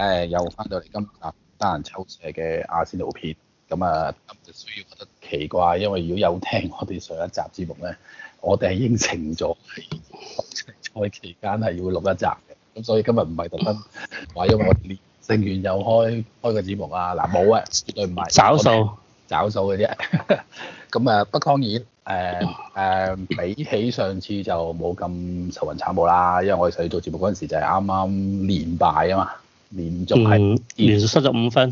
誒、啊、又翻到嚟今日、啊、單人抽射嘅阿仙奴片咁啊，就需要覺得奇怪，因為如果有聽我哋上一集節目咧，我哋係應承咗賽期間係要錄一集嘅，咁、嗯、所以今日唔係特登話，因為我哋勝完又開開個節目啊嗱，冇啊，啊，啊，絕對唔係找數找數嘅啫、嗯。咁啊，不過，當然誒誒，比起上次就冇咁愁雲慘霧啦，因為我哋上次做節目嗰陣時就係啱啱連敗啊嘛。連續係連續失咗五分，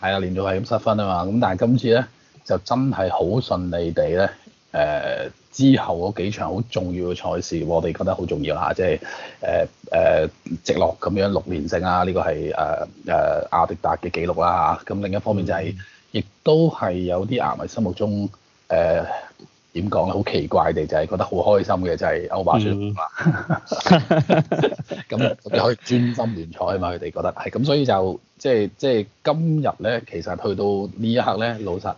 係、嗯、啊，連續係咁失分啊嘛。咁但係今次咧就真係好順利地咧，誒、呃、之後嗰幾場好重要嘅賽事，我哋覺得好重要啦，即係誒誒直落咁樣六連勝啊！呢、這個係誒誒阿迪達嘅紀錄啦。咁另一方面就係、是、亦、嗯、都係有啲球迷心目中誒。呃點講咧？好奇怪地就係、是、覺得好開心嘅，就係、是、歐霸輸咁，我哋、嗯、 可以專心聯賽啊嘛！佢哋覺得係咁，所以就即係即係今日咧，其實去到呢一刻咧，老實誒、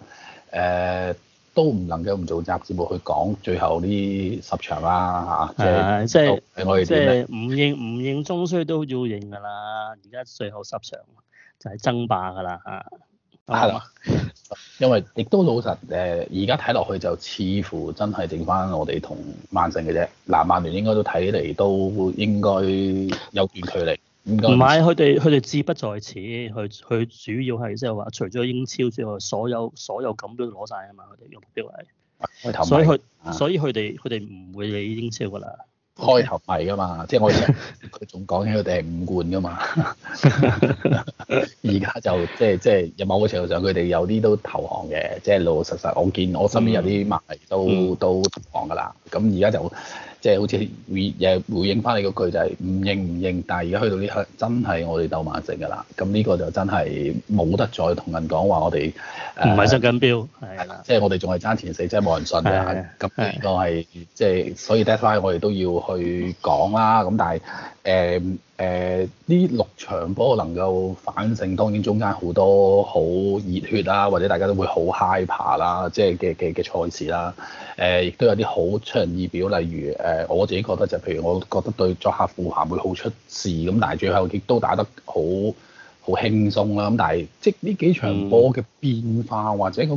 呃、都唔能夠唔做雜節目去講最後呢十場啦嚇。係啊，即係我哋即係唔認唔認終須都要認噶啦！而家最後十場就係爭霸噶啦嚇。啊係嘛？因為亦都老實誒，而家睇落去就似乎真係剩返我哋同曼城嘅啫。嗱，曼聯應該都睇嚟都應該有段距離。唔係，佢哋佢哋志不在此，佢佢主要係即係話，除咗英超之外，所有所有錦都攞晒啊嘛，佢哋個目標係。所以佢所以佢哋佢哋唔會理英超㗎啦。開頭唔係噶嘛，即係我之前佢仲講起佢哋係五冠噶嘛，而 家就即係即係有某個程度上佢哋有啲都投降嘅，即係老老實實。我見我身邊有啲迷都、嗯、都投降噶啦，咁而家就。即係好似回，又係回應翻你個句，就係唔認唔認。但係而家去到呢刻真係我哋鬥曼城噶啦，咁呢個就真係冇得再同人講話我哋唔係信緊標係啦，即係我哋仲係爭前四，即係冇人信嘅。咁呢個係即係所以 deadline 我哋都要去講啦。咁但係。誒誒，啲、嗯呃、六場波能夠反勝，當然中間好多好熱血啦，或者大家都會好 high par 啦，即係嘅嘅嘅賽事啦。誒、呃，亦都有啲好出人意表，例如誒、呃，我自己覺得就係、譬如我覺得對作客富咸會好出事，咁但係最後亦都打得好好輕鬆啦。咁但係即呢幾場波嘅變化，嗯、或者嗰、嗰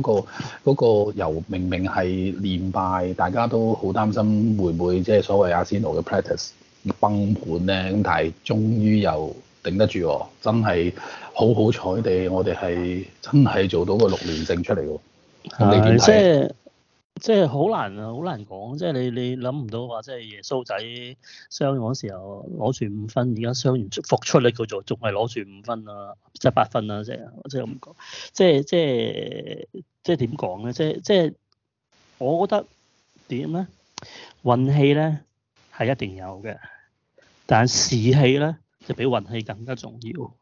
個嗰、嗰個、由明明係連敗，大家都好擔心會唔會即係所謂阿仙奴嘅 practice。崩盤咧，咁但係終於又頂得住喎！真係好好彩地，我哋係真係做到個六連勝出嚟喎。係，即係即係好難啊！好難講，即係你你諗唔到話，即係耶穌仔傷嗰時候攞住五分，而家傷完復出咧，佢仲仲係攞住五分啊，即係八分啊！即係即係咁講，即係即係即係點講咧？即係即係我覺得點咧？運氣咧係一定有嘅。但士氣咧，就比運氣更加重要。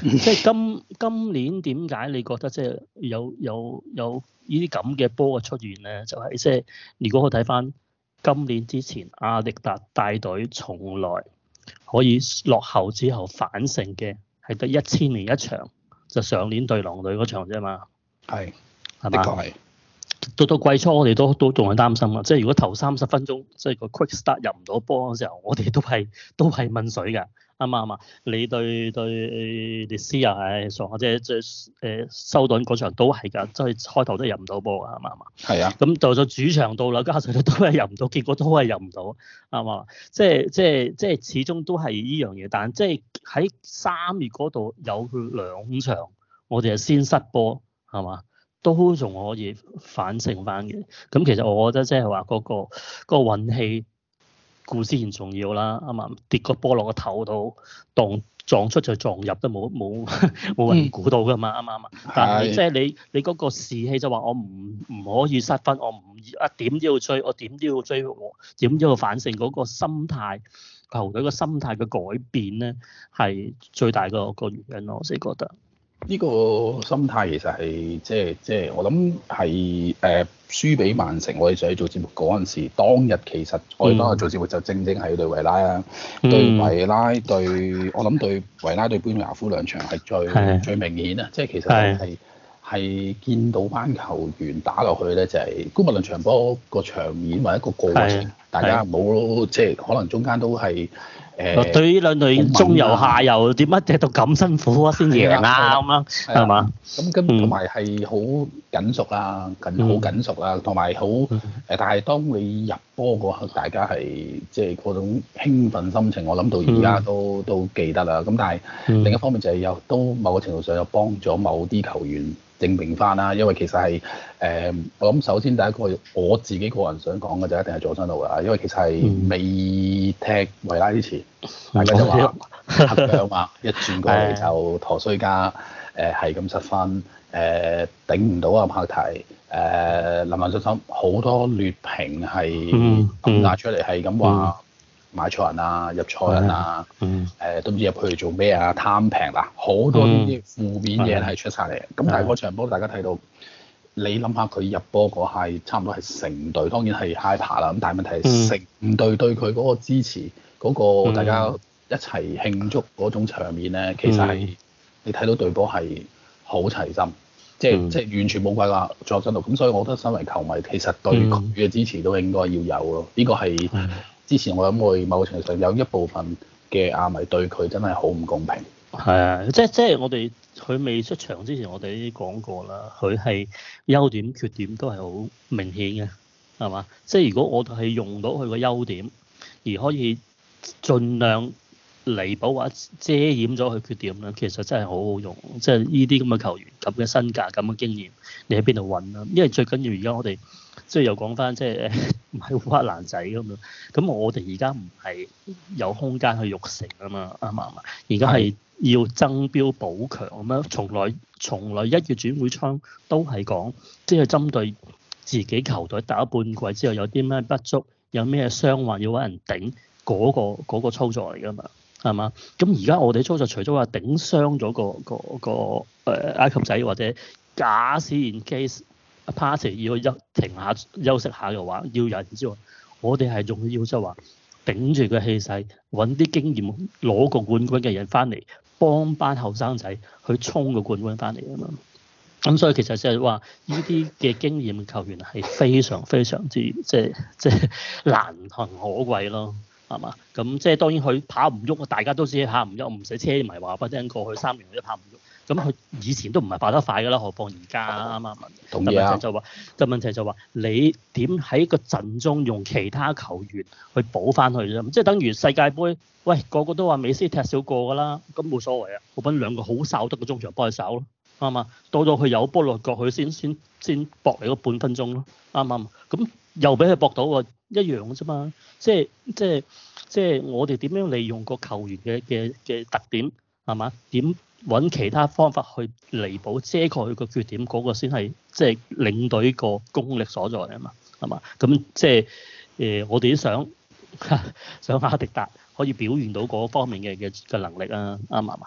即係今今年點解你覺得即係有有有呢啲咁嘅波嘅出現咧？就係、係、即係如果我睇翻今年之前，阿迪達帶隊從來可以落後之後反勝嘅，係得一千年一場，就上年對狼隊嗰場啫嘛。係是，係嘛吧？的確係。到到季初我，我哋都都仲係擔心啊！即係如果頭三十分鐘，即、就、係、是、個 quick start 入唔到波嘅時候，我哋都係都係問水嘅，啱嘛，啱嘛？你對對列斯、呃、啊，唉，慄下啫，即係誒收盾嗰場都係㗎，即係開頭都入唔到波㗎，啱嘛？係係啊，咁到咗主場到啦，加上都都係入唔到，結果都係入唔到，啱嘛？即係即係即係始終都係依樣嘢，但即係喺三月嗰度有佢兩場，我哋係先失波，係嘛？都仲可以反勝翻嘅，咁其實我覺得即係話嗰個嗰、嗰個、運氣固然重要啦，啱唔啱？跌個波落個頭度，撞撞出就撞入都冇冇冇人估到噶嘛，啱唔啱啊？但係即係你你嗰個士氣就話我唔唔可以失分，我唔一點都要追，我點都要追，我點都要反勝，嗰、嗰個心態球隊個心態嘅改變咧係最大個個原因咯，我先覺得。呢個心態其實係即係即係，我諗係誒輸俾曼城。我哋就去做節目嗰陣時，當日其實我哋當日做節目就正正係對維拉啊，嗯、對維拉對我諗對維拉對布爾牙夫兩場係最的最明顯啊！即係的其實係係的見到班球員打落去咧、就係，就係估唔到兩場波個場面或者一個過程，的大家冇即係可能中間都係。誒對呢兩隊中游下游，點解踢到咁辛苦啊先贏啊？咁啦，係嘛、啊？咁根本同埋係好緊熟啦，緊好緊熟啦，同埋好誒。Mm. 但係當你入波嗰刻，大家係即係嗰種興奮心情，我諗到而家都、mm. 都記得啦。咁但係另一方面就係有都某個程度上有幫咗某啲球員。證明翻啦，因為其實係誒、呃，我諗首先第一個我自己個人想講嘅就一定係佐敦路啊，因為其實係未踢維拉之前，嗯、大家就話 一轉過嚟就 陀衰家，誒係咁失分、誒、呃、頂唔到阿柏提、誒、林文信心好多劣評係拿出嚟係咁話。買錯人啊，入錯人啊，誒都唔知入去做咩啊，貪平啦，好多呢啲負面嘢係出晒嚟。咁但係嗰場波大家睇到，你諗下佢入波嗰係差唔多係成隊，當然係嗨趴啦。咁但係問題係成隊對佢嗰個支持，嗰個大家一齊慶祝嗰種場面咧，其實係你睇到隊波係好齊心，即係即係完全冇廢話作真度。咁所以我覺得身為球迷，其實對佢嘅支持都應該要有咯。呢個係。之前我諗，會某個程度上有一部分嘅亞迷對佢真係好唔公平。係啊，即係即係我哋佢未出場之前我，我哋已經講過啦。佢係優點缺點都係好明顯嘅，係嘛？即係如果我哋係用到佢個優點，而可以盡量彌補或者遮掩咗佢缺點咧，其實真係好好用。即係呢啲咁嘅球員咁嘅身價，咁嘅經驗，你喺邊度揾啊？因為最緊要而家我哋。即係又講翻，即係唔係烏克蘭仔咁樣？咁我哋而家唔係有空間去育成啊嘛，啱唔啱？而家係要爭標補強咁樣，從來從來一月轉會窗都係講，即係針對自己球隊打半季之後有啲咩不足，有咩傷患，要揾人頂嗰個嗰個操作嚟噶嘛，係嘛？咁而家我哋操作除咗話頂傷咗個個個呃埃及仔或者假使 in case，pass 要休停下休息下嘅話，要人之外，我哋係仲要即係話頂住個氣勢，揾啲經驗攞個冠軍嘅人翻嚟幫班後生仔去衝個冠軍翻嚟啊嘛！咁所以其實就係話呢啲嘅經驗球員係非常非常之即係即係難能可貴咯，係嘛？咁即係當然佢跑唔喐，大家都知佢跑唔喐，唔使車迷話不停過去三年佢都跑唔喐。咁佢以前都唔係爆得快㗎啦，何況而家啱啱啊？同啊！就問題就話，就問題就話，你點喺個陣中用其他球員去補翻佢啫？即係等於世界盃，喂個個都話美斯踢少個㗎啦，咁冇所謂啊！我揾兩個好守得個中場幫佢守咯，啱唔啱？到到佢有波落角，佢先先先搏你個半分鐘咯，啱唔啱？咁又俾佢搏到啊，一樣㗎啫嘛！即係即係即係我哋點樣利用個球員嘅嘅嘅特點係嘛？點？搵其他方法去彌補、遮蓋佢個缺點，嗰個先係即係領隊個功力所在啊嘛，係嘛？咁即係誒，我哋都想哈哈想亞迪達可以表現到嗰方面嘅嘅嘅能力啊，啱唔啱？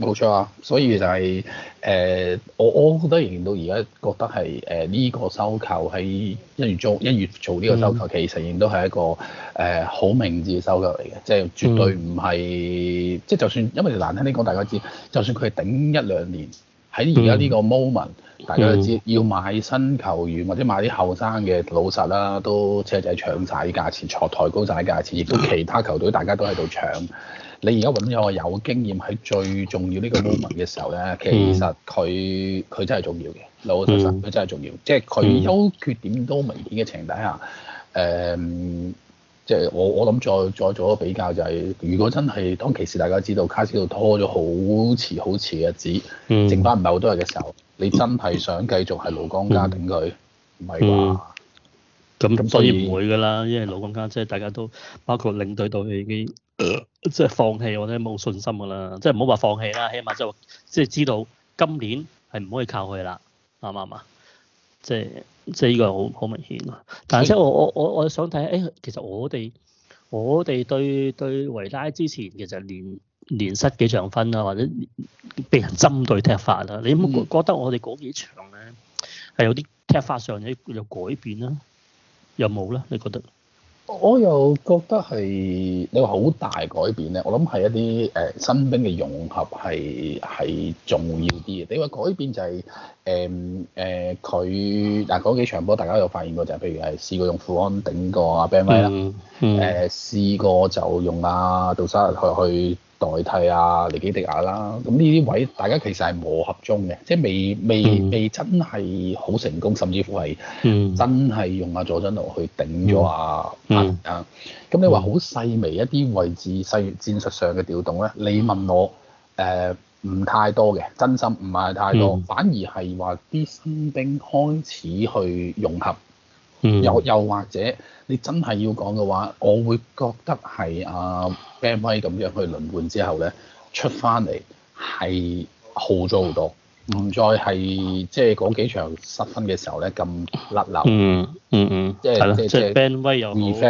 冇錯啊，所以就係、是、誒、呃，我我覺得仍然到而家覺得係誒呢個收購喺一月中一月做呢個收購，其實現都係一個誒好明智嘅收購嚟嘅，即、就、係、是、絕對唔係、嗯、即係就算因為難聽啲講，大家知就算佢係頂一兩年喺而家呢個 moment、嗯、大家都知要買新球員或者買啲後生嘅老實啦、啊，都車仔搶晒啲價錢，坐抬高晒啲價錢，亦都其他球隊大家都喺度搶。你而家揾咗我有經驗，喺最重要呢個 moment 嘅時候咧，其實佢佢、嗯、真係重要嘅，老實講，佢、嗯、真係重要。即係佢優缺點都明顯嘅情底下，誒、嗯，即係我我諗再再做一個比較就係、是，如果真係當其時大家知道卡斯度拖咗好遲好遲嘅日子，嗯、剩翻唔係好多日嘅時候，你真係想繼續係盧江家頂佢，唔係啩？嗯嗯。咁咁，所以唔會噶啦，因為老闆家即係大家都包括領隊都已經即係放棄或者冇信心噶啦，即係唔好話放棄啦，起碼就即係知道今年係唔可以靠佢啦，啱唔啱？即係即係呢個好好明顯啊。但係即係我我我我想睇下，誒、欸，其實我哋我哋對對維拉之前其實連連失幾場分啊，或者被人針對踢法啦、啊，你有冇覺得我哋嗰幾場咧係有啲踢法上嘅有改變啊？有冇咧？你覺得？我又覺得係你話好大改變咧。我諗係一啲誒、呃、新兵嘅融合係係重要啲嘅。你話改變就係誒誒佢，但係嗰幾場波大家有發現過就係、是，譬如係試過用富安頂過阿 Ben 威啦，誒、嗯嗯呃、試過就用阿、啊、杜莎去去，去代替啊，尼基迪亞啦，咁呢啲位大家其實係磨合中嘅，即係未未、嗯、未真係好成功，甚至乎係真係用阿、啊、佐真奴去頂咗阿阿。咁、嗯嗯啊、你話好細微一啲位置細戰術上嘅調動咧，你問我誒唔、呃、太多嘅，真心唔係太多，嗯、反而係話啲新兵開始去融合。嗯、又又或者你真係要講嘅話，我會覺得係啊 Ben 威咁樣去輪換之後咧，出翻嚟係好咗好多，唔再係即係嗰幾場失分嘅時候咧咁甩漏、嗯。嗯嗯嗯。即係即係 Ben 威又好，了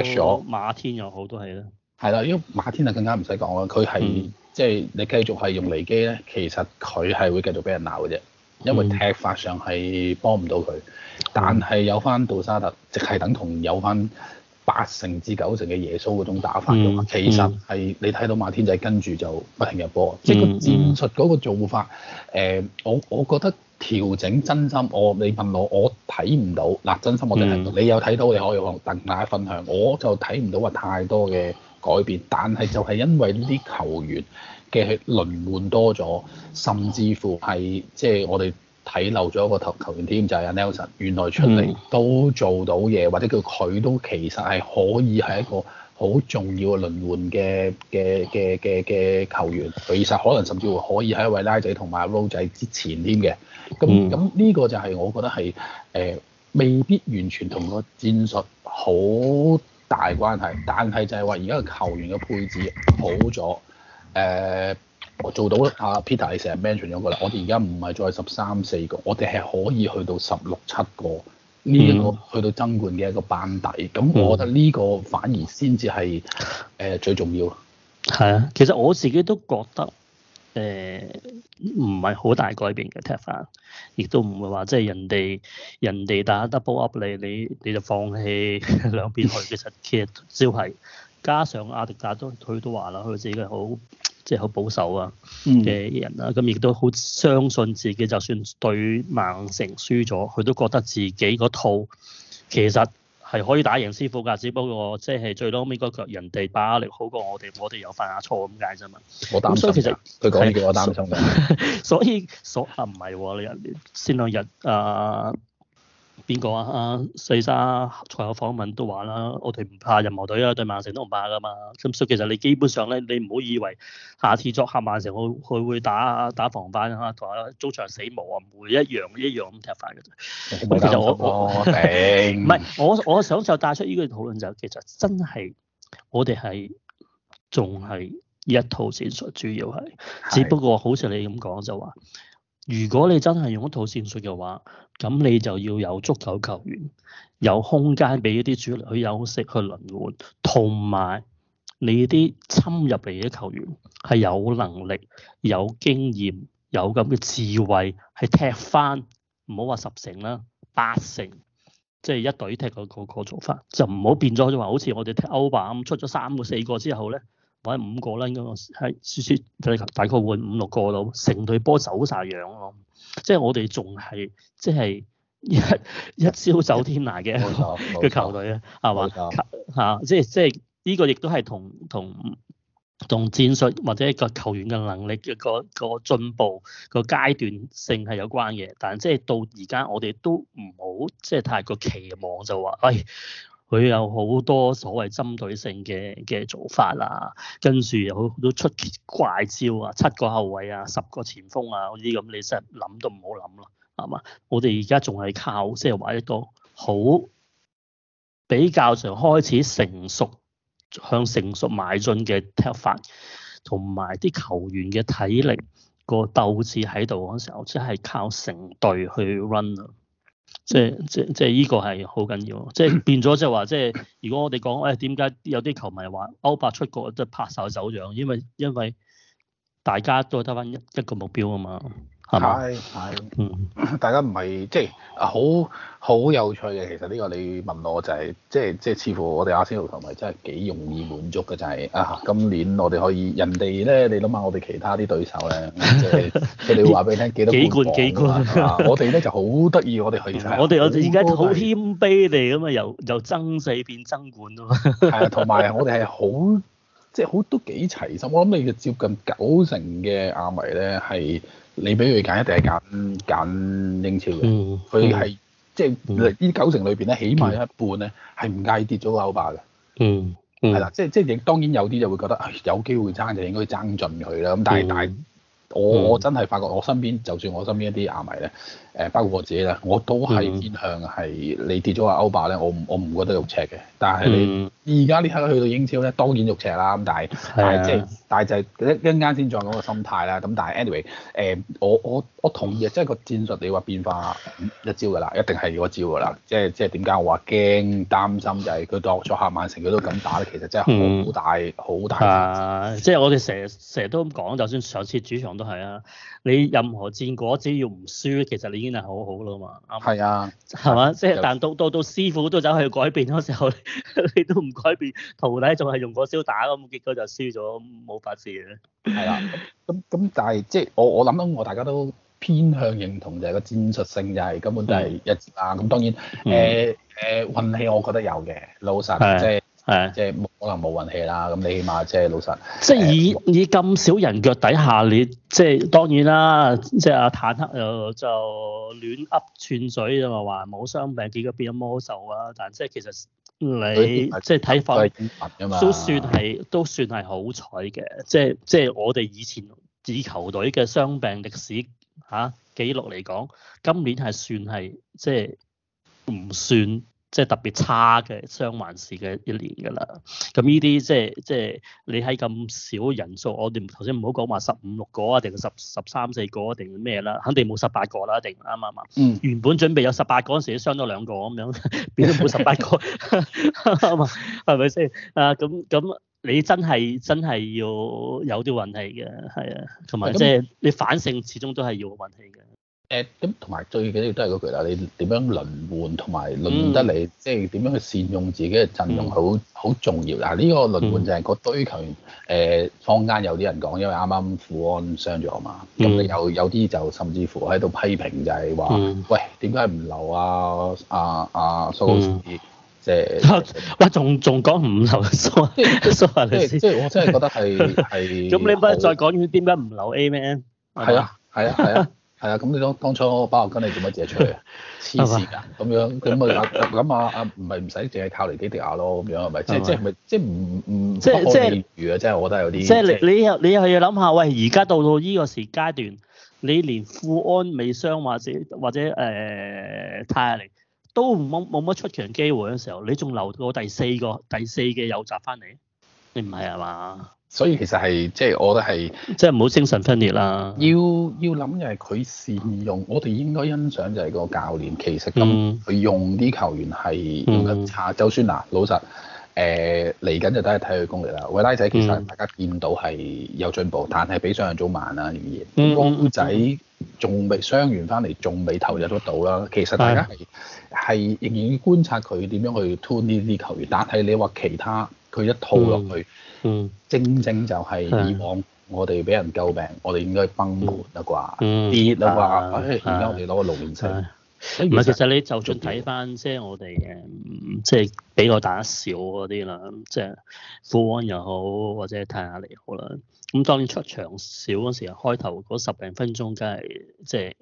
馬天又好，都係啦。係啦，因為馬天就更加唔使講啦，佢係即係你繼續係用離機咧，其實佢係會繼續俾人鬧嘅啫。因為踢法上係幫唔到佢，嗯、但係有翻杜沙特，即係等同有翻八成至九成嘅耶穌嗰種打法嘅話。嗯、其實係你睇到馬天仔跟住就不停入波，嗯、即係個戰術嗰個做法。誒、嗯呃，我我覺得調整真心，我你問我，我睇唔到嗱，真心我哋係、嗯、你有睇到，你可以同鄧亞分享，我就睇唔到話太多嘅改變。但係就係因為呢啲球員。嘅輪換多咗，甚至乎係即係我哋睇漏咗一個球球員添，就係、是、阿 Nelson，原來出嚟都做到嘢，或者叫佢都其實係可以係一個好重要嘅輪換嘅嘅嘅嘅嘅球員，其實可能甚至乎可以喺一位拉仔同埋阿 Low 仔之前添嘅。咁咁呢個就係我覺得係誒、呃、未必完全同個戰術好大關係，但係就係話而家個球員嘅配置好咗。誒我、uh, 做到阿 Peter 你成日 mention 咗個啦，我哋而家唔係再十三四個，我哋係可以去到十六七個呢一個去到爭冠嘅一個班底，咁、mm. 嗯、我覺得呢個反而先至係誒最重要咯。係啊，其實我自己都覺得誒唔係好大改變嘅，踢翻亦都唔會話即係人哋人哋打 double up 你，你你就放棄兩邊去，其實其實只係。 加上阿迪達都佢都話啦，佢自己係好即係好保守啊嘅人啊。咁亦、嗯、都好相信自己，就算對曼城輸咗，佢都覺得自己個套其實係可以打贏師傅噶，只不過即係最多尾嗰腳人哋把握力好過我哋，我哋又犯下錯咁解啫嘛。我擔心啊，佢講啲叫我擔心。所以所啊唔係你先兩日啊。邊個啊？四沙賽後訪問都話啦，我哋唔怕任何隊啊，對曼城都唔怕噶嘛。咁所以其實你基本上咧，你唔好以為下次作客曼城，佢佢會打打防反啊，同埋中場死亡樣樣可可啊，唔會一樣一樣咁踢法嘅。其實我我明，唔係我我想就帶出呢個討論就其實真係我哋係仲係一套戰術，主要係，是只不過好似你咁講就話。如果你真係用一套戰術嘅話，咁你就要有足球球員，有空間俾一啲主力去休息、去輪換，同埋你啲侵入嚟嘅球員係有能力、有經驗、有咁嘅智慧，係踢翻唔好話十成啦，八成，即係一隊踢個個個做法就唔好變咗，好似話好似我哋踢歐霸咁，出咗三個四個之後咧。買五個輪咁，我係雪雪大概換五六個到，成隊波走晒樣咯。即係我哋仲係，即係一一招走天涯嘅嘅錯球隊啊，係嘛吓？即係即係呢個亦都係同同同戰術或者個球員嘅能力、個個進步個階段性係有關嘅。但即係到而家，我哋都唔好即係太過期望就話，喂、哎！」佢有好多所謂針對性嘅嘅做法啦，跟住有好多出奇怪招啊，七個後衞啊，十個前鋒啊嗰啲咁，你實諗都唔好諗咯，係嘛？我哋而家仲係靠即係話一個好比較上開始成熟向成熟邁進嘅踢法，同埋啲球員嘅體力個鬥志喺度嗰時候，即係靠成隊去 run 啊。即係，即係，即係，呢個係好緊要，即係變咗即係話即係，如果我哋講，誒，點解有啲球迷話歐霸出局即係拍手走樣，因為因為大家都係得返一一個目標啊嘛。係係， 大家唔係即係好好有趣嘅。其實呢個你問我就係、是，即係即係似乎我哋阿仙奴同埋真係幾容易滿足嘅就係、是、啊！今年我哋可以人哋咧，你諗下我哋其他啲對手咧，即係你哋話俾你聽 幾多冠幾冠幾冠？我哋咧就好得意，我哋去。 是我哋我哋而家好謙卑地咁啊，由由爭四變爭冠咯。係 啊，同埋我哋係好即係好都幾齊心。我諗你接近九成嘅阿迷咧係。你俾佢揀，一定係揀揀英超嘅。佢係即係呢九成裏邊咧，起碼一半咧係唔介意跌咗個歐霸嘅、嗯。嗯，係啦，即係即係當然有啲就會覺得有機會爭就應該爭盡佢啦。咁但係、嗯、但係我、嗯、我真係發覺我身邊就算我身邊一啲亞迷咧。誒包括我自己咧，我都係偏向係你跌咗話歐霸咧，我唔我唔覺得肉赤嘅。但係你而家呢刻去到英超咧，當然肉赤啦。咁但係是的 但係即係但係就一陣間先再講個心態啦。咁但係 anyway 誒、呃，我我我同意即係個戰術你話變化一招噶啦，一定係嗰招噶啦。即係即係點解我話驚擔心就係佢當坐客曼城佢都敢打咧，其實真係好大好大。的大即係我哋成成日都咁講，就算上次主場都係啊。你任何戰果只要唔輸，其實你已經係好好啦嘛，啱唔啱？係啊，係嘛吧？即係有但到到到師傅都走去改變嗰時候， 你都唔改變，徒弟仲係用火燒打咁，結果就輸咗冇法事嘅。係啊，咁咁但係即係我我諗到我大家都偏向認同就係、是、個戰術性就係、是、根本就係、是、一、嗯、啊咁，當然誒誒、呃呃、運氣我覺得有嘅，老實即係、就是。誒，即係可能冇運氣啦，咁你起碼即係老實，即係以、嗯、以咁少人腳底下，你即係當然啦，即係阿坦克又就亂噏串嘴，就話冇傷病，結果變咗魔獸啊！但即係其實你其實即係睇法，都算係都算係好彩嘅，即係即係我哋以前以球隊嘅傷病歷史吓、啊、記錄嚟講，今年係算係即係唔算。即係特別差嘅傷患史嘅一年㗎啦，咁呢啲即係即係你喺咁少人數，我哋頭先唔好講話十五六個啊，定十十三四個定咩啦，肯定冇十八個啦、啊，定啱唔啱啊？嗯。原本準備有十八個嗰陣時，都傷咗兩個咁樣，變咗冇十八個，啱係咪先？啊，咁咁你真係真係要有啲運氣嘅，係啊，同埋即係你反省，始終都係要有運氣嘅。誒，咁同埋最緊要都係嗰句啦，你點樣輪換同埋輪得你，即係點樣去善用自己嘅陣容，好好重要。嗱、嗯，呢個輪換就係個堆球員誒，坊間有啲人講，因為啱啱富安傷咗嘛，咁你有有啲就甚至乎喺度批評，就係話喂，點解唔留啊,啊啊啊蘇即係喂，仲仲講唔留蘇蘇華即係即我真係覺得係係。咁 你唔係再講點解唔留 Aman？係啊係啊係啊。係啊，咁你當當初包羅金你做乜借出嚟？啊？黐線㗎，咁樣咁啊咁啊啊唔係唔使淨係靠尼基迪亞咯，咁樣係咪？即即係咪即唔唔即即係越啊！即係我覺得有啲即係你你又你係要諗下，喂而家到到呢個時階段，你連富安美商或者或者誒、呃、泰亞尼都冇冇乜出場機會嘅時候，你仲留到第四個第四嘅右閘翻嚟？唔係係嘛？所以其實係即係，我覺得係即係唔好精神分裂啦。要要諗嘅係佢善用，我哋應該欣賞就係個教練。其實咁佢、嗯、用啲球員係點樣周宣娜，老實，誒嚟緊就都係睇佢功力啦。韋拉仔其實大家見到係有進步，嗯、但係比上係早慢啦。當然，光、嗯嗯、仔仲未傷完翻嚟，仲未投入得到啦。其實大家係係仍然要觀察佢點樣去推呢啲球員。但係你話其他？佢一套落去，嗯嗯、正正就係以往我哋俾人救命，嗯、我哋應該崩盤啦啩，跌啦啩。而家我哋攞個六連勝，唔係其實你就算睇翻即係我哋誒，即係比較打少嗰啲啦，即係富安又好或者泰亞尼好啦。咁當，當然出場少嗰時，開頭嗰十零分鐘梗係即係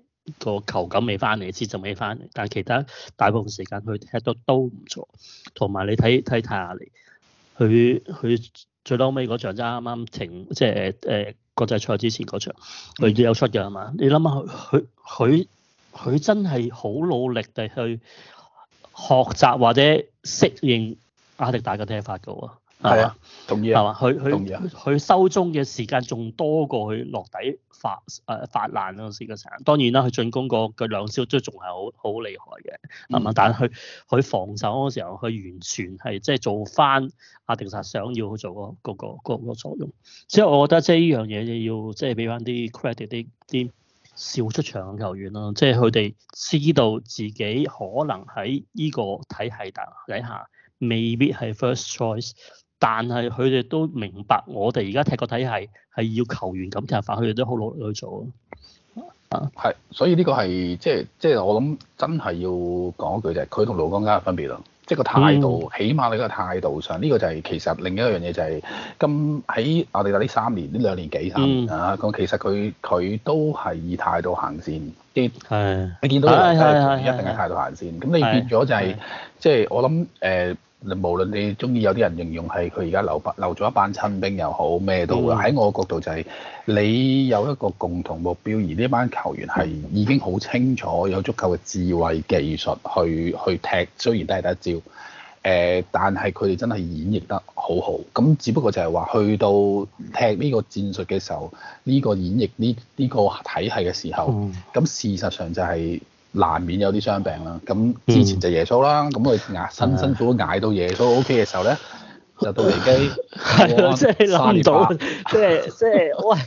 個球感未翻嚟，姿勢未翻嚟，但係其他大部分時間佢踢得都唔錯，同埋你睇睇泰亞尼。佢佢最嬲尾嗰場，即啱啱停，即係誒誒國際賽之前嗰場，佢都有出嘅係嘛？你諗下，佢佢佢真係好努力地去學習或者適應阿迪達嘅踢法嘅喎，係啊，同意啊，係嘛？佢佢佢收中嘅時間仲多過佢落底。發誒、呃、發爛陣嗰時嘅時候當然啦，佢進攻個個兩招都仲係好好厲害嘅，嗯、但係佢佢防守嗰時候，佢完全係即係做翻阿迪沙想要去做嗰、嗰個嗰、嗰個嗰個作用。所以，我覺得即係呢樣嘢就要即係俾翻啲 credit 啲啲少出場嘅球員咯，即係佢哋知道自己可能喺呢個體系底下未必係 first choice。但係佢哋都明白，我哋而家踢個體系，係要球員咁踢法，佢哋都好努力去做咯。啊，係，所以呢個係即係即係我諗真係要講一句就係，佢同老江家嘅分別咯。即係個態度，起碼你個態度上，呢個就係其實另一個樣嘢就係咁喺我哋嗱呢三年呢兩年幾啊，咁其實佢佢都係以態度行先。係，你見到一定係態度行先。咁你變咗就係即係我諗誒。你無論你中意有啲人形容係佢而家留班留咗一班親兵又好咩都，好，喺我角度就係你有一個共同目標，而呢班球員係已經好清楚有足夠嘅智慧技術去去踢，雖然都係第一招，誒、呃，但係佢哋真係演繹得好好。咁只不過就係話去到踢呢個戰術嘅時候，呢、呢個演繹呢呢、呢個體系嘅時候，咁事實上就係、係。難免有啲傷病啦，咁之前就耶穌啦，咁佢捱辛辛苦苦捱到耶穌 O K 嘅時候咧，就到離機，係即係諗唔到，即係即係喂，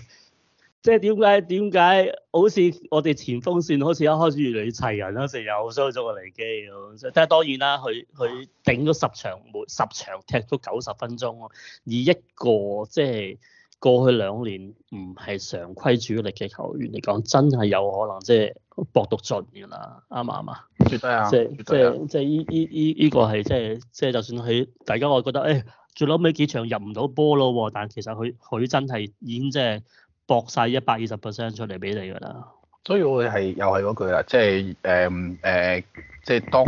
即係點解，點解好似我哋前鋒線好似一開始越嚟越齊人啦，陣時又收咗個離機，即係當然啦，佢佢頂咗十場每十場踢咗九十分鐘以一個即係。就是過去兩年唔係常規主力嘅球員嚟講，真係有可能即係搏到盡噶啦，啱嘛？啱嘛？絕對啊！即係即係即係依依依依個係即係即係，就算佢大家我覺得誒、哎，最屘尾幾場入唔到波咯，但其實佢佢真係已經即係搏晒一百二十 percent 出嚟俾你噶啦。所以我係又係嗰句啦，即係誒誒，即係當。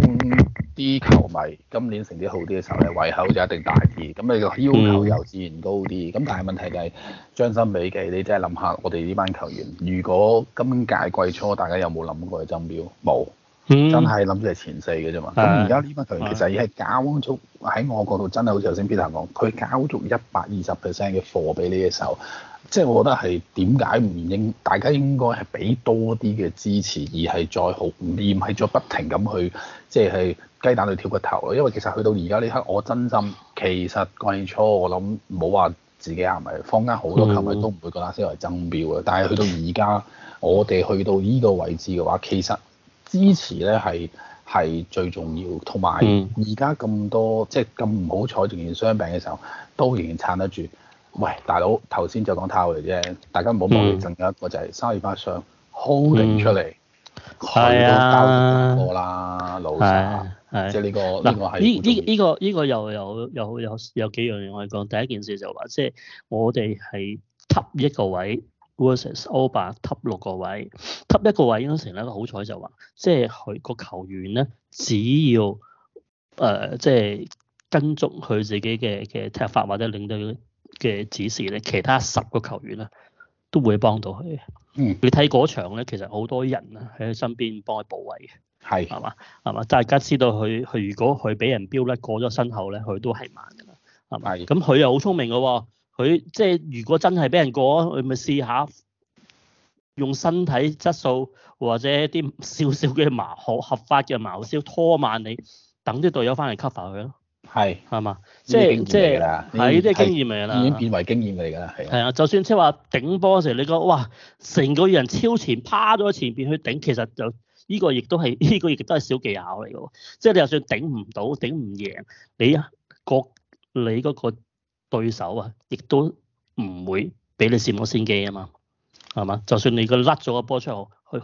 啲球迷今年成績好啲嘅時候，胃口就一定大啲，咁你個要求又自然高啲。咁但係問題就係，將心比己，你真係諗下，我哋呢班球員，如果今屆季，季初大家有冇諗過爭標？冇，嗯、真係諗住係前四嘅啫嘛。咁而家呢班球員其實已係交足喺我角度，真係好似頭先 Peter 講，佢交足一百二十 percent 嘅貨俾你嘅時候。即係我覺得係點解唔，應大家應該係俾多啲嘅支持，而係再好唔係再不停咁去即係、就是、雞蛋去挑骨頭咯。因為其實去到而家呢刻，我真心其實季初我諗冇話自己係咪坊間好多球迷都唔會覺得先係爭標嘅。嗯、但係去到而家，我哋去到呢個位置嘅話，其實支持咧係係最重要。同埋而家咁多即係咁唔好彩，仍然傷病嘅時候，都仍然撐得住。喂，大佬，頭先就講套嚟啫，大家唔好忘記仲有一個就係生意翻上 holding 出嚟，去啊，交易啦，老實，即係呢個呢個係呢呢呢個呢個又有有有有幾樣嘢我哋講。第一件事就話，即係我哋係 top 一個位 versus over top 六個位，top 一個位應該成一個好彩就話，即係佢個球員咧，只要誒即係跟足佢自己嘅嘅踢法或者領隊嘅指示咧，其他十個球員啦，都會幫到佢。嗯，你睇嗰場咧，其實好多人啊喺佢身邊幫佢佈位嘅。係是，係嘛，係嘛。大家知道佢，佢如果佢俾人標咧過咗身後咧，佢都係慢㗎啦。係咪？係。咁佢是又好聰明嘅喎、哦，佢即係如果真係俾人過啊，佢咪試下用身體質素或者啲少少嘅矛合合法嘅矛招拖慢你，等啲隊友翻嚟 cover 佢咯。係，係嘛？即係即係，係呢啲經驗嚟噶啦，已是是經變為經驗嚟噶啦，係。係啊，就算即係話頂波嗰時候，你覺得哇，成個人超前趴咗喺前邊去頂，其實就呢、呢個亦都係呢個亦都係小技巧嚟㗎。即、就、係、是、你就算頂唔到、頂唔贏，你個你嗰個對手啊，亦都唔會俾你佔我先機啊嘛。係嘛？就算你個甩咗個波出去，去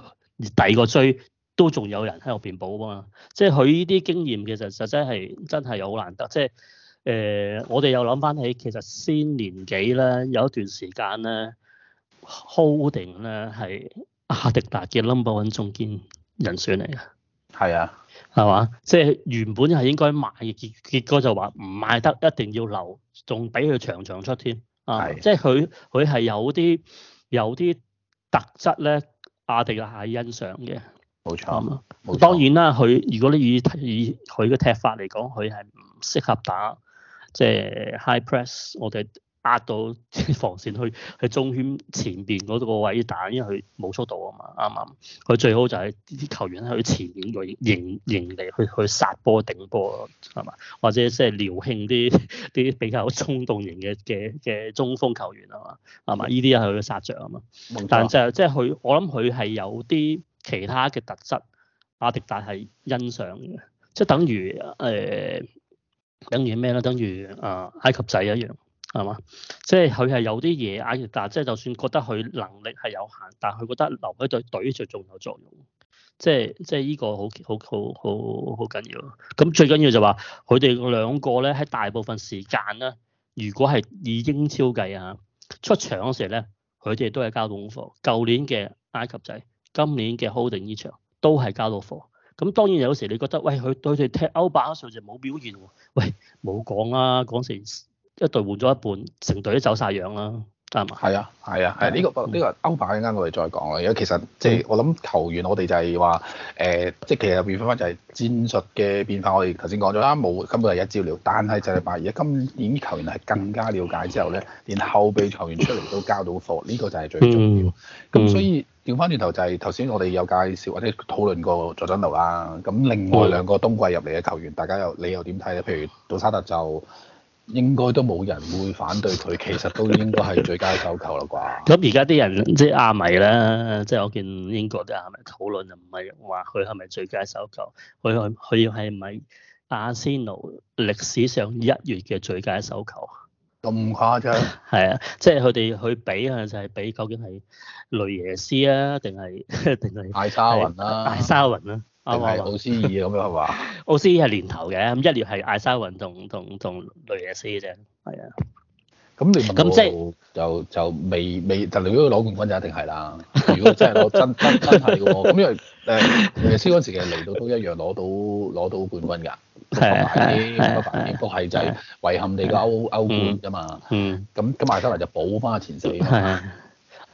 第二個追。都仲有人喺後邊補啊嘛！即係佢呢啲經驗其實就真係真係好難得。即係誒、呃，我哋又諗翻起，其實先年紀咧有一段時間咧，Holding 咧係阿迪達嘅 number one 中堅人選嚟嘅，係是啊，係嘛？即係原本係應該賣嘅，結結果就話唔賣得，一定要留，仲俾佢長長出添啊！是啊，即係佢佢係有啲有啲特質咧，阿迪達係欣賞嘅。冇錯， 當然啦。佢如果你以以佢嘅踢法嚟講，佢係唔適合打即係 high press。我哋壓到啲防線去去中圈前邊嗰個位打，因為佢冇速度啊嘛，啱唔啱？佢最好就係啲球員喺佢前面迎迎迎嚟去去殺波頂波，係嘛？或者即係廖慶啲啲比較衝動型嘅嘅嘅中鋒球員啊嘛，係嘛錯？呢啲係佢嘅殺著啊嘛。但就係、即係佢，我諗佢係有啲。其他嘅特質，阿迪達係欣賞嘅，即係等於誒、呃，等於咩咧？等於啊、呃、埃及仔一樣，係嘛？即係佢係有啲嘢，阿迪達即係就算覺得佢能力係有限，但係佢覺得留喺隊隊着仲有作用，即係即係呢個好好好好好緊要。咁最緊要就話佢哋兩個咧，喺大部分時間咧，如果係以英超計啊，出場嗰時咧，佢哋都係交功課。舊年嘅埃及仔。今年嘅 holding 呢場都係交到貨，咁當然有時你覺得喂佢佢哋踢歐霸嗰場就冇表現喎，喂冇講啊，講成一隊換咗一半，成隊都走晒樣啦，係嘛、啊？係啊係啊係，呢、啊這個呢、這個歐霸陣間我哋再講啦。而家其實即係、就是、我諗球員我哋就係話誒，即係其實變化翻就係戰術嘅變化。我哋頭先講咗啦，冇根本係一治療，但係就係話而家今年球員係更加了解之後咧，連後備球員出嚟都交到貨，呢、這個就係最重要。咁所以。嗯調翻轉頭就係頭先，我哋有介紹或者討論過佐真奴啦。咁另外兩個冬季入嚟嘅球員，嗯、大家又你又點睇咧？譬如杜沙特就應該都冇人會反對佢，其實都應該係最佳收購啦啩。咁而家啲人即係阿迷啦，即係我見英國啲阿迷討論就唔係話佢係咪最佳收購，佢佢佢係咪阿仙奴歷史上一月嘅最佳收購？咁誇張係啊，即係佢哋去比啊，就係比究竟係雷耶斯啊，定係定係艾莎雲啊，啊？艾莎雲啊，定係奧斯爾咁樣係嘛？奧斯爾係年頭嘅，咁一年係艾莎雲同同同雷耶斯嘅啫，係啊。咁你問即就就就未未，就嚟到攞冠軍就一定係啦。如果真係攞 真真真係喎，咁因為誒誒 C 哥時期嚟到都一樣攞到攞到冠軍㗎，咁係啲咁嘅凡都係就係遺憾你個歐 歐冠啫嘛。咁咁亞德聯就補翻前四。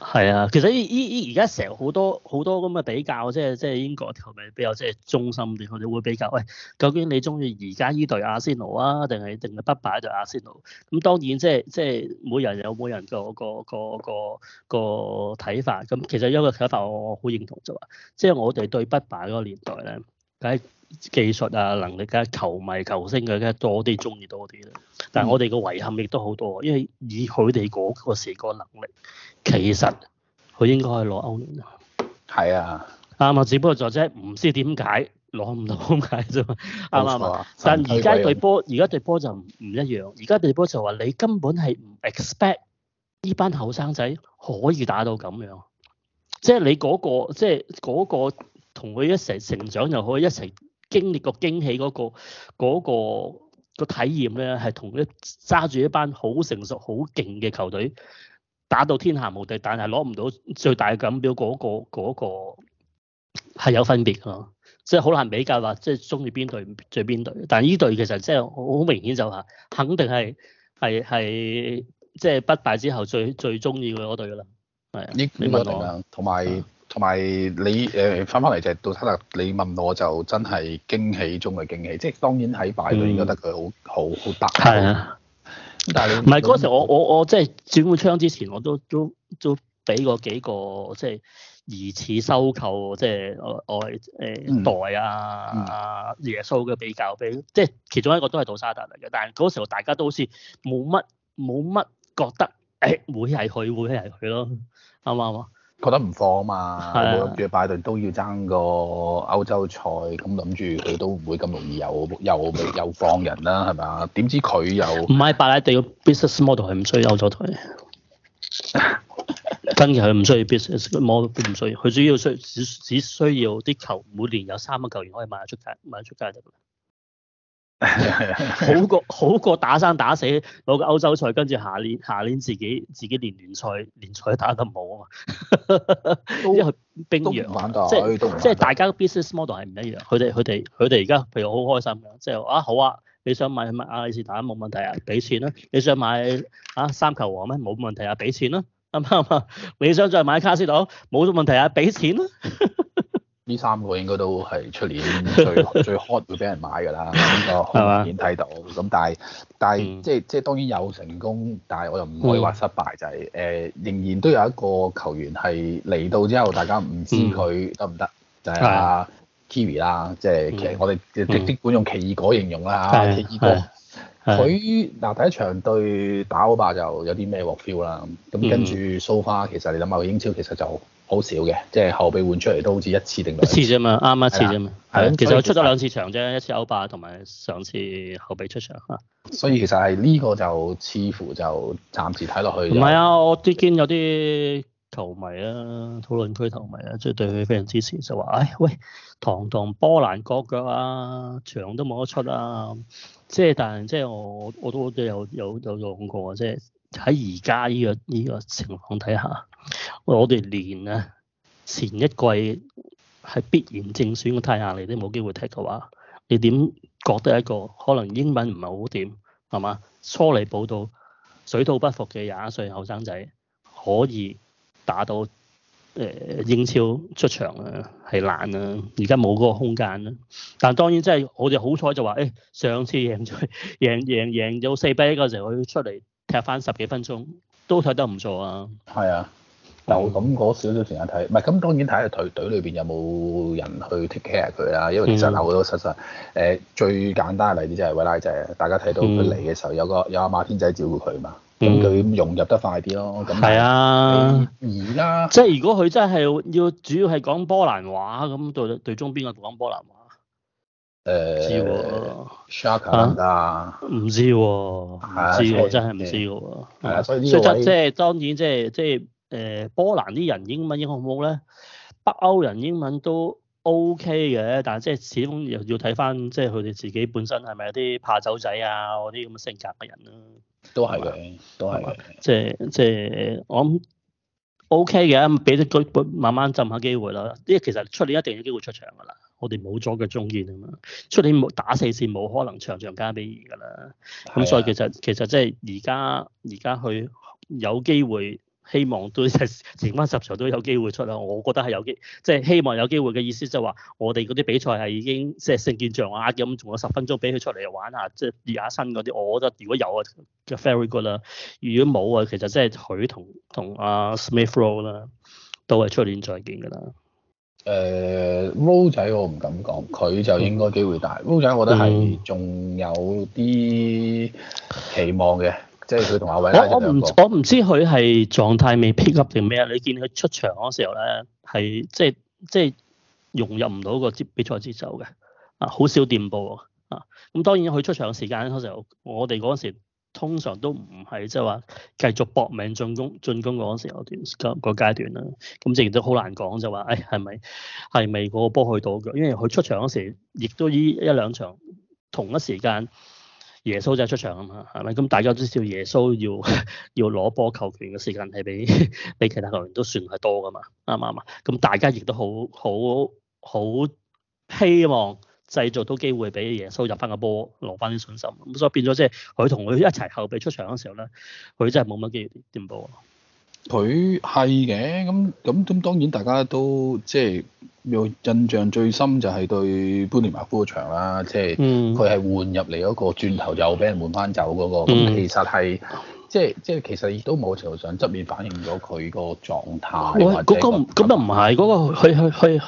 係啊，其實依依依而家成好多好多咁嘅比較，即係即係英國球迷比較即係忠心啲，佢哋會比較喂、哎，究竟你中意而家依隊阿仙奴啊，定係定係不敗隊阿仙奴啊？咁當然即係即係每人有每人個個個個個睇法。咁其實一個睇法我好認同就話，即係我哋對不敗嗰個年代咧，梗係、就是。技術啊，能力啊，球迷球星嘅，梗係多啲中意多啲啦。但係我哋個遺憾亦都好多，嗯、因為以佢哋嗰個時個能力，其實佢應該可以攞歐聯啊。係啊，啱啊，只不過作者唔知點解攞唔到咁解啫嘛。啱啱、啊、吧但係而家對波，而家對波就唔唔一樣。而家對波就話你根本係唔 expect 呢班後生仔可以打到咁樣，即係你嗰個，即係嗰個同佢一齊成長就可以一齊。經歷過驚喜嗰個嗰個嗰個體驗咧，係同一揸住一班好成熟、好勁嘅球隊打到天下無敵，但係攞唔到最大嘅錦標，嗰個嗰個係有分別㗎，即係好難比較話即係中意邊隊最邊隊。但係呢隊其實即係好明顯就係肯定係係係即係不敗之後最最中意嘅嗰隊㗎啦。係啊，呢呢個同埋。同埋你誒翻翻嚟就係杜沙特，你問我就真係驚喜中嘅驚喜，即係當然喺擺度應該得佢好好好大。係啊，但係唔係嗰時我我我即係轉會窗之前，我都都都俾過幾個即係疑似收購，即係我我誒代啊、耶穌嘅比較，俾即係其中一個都係杜沙特嚟嘅。但係嗰時大家都好似冇乜冇乜覺得誒會係佢會係佢咯，啱唔啱？覺得唔放啊嘛，我諗住拜頓都要爭個歐洲賽，咁諗住佢都唔會咁容易又，又又，又放人啦，係咪啊？點知佢又唔係拜拉地個 business model 係唔需要歐洲隊。真係佢唔需要 business model，唔需要，佢主要需只只需要啲球，每年有三個球員可以賣得出街，賣得出街得啦。 好過好過打生打死攞個歐洲賽，跟住下年下年自己自己連聯賽聯賽打得唔好啊嘛， 因為冰洋玩即係即係大家嘅 business model 係唔一樣，佢哋佢哋佢哋而家譬如好開心嘅，即係啊好啊，你想買，買阿里士打冇問題啊，俾錢啦、啊！你想買啊三球王咩？冇問題啊，俾錢啦、啊！啱啱？你想再買卡斯托冇咗問題啊，俾錢啦、啊！ 呢三個應該都係出年最最 hot 會俾人買㗎啦，咁個紅點睇到。咁但係但係即係即係當然有成功，但係我又唔可以話失敗，就係誒仍然都有一個球員係嚟到之後，大家唔知佢得唔得，就係阿 Kiwi 啦。即係其實我哋即管用奇異果形容啦，奇異果。佢嗱第一場對打歐霸就有啲咩獲 feel 啦。咁跟住 so far，其實你諗下個英超其實就～好少嘅，即係後備換出嚟都好似一次定兩次啫嘛，啱一次啫嘛，係啊，吧其實佢出咗兩次場啫，一次歐霸同埋上次後備出場嚇。所以其實係呢個就似乎就暫時睇落去。唔係啊，我啲見有啲球迷啊，討論區球迷啊，即對佢非常支持，就話，唉、哎，喂，堂堂波蘭國腳啊，場都冇得出啊！即係但係即係我我都有有有用過，即係喺而家呢個呢個情況底下。我哋年咧前一季係必然正選嘅泰亞尼都冇機會踢嘅話，你點覺得一個可能英文唔係好掂係嘛？初嚟報到水土不服嘅廿一歲後生仔可以打到誒英超出場啊？係難啊，而家冇嗰個空間啦。但當然真係我哋好彩就話誒、欸，上次贏贏贏贏咗四比一嗰時候，佢出嚟踢翻十幾分鐘都踢得唔錯啊，係啊。就咁嗰少少時間睇，唔係咁當然睇下隊隊裏邊有冇人去 take care 佢啦。因為其實好多實實誒，最簡單嘅例子就係威拉仔啊，大家睇到佢嚟嘅時候有個有阿馬天仔照顧佢嘛，咁佢融入得快啲咯。係啊，而家即係如果佢真係要主要係講波蘭話，咁對對中邊個講波蘭話？誒，唔知喎，唔知喎，真係唔知喎。啊，所以即係當然即係即係。誒，波蘭啲人英文英文好唔好咧？北歐人英文都 O K 嘅，但係即係始終又要睇翻，即係佢哋自己本身係咪有啲怕走仔啊嗰啲咁嘅性格嘅人啦？都係嘅，吧都係即係即係，我諗 O K 嘅，咁俾啲佢慢慢浸下機會啦。因為其實出年一定有機會出場嘅啦。我哋冇咗嘅中堅啊嘛，出年冇打四線冇可能場場加比二㗎啦。咁的所以其實其實即係而家而家佢有機會。希望都係剩翻十場都有機會出啊！我覺得係有機，即係希望有機會嘅意思就係話，我哋嗰啲比賽係已經即係勝券在握嘅咁，仲有十分鐘俾佢出嚟玩下，即係熱下身嗰啲，我覺得如果有啊，就非常 good 啦。如果冇啊，其實即係佢同同啊 Smith Row 啦，都係出年再見㗎啦。誒、呃、Row 仔我唔敢講，佢就應該機會大。嗯、Row 仔我覺得係仲有啲期望嘅。即係佢同阿偉，我我唔我唔知佢係狀態未 pick up 定咩啊？你見佢出場嗰時候咧，係即係即係融入唔到個節比賽節奏嘅啊，好少掂波啊！咁當然佢出場嘅時間嗰時候，我哋嗰時通常都唔係即係話繼續搏命進攻進攻嘅嗰時候段、嗰個階段啦。咁自然都好難講就話誒係咪係咪嗰個波去到腳？因為佢出場嗰時，亦都依一,一兩場同一時間。耶穌就係出場啊嘛，係咪？咁大家都知道耶穌要要攞波球球權嘅時間係比比其他球員都算係多噶嘛，啱唔啱啊？咁大家亦都好好好希望製造到機會俾耶穌入翻個波，攞翻啲信心。咁所以變咗即係佢同佢一齊後備出場嗰陣時候咧，佢真係冇乜機點波。佢係嘅，咁咁咁當然大家都即係有印象最深就係對般尼茅夫嘅場啦，即係佢係換入嚟嗰個轉頭又俾人換翻走嗰個，咁其實係即係即係其實亦都某程度上側面反映咗佢個狀態。喂，嗰個唔，咁又唔係嗰個，佢佢佢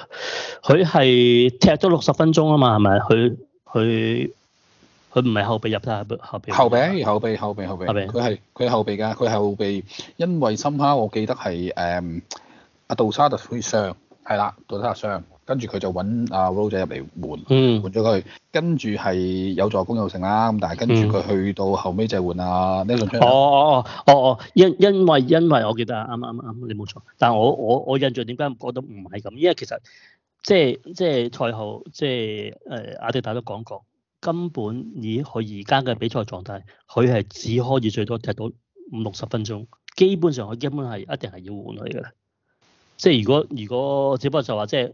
佢係踢咗六十分鐘啊嘛，係咪？佢佢。佢唔係後備入嘅，後備。後備後備後備後備，佢係佢後備㗎。佢後備，因為深花，我記得係誒阿杜沙特推上，係、嗯、啦，杜沙特上。跟住佢就揾阿 v o 仔入嚟換，換咗佢，跟住係有助攻又成啦。咁但係跟住佢去到後尾就係換阿 Nelson，哦哦哦哦哦，因因為因為我記得啊，啱啱啱，你冇錯。但係我我我印象點解覺得唔係咁？因為其實即係即係賽後即係誒阿迪達都講過。啊啊啊啊啊根本以佢而家嘅比賽狀態，佢係只可以最多踢到五六十分鐘，基本上佢根本係一定係要換佢嘅喇。即係如果如果只不過就話，即係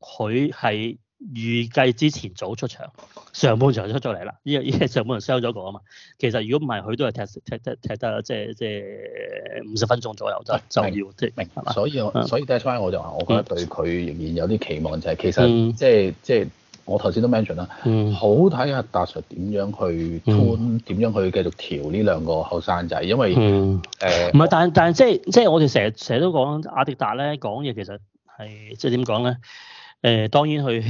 佢係預計之前早出場，上半場出咗嚟啦。因為因為係上半場 sell 咗個啊嘛。其實如果唔係，佢都係踢踢踢踢得，即係即係五十分鐘左右就、啊、就要即係明白嘛、就是。所以所以 t e 我就話，我覺得對佢仍然有啲期望就係、是，其實、嗯嗯、其實即係即係。我頭先都 mention 啦，嗯、好睇下達叔點樣去調點樣去繼續調呢兩個後生仔，因為誒唔係，但但即係即係我哋成日成日都講阿迪達咧講嘢其實係即係點講咧？誒、呃、當然佢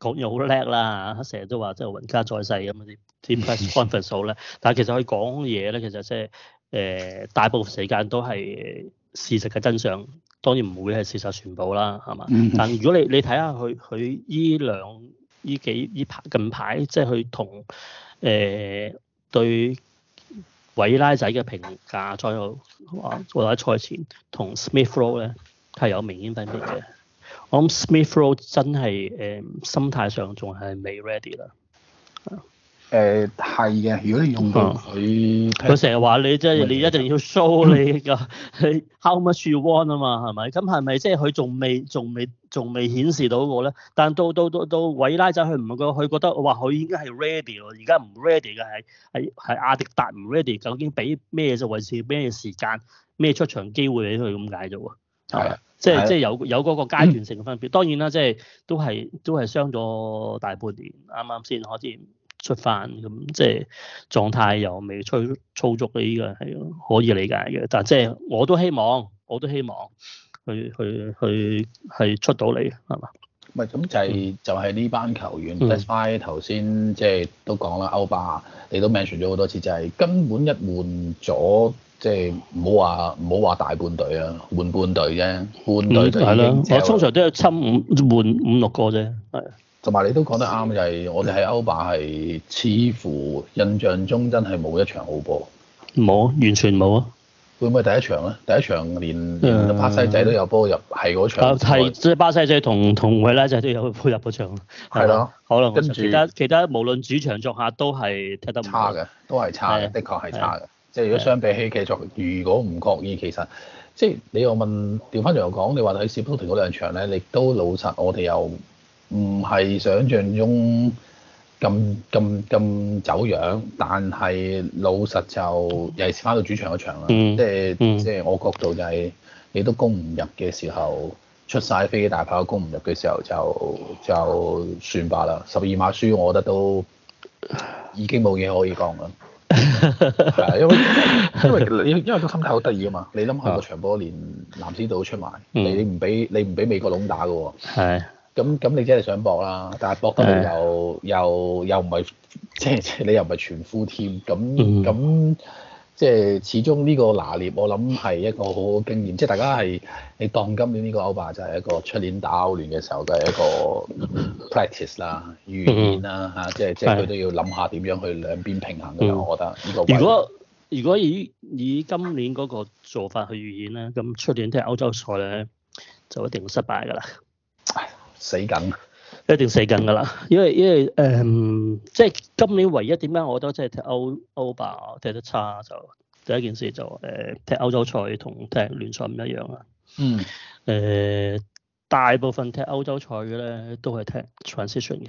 講嘢好叻啦，成日都話即係雲加在世咁啲 press conference 咧。嗯、但係其實佢講嘢咧，其實即係誒大部分時間都係事實嘅真相，當然唔會係事實全部啦，係嘛？嗯、但如果你你睇下佢佢依兩，嗯依幾依排近排即係佢同誒對韋拉仔嘅評價，再又話再喺賽前同 Smith Rowe 咧係有明顯分別嘅。我諗 Smith Rowe 真係誒、呃、心態上仲係未 ready 啦。啊誒係嘅，如果、嗯、你用佢，佢成日話你即係你一定要 show 你個，你 how much you want 啊嘛，係咪？咁係咪即係佢仲未、仲未、仲未顯示到我咧？但到到到到，到韋拉走，佢唔覺，佢覺得哇，佢已經係 ready 喎，而家唔 ready 嘅係係係阿迪達唔 ready，究竟俾咩就維持是咩嘢時間，咩出場機會俾佢咁解啫喎？係即係即係有有嗰個階段性嘅分別。嗯、當然啦，即係都係都係傷咗大半年，啱啱先可見。出翻，咁即係狀態又未操操作嘅，依個係可以理解嘅，但即係我都希望，我都希望去去去係出到嚟，係嘛？唔係咁、嗯嗯、就係、是、就係、是、呢班球員。despite 頭先即係都講啦，歐霸你都 mention 咗好多次，就係、是、根本一換咗即係唔好話唔好話大半隊啊，換半隊啫，換半隊嗯、半隊就係啦。我通常都係差五換五六個啫，係。同埋你都講得啱，就係、是、我哋喺歐霸係，似乎印象中真係冇一場好波，冇完全冇啊！會唔會第一場咧？第一場連連巴西仔都有波入，係嗰場，即係、嗯、以巴西仔同同委拉斯都有波入嗰場。係咯吧，跟住其他其他，其他無論主場作客都係踢得差嘅，都係差嘅，的，的確係差嘅。的即係如果相比起繼續，的如果唔覺意，其實即係你又問調翻轉頭講，你話喺士砵亭嗰兩場咧，你都老實，我哋又。唔係想象中咁咁咁走樣，但係老實就尤其是翻到主場嗰場啦，即係即係我角度就係、是、你都攻唔入嘅時候，出晒飛機大炮攻唔入嘅時候就就算吧啦，十二碼輸，我覺得都已經冇嘢可以講啦。 因為因為因為個心態好得意啊嘛，你諗下個場波連藍斯道出埋、嗯，你唔俾你唔俾美國佬打嘅喎。係。咁咁你真係想搏啦，但係搏得又又又唔係，即係即係你又唔係的、就是、全副添，咁咁即係始終呢個拿捏，我諗係一個好好經驗。即、就、係、是、大家係你當今年呢個歐霸就係一個出年打歐聯嘅時候都係一個 practice 啦、預演啦嚇，即係即係佢都要諗下點樣去兩邊平衡嘅。嗯、我覺得呢個如。如果如果以以今年嗰個做法去預演咧，咁出年即係歐洲賽咧，就一定會失敗㗎啦。死緊， 一定死緊㗎喇！因為因為誒，即、呃、係、就是、今年唯一點解我覺得即係踢歐歐霸踢得差就第一件事就誒、是呃、踢歐洲賽同踢聯賽唔一樣啊。嗯。誒、呃，大部分踢歐洲賽嘅咧都係踢 transition 嘅，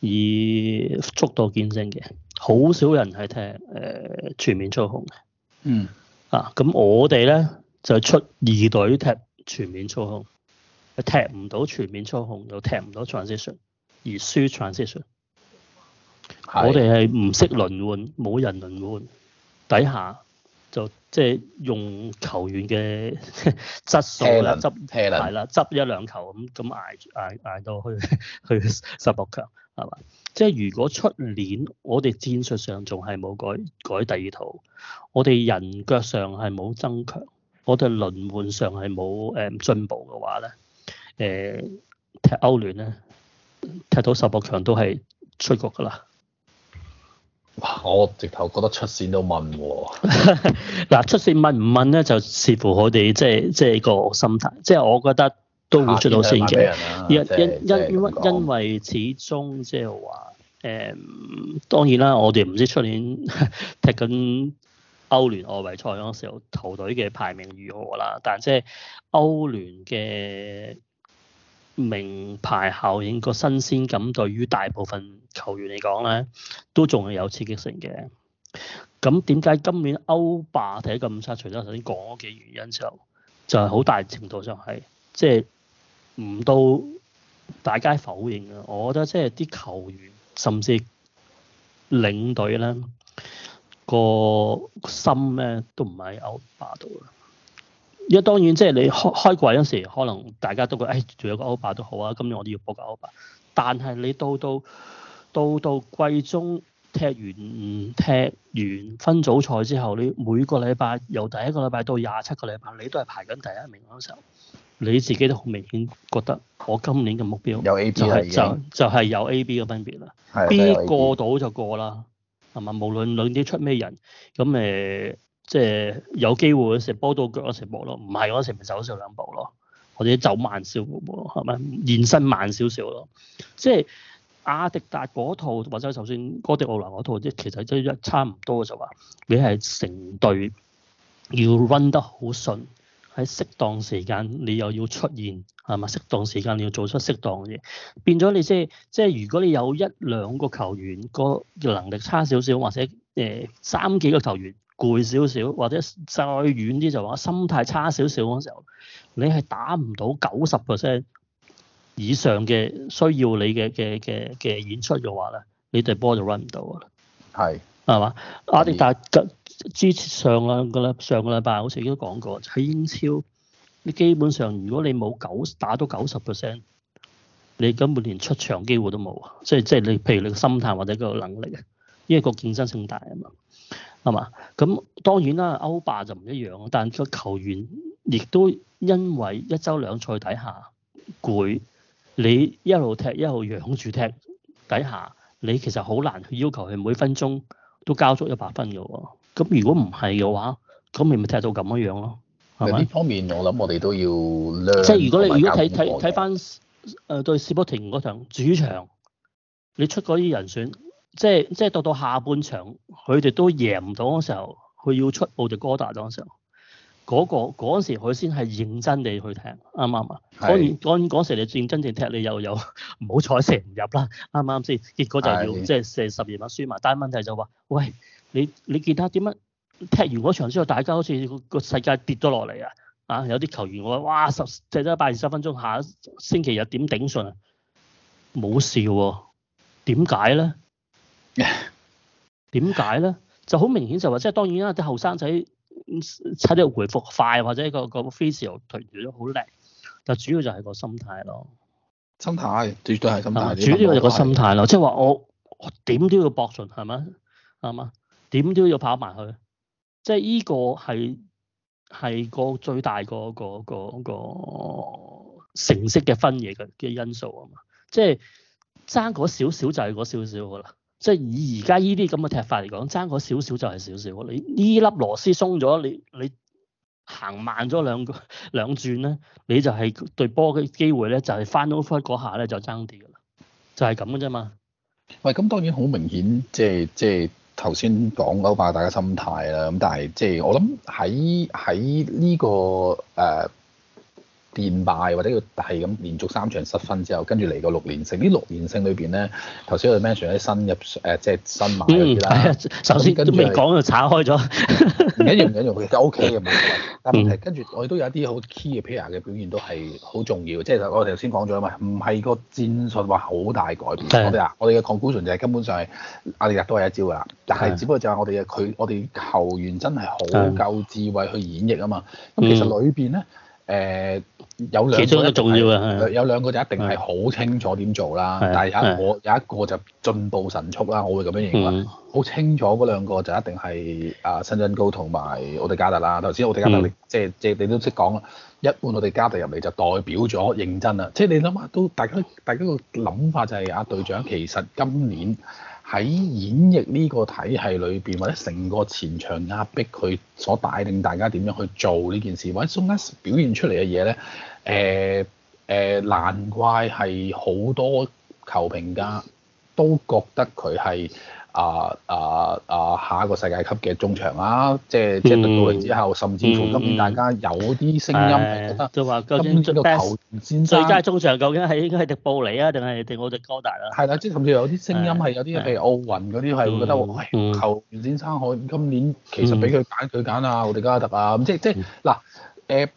以速度見證嘅，好少人係踢誒、呃、全面操控嘅。嗯。啊，咁我哋咧就出二隊踢全面操控。踢唔到全面操控，就踢唔到 transition，而輸 transition。的我哋係唔識輪換，冇人輪換，底下就即係用球員嘅質 素啦，執係啦，執一兩球咁咁挨挨捱到去 去十六強，係嘛？即係如果出年我哋戰術上仲係冇改改第二套，我哋人腳上係冇增強，我哋輪換上係冇誒進步嘅話咧？誒、呃、踢歐聯咧，踢到十六強都係出局噶啦！哇！我直頭覺得出線都問喎、哦。嗱， 出線問唔問咧，就視乎佢哋即係即係個心態。即係我覺得都會出到線嘅。因因因因因為始終即係話誒，當然啦，我哋唔知出年踢緊歐聯外圍賽嗰時候球隊嘅排名如何啦。但係即係歐聯嘅。名牌效應、個新鮮感對於大部分球員嚟講咧，都仲係有刺激性嘅。咁點解今年歐霸睇咁差？除咗頭先講嗰幾原因之後，就係、是、好大程度上係即係唔到大家否認啊。我覺得即係啲球員甚至領隊咧、個心咧都唔喺歐霸度。而家當然即係你開開季嗰時，可能大家都覺得誒，仲、哎、有一個歐霸都好啊！今年我哋要搏個歐霸。但係你到到到到季中踢完踢完分組賽之後，你每個禮拜由第一個禮拜到廿七個禮拜，你都係排緊第一名嗰時候，你自己都好明顯覺得我今年嘅目標就係、是、就就係、就是、有 A、B 嘅分別啦。B 的過到就過啦。係嘛？無論兩啲出咩人咁誒。即係有機會食波到腳，一成步咯。唔係我，成，咪走少少兩步咯。或者走慢少少咯，係咪現身慢少少咯？即係阿迪達嗰套或者，就算哥迪奧拿嗰套，即其實即一差唔多嘅就話，你係成隊要 run 得好順，喺適當時間你又要出現係嘛？適當時間你要做出適當嘅嘢，變咗你即係即係，如果你有一兩個球員個能力差少少，或者誒、欸、三幾個球員。攰少少，或者再遠啲就話心態差少少嗰時候，你係打唔到九十 percent 以上嘅需要你嘅嘅嘅嘅演出嘅話咧，你隊波就 run 唔到㗎啦。係是，係嘛吧？阿迪達嘅之前上個咧上個禮拜好似已經都講過，喺英超，你基本上如果你冇九打到九十 percent，你根本連出場機會都冇啊！即係即係你，譬如你個心態或者個能力，因為個競爭性大啊嘛。係嘛？咁當然啦，歐霸就唔一樣，但個球員亦都因為一週兩賽底下攰，你一路踢一路仰住踢底下，你其實好難去要求佢每分鐘都交足一百分嘅喎。咁如果唔係嘅話，咁咪咪踢到咁嘅樣咯。係咪？呢方面我諗我哋都要兩即係如果你，你如果睇睇睇翻誒對斯波廷嗰場主場，你出嗰啲人選。即係即係到到下半場，佢哋都贏唔到嗰時候，佢要出奧迪哥達嗰陣時候，嗰、嗰個嗰時佢先係認真地去踢，啱唔啱啊？當然當然嗰時你認真地踢，你又有唔好彩射唔入啦，啱唔啱先？結果就要的即係射十二碼輸埋。但係問題就話：喂，你你見下點樣踢完嗰場之後，大家好似個世界跌咗落嚟啊！啊，有啲球員話：哇，踢咗一百二十分鐘，下星期日點頂順啊？冇事喎，點解咧？點解咧？就好明顯就話、是，即係當然啦，啲後生仔差啲回復快，或者、個個 facial 脫咗好靚，但主要就係個心態咯。心態絕對係咁態，嗎主要係個心態咯。即係話我我點都要搏盡係咪啊嘛？點都要跑埋去，即係呢個係係個最大、個個個個成色嘅分野嘅嘅因素啊嘛。即係爭嗰少少就係嗰少少噶啦。即係以而家依啲咁嘅踢法嚟講，爭嗰少少就係少少。你呢粒螺絲鬆咗，你你行慢咗兩兩轉咧，你就係對波嘅機會咧，就係翻到 over 嗰下咧就爭啲噶啦，就係咁嘅啫嘛。喂、嗯，咁當然好明顯，即係即係頭先講歐霸大家心態啦。咁但係即係我諗喺喺呢個誒。呃墊敗或者要係咁連續三場失分之後，跟住嚟個六連勝。呢六連勝裏邊咧，頭先我哋 mention 喺新入誒、呃、即係新買嗰啲啦。首先都未講就炒開咗。唔緊要唔緊要其實，O K 嘅冇問題。跟住我哋都有一啲好 key 嘅 player 嘅表現都係好重要。即係我哋頭先講咗啊嘛，唔係個戰術話好大改變。的我哋啊，我哋嘅 conclusion 就係根本上係阿迪達都係一招啊，但係只不過就係我哋嘅佢，我哋球員真係好夠智慧去演繹啊嘛。咁其實裏邊咧誒。呃呃有兩個重要啊，有有兩個就一定係好清楚點做啦。是的 但係有一個有一個就進步神速啦。我會咁樣認為，好清楚嗰兩個就一定係啊，新津高同埋奧地加特啦。頭先奧地加特你即係即係你都識講啦，一般奧地加特入嚟就代表咗認真啦。即係你諗下都大家大家個諗法就係、是、阿、啊、隊長，其實今年。喺演繹呢個體系裏邊，或者成個前場壓迫佢所帶領大家點樣去做呢件事，或者中間表現出嚟嘅嘢咧，誒、呃、誒、呃，難怪係好多球評家都覺得佢係。啊啊啊！下一個世界級嘅中場啦，即係即係到嚟之後，甚至乎今年大家有啲聲音係覺得今年到球員先生最佳中場，究竟係應該係迪布尼啊，定係迪奧迪戈達啦？係啦，即係甚至有啲聲音係有啲譬如奧運嗰啲係覺得哇，球員先生可今年其實俾佢揀，佢揀啊奧迪加特啊，咁即係即係嗱誒，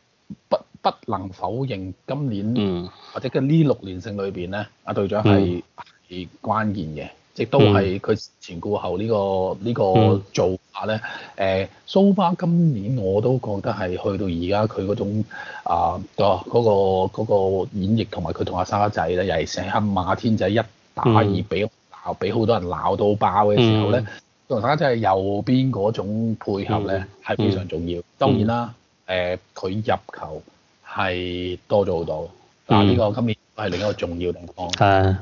不不能否認今年或者跟呢六年勝裏邊咧，阿隊長係係關鍵嘅。亦都係佢前顧後呢、呢個呢、嗯、個做法咧，誒蘇巴今年我都覺得係去到而家佢嗰種啊、呃嗰個嗰、嗰個、演繹同埋佢同阿沙沙仔咧，尤其是黑馬天仔一打二俾鬧俾好多人鬧到爆嘅時候咧，同沙、嗯、沙仔係右邊嗰種配合咧係、嗯、非常重要。當然啦，誒、呃、佢入球係多咗好多，但呢個今年都係另一個重要地方。嗯嗯嗯嗯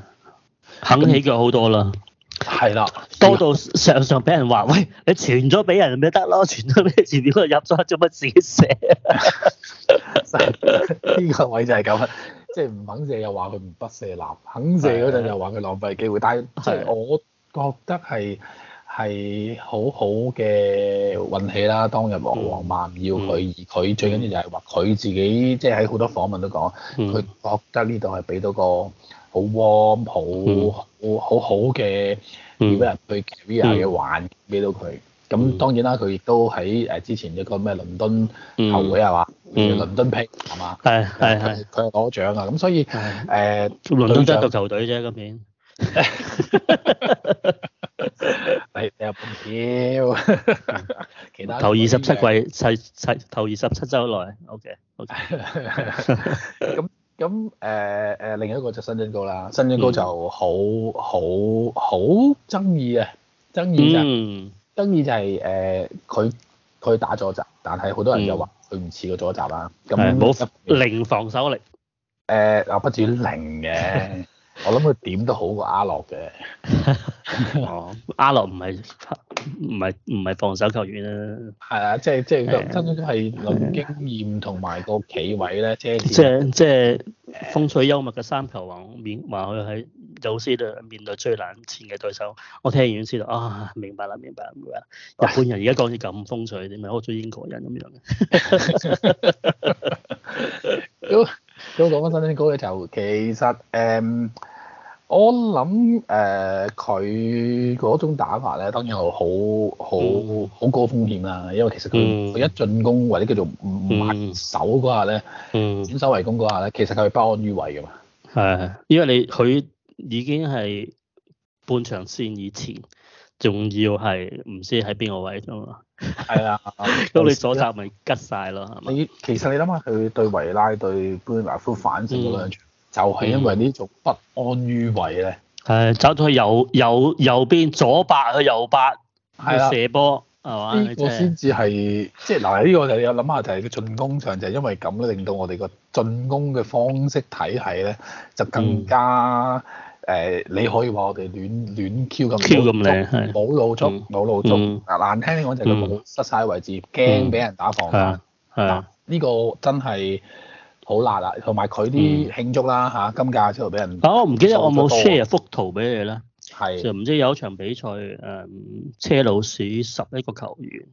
肯起腳好多啦，係啦的，多到常常俾人話，的喂，你傳咗俾人咪得咯，傳咗俾字表入咗做乜自己射？呢、 呢個位就係咁，即係唔肯射，又話佢唔不射男，肯射嗰陣又話佢浪費機會。但係我覺得係係的的好好嘅運氣啦。當日王王曼要佢，嗯嗯、而佢最緊要就係話佢自己，即係喺好多訪問都講，佢覺得呢度係俾到個。好 warm，好好好嘅 event 去 carry 嘅玩俾到佢。咁當然啦，佢亦都喺誒之前一個咩倫敦球會係嘛，倫敦啤係嘛，係係係，佢係攞獎啊！咁所以誒，倫敦得個球隊啫，今年。嚟訂半票， 其他頭二十七季，七七頭二十七周內，OK OK。咁。咁誒誒，另一個就新津高啦，新津高就、嗯、好好好爭議啊，爭議就、嗯、爭議就係、是、誒，佢、呃、佢打咗左閘，但係好多人就話佢唔似個左閘啦、啊，咁冇、嗯、零防守力，誒嗱、呃，不至於零嘅。 我諗佢點都好過阿洛嘅。哦，阿洛唔係唔係唔係防守球員啊。係啊，即係即係，真真都係諗經驗同埋個企位咧，即係、啊。即係即係風趣幽默嘅三球王面話佢喺有些度面對最難纏嘅對手，我聽完先知道、哦、啊，明白啦，明白啦，明白啦，日本人而家講嘢咁風趣，點解好似英國人咁樣嘅？ 嗯都講翻身先高咧，就其實誒、呃，我諗誒，佢、呃、嗰種打法咧，當然係好好好高風險啦，因為其實佢佢一進攻或者叫做唔埋手嗰下咧，轉守、嗯嗯、為攻嗰下咧，其實佢係不安於位噶嘛。係，因為你佢已經係半場線以前。仲要係唔知喺邊個位啫嘛，係 啊，咁 你左集咪吉晒咯，係咪？其實你諗下佢對維拉、嗯、對搬埋夫反勝嗰兩場，嗯、就係因為呢種不安於位咧。係、嗯，嗯、走咗去右右右邊左八去右八去射波係嘛？先至係即係嗱，呢個就有諗下就係個進攻上就係因為咁咧，令到我哋個進攻嘅方式體系咧就更加。嗯誒、呃，你可以話我哋亂亂 Q 咁冇露足，冇的露足，難聽啲講就係佢冇失曬位置，驚俾、嗯、人打防翻。係、嗯、啊，呢個真係好辣啦！同埋佢啲慶祝啦嚇，今屆先度俾人。啊，我唔記得我冇 share 幅圖俾你啦。係的，就唔知有一場比賽誒、嗯，車路士十一個球員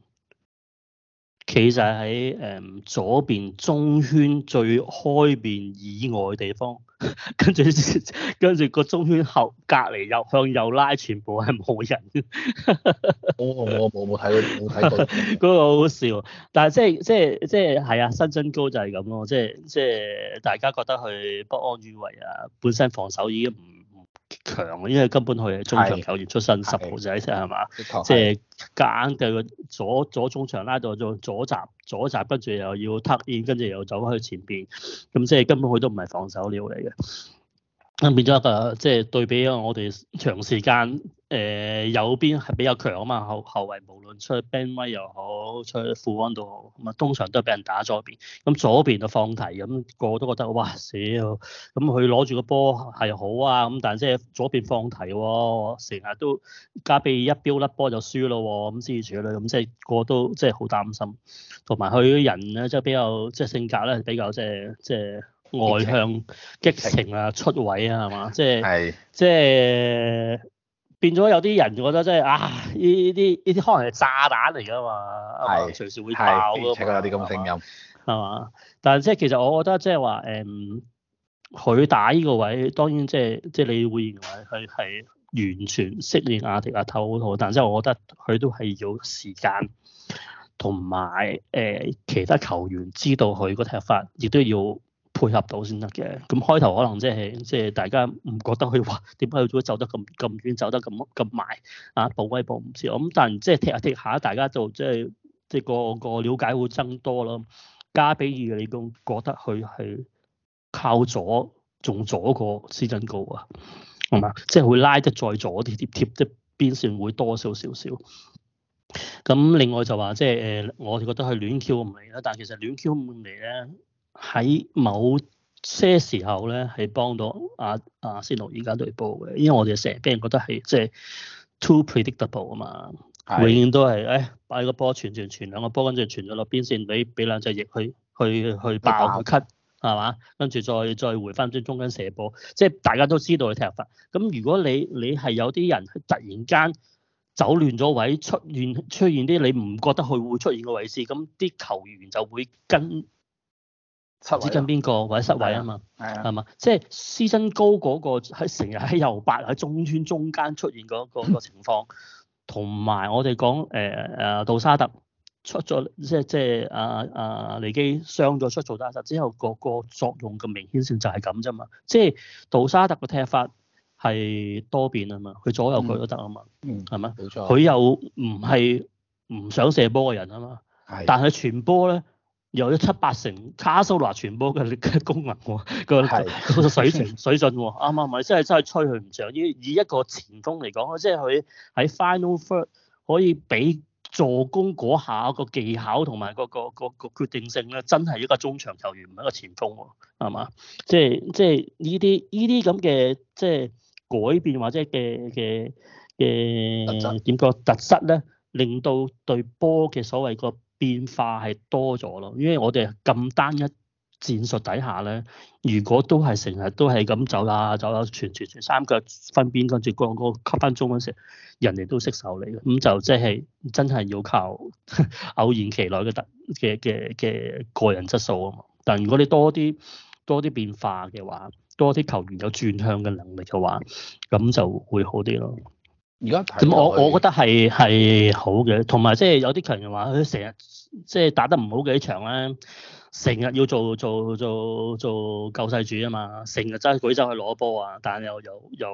企曬喺誒左邊中圈最開邊以外地方。 跟住，跟住個中圈後隔離，又向右拉，全部係冇人。 我冇冇冇睇到，冇睇過。嗰 個好好笑，但係即係即係即係係啊！辛真高就係咁咯，即係即係大家覺得佢不安於位啊，本身防守已經唔強啊！因為根本佢係中場球員出身，十號仔啫係嘛，即係夾硬嘅左左中場拉到左左閘左閘，跟住又要 tuck in，跟住又走開前邊，咁即係根本佢都唔係防守料嚟嘅。咁變咗一個即係、就是、對比啊！我哋長時間誒、呃、右邊係比較強啊嘛，後後衞無論出去 Ben White 又好，出去富安都好，咁啊通常都係俾人打左邊。咁左邊就放題咁、嗯，個個都覺得哇死咁，佢攞住個波係好啊咁，但係即係左邊放題喎、哦，成日都加俾一標甩波就輸咯喎、哦，咁之類。咁、嗯，即係個個都即係好擔心。同埋佢人咧，即係比較即係、就是、性格咧，比較即係即係。就是就是外向激情啊，出位啊，係嘛？是即係即係變咗有啲人覺得即係啊，呢啲呢啲可能係炸彈嚟噶嘛，是隨時會爆㗎嘛。而有啲咁嘅聲音係嘛？但即係其實我覺得即係話誒，佢、嗯、打呢個位，當然即係即係你會認為佢係完全適應阿迪阿頭好，啊、好，但即係我覺得佢都係要時間同埋誒其他球員知道佢個踢法，亦都要，配合到先得嘅，咁開頭可能即係即係大家唔覺得佢話點解佢會走得咁咁遠，走得咁咁埋啊，保威保唔知，咁但係即係踢下踢下，大家就即係即係個個了解會增多咯。加比爾，你覺覺得佢係靠左，仲左過斯尊高啊？係咪即係會拉得再左啲啲，貼即邊線會多，多少少少。咁另外就話即係誒，我覺得佢亂 Q 唔嚟啦，但係其實亂 Q 唔嚟咧。喺某些時候咧，係幫到阿、啊、阿、啊、仙奴而家隊波嘅，因為我哋成日俾人覺得係即係 too predictable 啊嘛，的永遠都係誒擺個波傳傳傳兩個波，跟住傳咗落邊線俾俾兩隻翼去去去爆去 cut 係嘛，跟住再再回翻轉中間射波，即係大家都知道嘅踢法。咁如果你你係有啲人突然間走亂咗位，出現出現啲你唔覺得佢會出現嘅位置，咁啲球員就會跟。唔知跟邊個或者失位 啊嘛，係嘛吧？ 即係斯身高嗰個喺成日喺右八喺中圈中間出現嗰個情況，同埋 我哋講誒誒杜沙特出咗即係即係啊啊尼基傷咗出做大石之後，個個作用嘅明顯性就係咁啫嘛。即係杜沙特嘅踢法係多變啊嘛，佢左右腳都得啊嘛，係嘛？冇錯。佢又唔係唔想射波嘅人啊嘛，係。但係傳波咧。有咗七八成卡蘇拿傳波嘅功能喎，個個水準水準喎，啱唔啱？真係真係吹佢唔脹。以以一個前鋒嚟講即係佢喺 final third 可以俾助攻嗰下個技巧同埋、個、個、個、個決定性咧，真係一個中場球員唔係一個前鋒喎，係嘛？即係即係呢啲呢啲咁嘅即係改變或者嘅嘅嘅點講特質咧，令到對波嘅所謂個變化係多咗咯，因為我哋咁單一戰術底下咧，如果都係成日都係咁走啦走啦，傳傳傳三腳分邊跟住個個吸返中嗰時，人哋都識守你嘅，咁就即係真係要靠、嗯、呵呵偶然其來嘅特嘅嘅嘅個人質素啊嘛。但如果你多啲多啲變化嘅話，多啲球員有轉向嘅能力嘅話，咁就會好啲咯。而家咁我我覺得係係好嘅，同埋即係有啲球員話佢成日即係打得唔好幾場咧，成日要做做做做救世主啊嘛，成日真係攰走去攞波啊，但又又又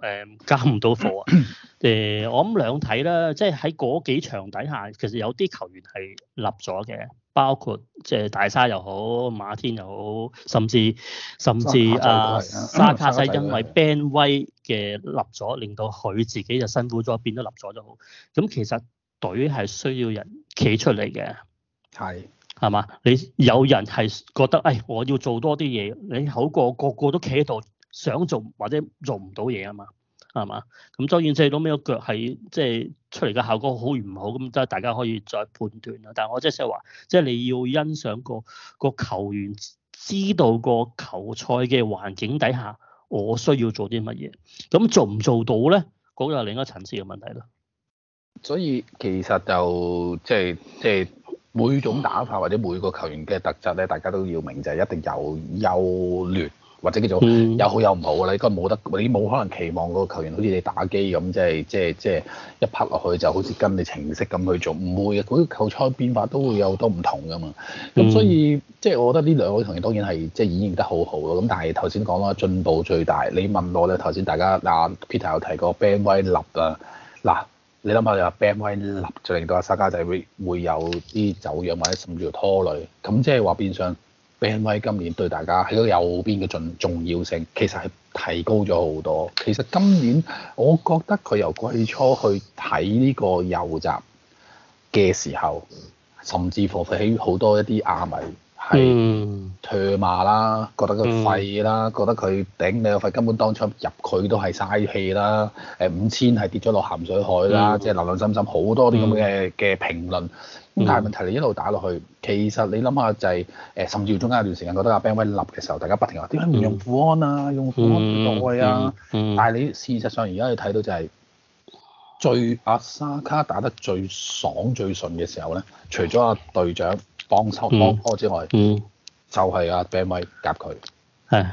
誒交唔到貨啊誒，我諗兩睇啦，即係喺嗰幾場底下，其實有啲球員係立咗嘅。包括即係大沙又好，馬天又好，甚至甚至阿沙卡西，因為 Ben White 嘅立咗，令到佢自己就辛苦咗，變咗立咗都好。咁其實隊係需要人企出嚟嘅，係係嘛？你有人係覺得，哎，我要做多啲嘢，你好過個個都企喺度想做或者做唔到嘢啊嘛。係嘛？咁、嗯、當然，睇到咩腳係即係出嚟嘅效果好與唔好，咁都係大家可以再判斷啦。但係我即係話，即係你要欣賞個個球員知道個球賽嘅環境底下，我需要做啲乜嘢？咁、嗯、做唔做到咧？嗰個係另一層次嘅問題咯。所以其實就即係即係每種打法或者每個球員嘅特質咧，大家都要明就係一定有優劣。或者叫做有好有唔好啦，嗯、你應該冇得，你冇可能期望嗰個球員好似你打機咁，即係即係即係一拍落去就好似跟你程式咁去做，唔會嘅。嗰球賽變化都會有多唔同噶嘛，咁所以即係我覺得呢兩個球員當然係即係演繹得好好咯。咁但係頭先講啦，進步最大。你問我咧，頭先大家嗱、啊、Peter 有提過 Ben 威立啊，嗱，你諗下你話 Ben 威立，就令到阿沙家仔會會有啲走樣或者甚至乎拖累，咁即係話變相。b 病危，今年對大家喺個右邊嘅重重要性其實係提高咗好多。其實今年我覺得佢由季初去睇呢個右閘嘅時候，甚至乎起好多一啲亞迷係唾罵啦，覺得佢廢啦，覺得佢頂你個肺根本當初入佢都係嘥氣啦。誒五千係跌咗落鹹水海啦，即係冷冷深深好多啲咁嘅嘅評論。咁但係問題，你一路打落去，其實你諗下就係、是、誒，甚至中間有段時間覺得阿 Ben 威立嘅時候，大家不停話點解唔用富安啊，用富安代啊，嗯嗯嗯、但係你事實上而家你睇到就係、是、最阿沙卡打得最爽最順嘅時候咧，除咗阿隊長幫手幫拖之外，嗯嗯、就係阿 Ben 威夾佢，係、嗯嗯，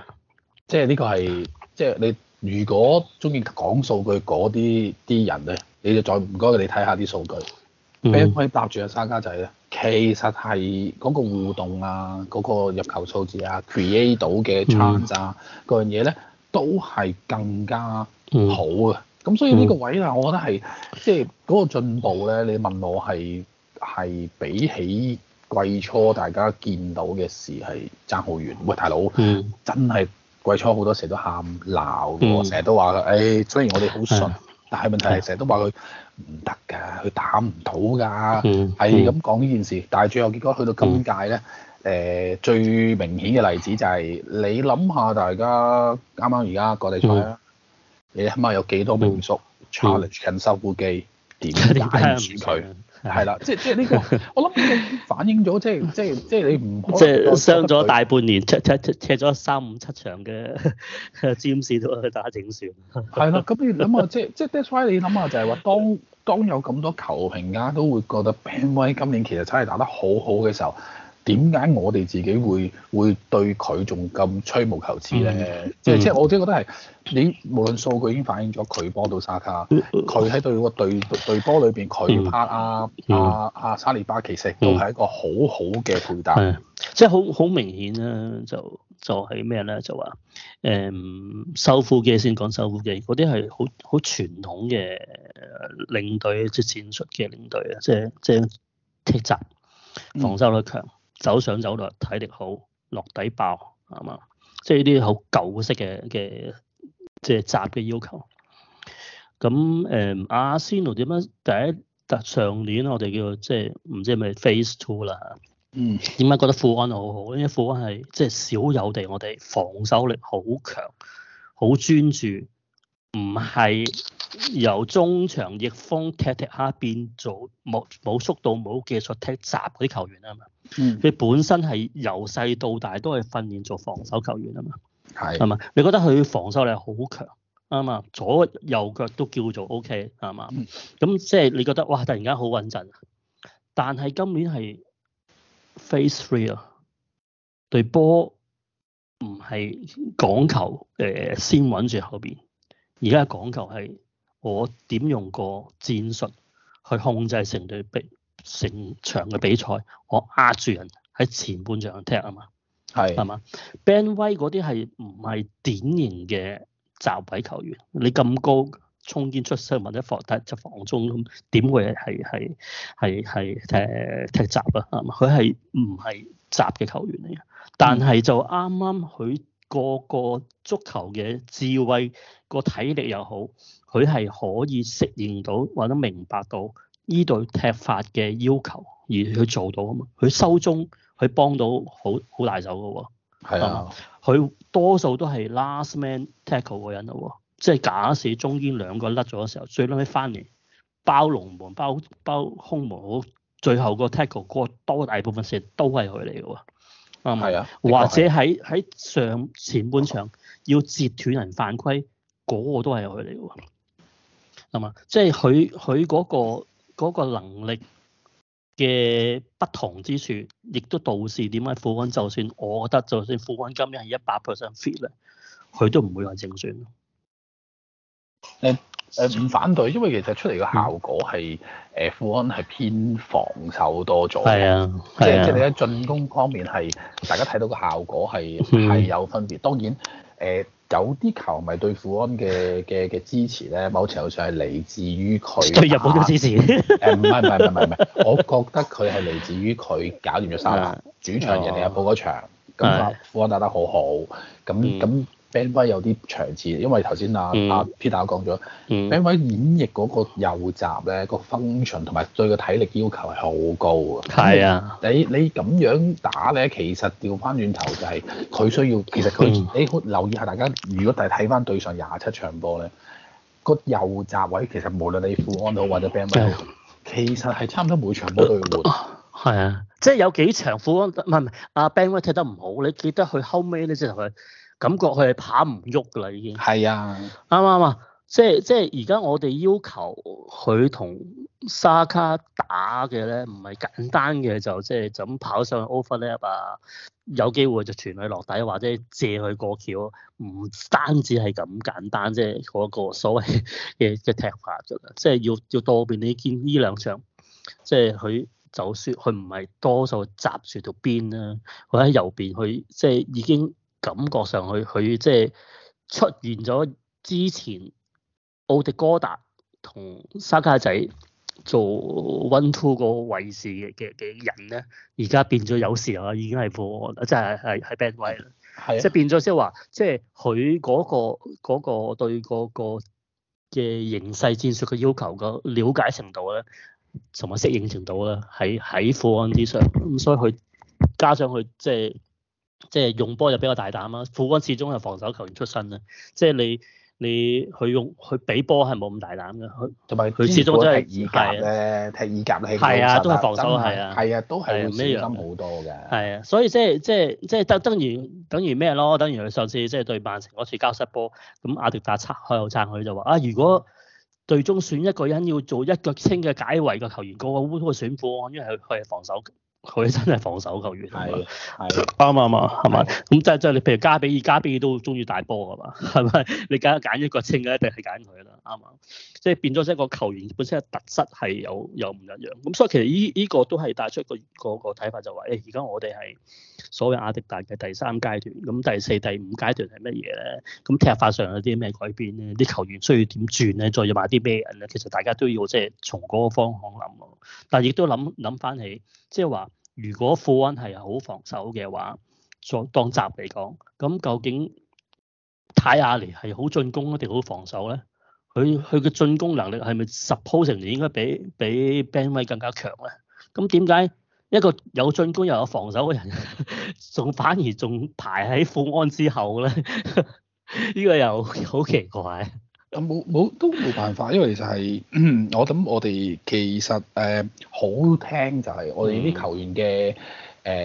即係呢個係即係你如果中意講數據嗰啲啲人咧，你就再唔該你睇下啲數據。俾可以搭住阿三家仔、就、咧、是，其實係嗰個互動啊，嗰、那個入球數字啊，create 到嘅 chance 啊，嗰、嗯、樣嘢咧都係更加好嘅。咁、嗯、所以呢個位啊，我覺得係即係嗰個進步咧。你問我係係比起季初大家見到嘅事係差好遠。喂，大佬，嗯、真係季初好多時都喊鬧嘅喎，成日、嗯、都話誒、哎。雖然我哋好信，但係問題係成日都話佢。唔得噶，佢打唔到噶，係咁講呢件事。嗯、但係最後結果去到今屆咧，誒、嗯呃、最明顯嘅例子就係、是、你諗下，大家啱啱而家國際賽，剛剛地嗯、你啱啱有幾多名宿 challenge 緊收褲機，點解唔住佢？嗯嗯嗯嗯係啦，即係即係呢個，我諗呢個反映咗，即係即係即係你唔即係傷咗大半年，踢踢踢踢咗三五七場嘅占士。James 都打整少。係啦，咁你諗下，即係即係 That's why 你諗下，就係、係、話、就係就係就係、當當有咁多球評家都會覺得 Ben 威今年其實真係打得好好嘅時候。點解我哋自己會會對佢仲咁吹毛求疵咧？即係即係，我真係覺得係你無論數據已經反映咗佢幫到沙卡，佢喺、嗯、對個隊隊波裏邊，佢拍、嗯、啊啊啊沙利巴，其實都係一個好好嘅配搭，即係好好明顯咧。就就係咩咧？就話誒收副機先講，收副機嗰啲係好好傳統嘅領隊即戰術嘅領隊啊！即即踢閘防守率強。嗯走上走落，體力好，落底爆，係嘛、就是？即係呢啲好舊式嘅嘅，即係集嘅要求。咁誒、嗯，阿仙奴點樣？第一，但上年我哋叫即係唔知係咪 Phase Two 啦。嗯。點解覺得富安好好？因為富安係即係少有地我，我哋防守力好強，好專注，唔係。由中場、翼鋒踢踢下變做冇、冇速度冇技術踢閘啲球員啊嘛。嗯。佢本身係由細到大都係訓練做防守球員啊嘛。係。係嘛是？你覺得佢防守力好強啊嘛？左右腳都叫做 O K 啊嘛。嗯。咁即係你覺得，哇！突然間好穩陣，但係今年係 Phase Three 咯，對波唔係講求誒、呃、先穩住後邊，而家講求係。我點用個戰術去控制成隊比成場嘅比賽？我壓住人喺前半場踢啊嘛，係嘛是？Ben White 嗰啲係唔係典型嘅雜位球員？你咁高衝堅出身或者防低就防中咁，點會係係係係誒踢雜啊？係嘛？佢係唔係雜嘅球員嚟？但係就啱啱佢個個足球嘅智慧，個體力又好。佢係可以適應到或者明白到依隊踢法嘅要求而去做到啊嘛。佢收中佢幫到好好大手噶喎、哦，啊。佢、嗯、多數都係 last man tackle 個人咯、哦，即係假使中間兩個甩咗嘅時候，最撚屘翻嚟包龍門包包空門，最後個 tackle 嗰多大部分時都係佢嚟嘅喎，啱、嗯、啊，或者喺喺上前半場要截斷人犯規嗰、嗯、個都係佢嚟嘅喎。即係佢佢嗰個能力嘅不同之處，亦都導致點解富安就算我覺得，就算富安今日係一百 percent fit 咧，佢都唔會話正選。誒誒，唔反對，因為其實出嚟嘅效果係誒富安係偏防守多咗嘅，即係即係你喺進攻方面係大家睇到個效果係係、啊、有分別。當然誒。呃有啲球迷對富安嘅嘅嘅支持咧，某程度上係嚟自於佢即係日本嘅支持。誒唔係唔係唔係唔係， 我覺得佢係嚟自於佢搞掂咗三場主場，啊、人哋入寶嗰場，咁、哦、富安打得好好，咁咁。Ben 威有啲長處，因為頭先阿阿 Peter 講咗、嗯、Ben 威演繹嗰個右閘咧，個 function 同埋對個體力要求係好高啊！係啊，你你咁樣打咧，其實調翻轉頭就係佢需要，其實佢、嗯、你留意下大家，如果大家睇翻對上廿七場波咧，個右閘位其實無論你富安都或者 Ben 威，啊、其實係差唔多每場波都要換。係啊，即係有幾場富安唔係唔係阿 Ben 威踢得唔好，你記得佢後尾咧即係佢。感覺佢係跑唔喐噶啦，已經係啊，啱唔啱啊？即係即係而家我哋要求佢同沙卡打嘅咧，唔係簡單嘅就即係就咁跑上去 overlap 啊，有機會就傳佢落底或者借佢過橋，唔單止係咁簡單啫，嗰個所謂嘅嘅踢法啫，即係要要多變啲。見呢兩場，即係佢就算佢唔係多數閘住到邊啦，佢喺右邊，佢即係已經。感覺上去，佢即係出現咗之前奧迪哥達同沙卡仔做 One Two 個位置嘅嘅嘅人咧，而家變咗有時候已經係富安，即係係係 bad way 啦。係即係變咗，即係話，即係佢嗰個嗰個對嗰個嘅形勢戰術嘅要求嘅了解程度咧，同埋適應程度咧，喺喺富安之上，咁、嗯、所以佢加上佢即係。即係用波就比較大膽啦、啊，富安始終係防守球員出身啦。即係你你佢用佢俾波係冇咁大膽嘅，佢同埋佢始終都係意甲咧，踢意、啊、甲係係啊，都係防守係的啊，係的啊，都係咩一樣好多嘅。係啊，所以即係即係即係得等於等於咩咯？等於佢上次即係對曼城嗰次交失波，咁阿迪達撐開口撐佢就話啊，如果最終選一個人要做一，要做一腳清嘅解圍嘅球員，嗰、那個烏托嘅選富安因為佢係防守。佢真係防守球員，係係啱啊嘛，係嘛？咁即係即係你譬如加比爾，加比爾都中意大波啊嘛，係咪？ 你揀揀一個清嘅一定係揀佢啦，啱啊！即 係變咗即係個球員本身嘅特質係有有唔一樣。咁所以其實依依個都係帶出一個睇法，就話誒，而家我哋係所謂阿迪達嘅第三階段，咁第四、第五階段係乜嘢咧？咁踢法上有啲咩改變咧？啲球員需要點轉咧？再要買啲咩人咧？其實大家都要即係從嗰個方向諗。但係亦都諗諗翻起，即係話。如果富安係好防守嘅話，作當集嚟講，咁究竟泰亞尼係好進攻咧定好防守咧？佢佢嘅進攻能力係咪十鋪成年應該比比 Ben 威更加強咧？咁點解一個有進攻又有防守嘅人，仲反而仲排喺富安之後咧？呢 個又好奇怪。啊冇冇都冇辦法，因為、就係、我我其實係我諗我哋其實誒好聽就係我哋啲球員嘅誒、嗯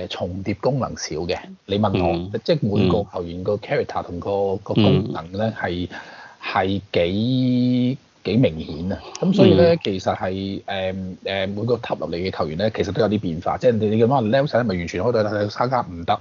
呃、重疊功能少嘅，你問我，嗯、即係每個球員 char 個 character 同個個功能咧係係幾幾明顯啊！咁所以咧、嗯、其實係誒誒每個級別嚟嘅球員咧，其實都有啲變化，即係你你咁話 level 細咧，咪完全可以對大家參加唔得？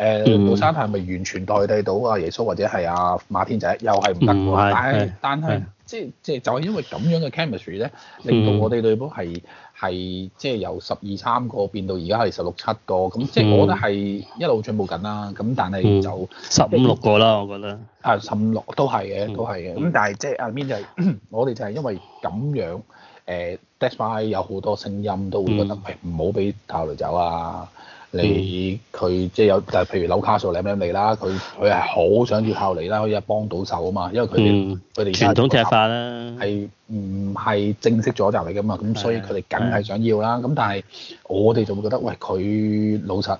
誒，山沙係咪完全代替到啊？耶穌或者係阿、啊、馬天仔，又係唔得喎。但係，但係、嗯，即係即係，就係因為咁樣嘅 chemistry 咧，令到我哋隊波係係即係由十二三個變到而家係十六七個，咁即係我覺得係一路進步緊啦。咁但係就十五六個啦，我覺得啊，十五六都係嘅，都係嘅。咁、嗯、但係即係阿 Min 就係、是就是、我哋就係因為咁樣誒，despite 有好多聲音都會覺得喂，唔好俾頭嚟走啊。你佢、嗯、即係有，就係譬如紐卡素，你唔啱啦。佢佢係好想要靠你啦，可以幫到手啊嘛。因為佢哋佢哋傳統踢法咧，係唔係正式左搭嚟噶嘛？咁所以佢哋梗係想要啦。咁、啊、但係我哋就會覺得，喂，佢老實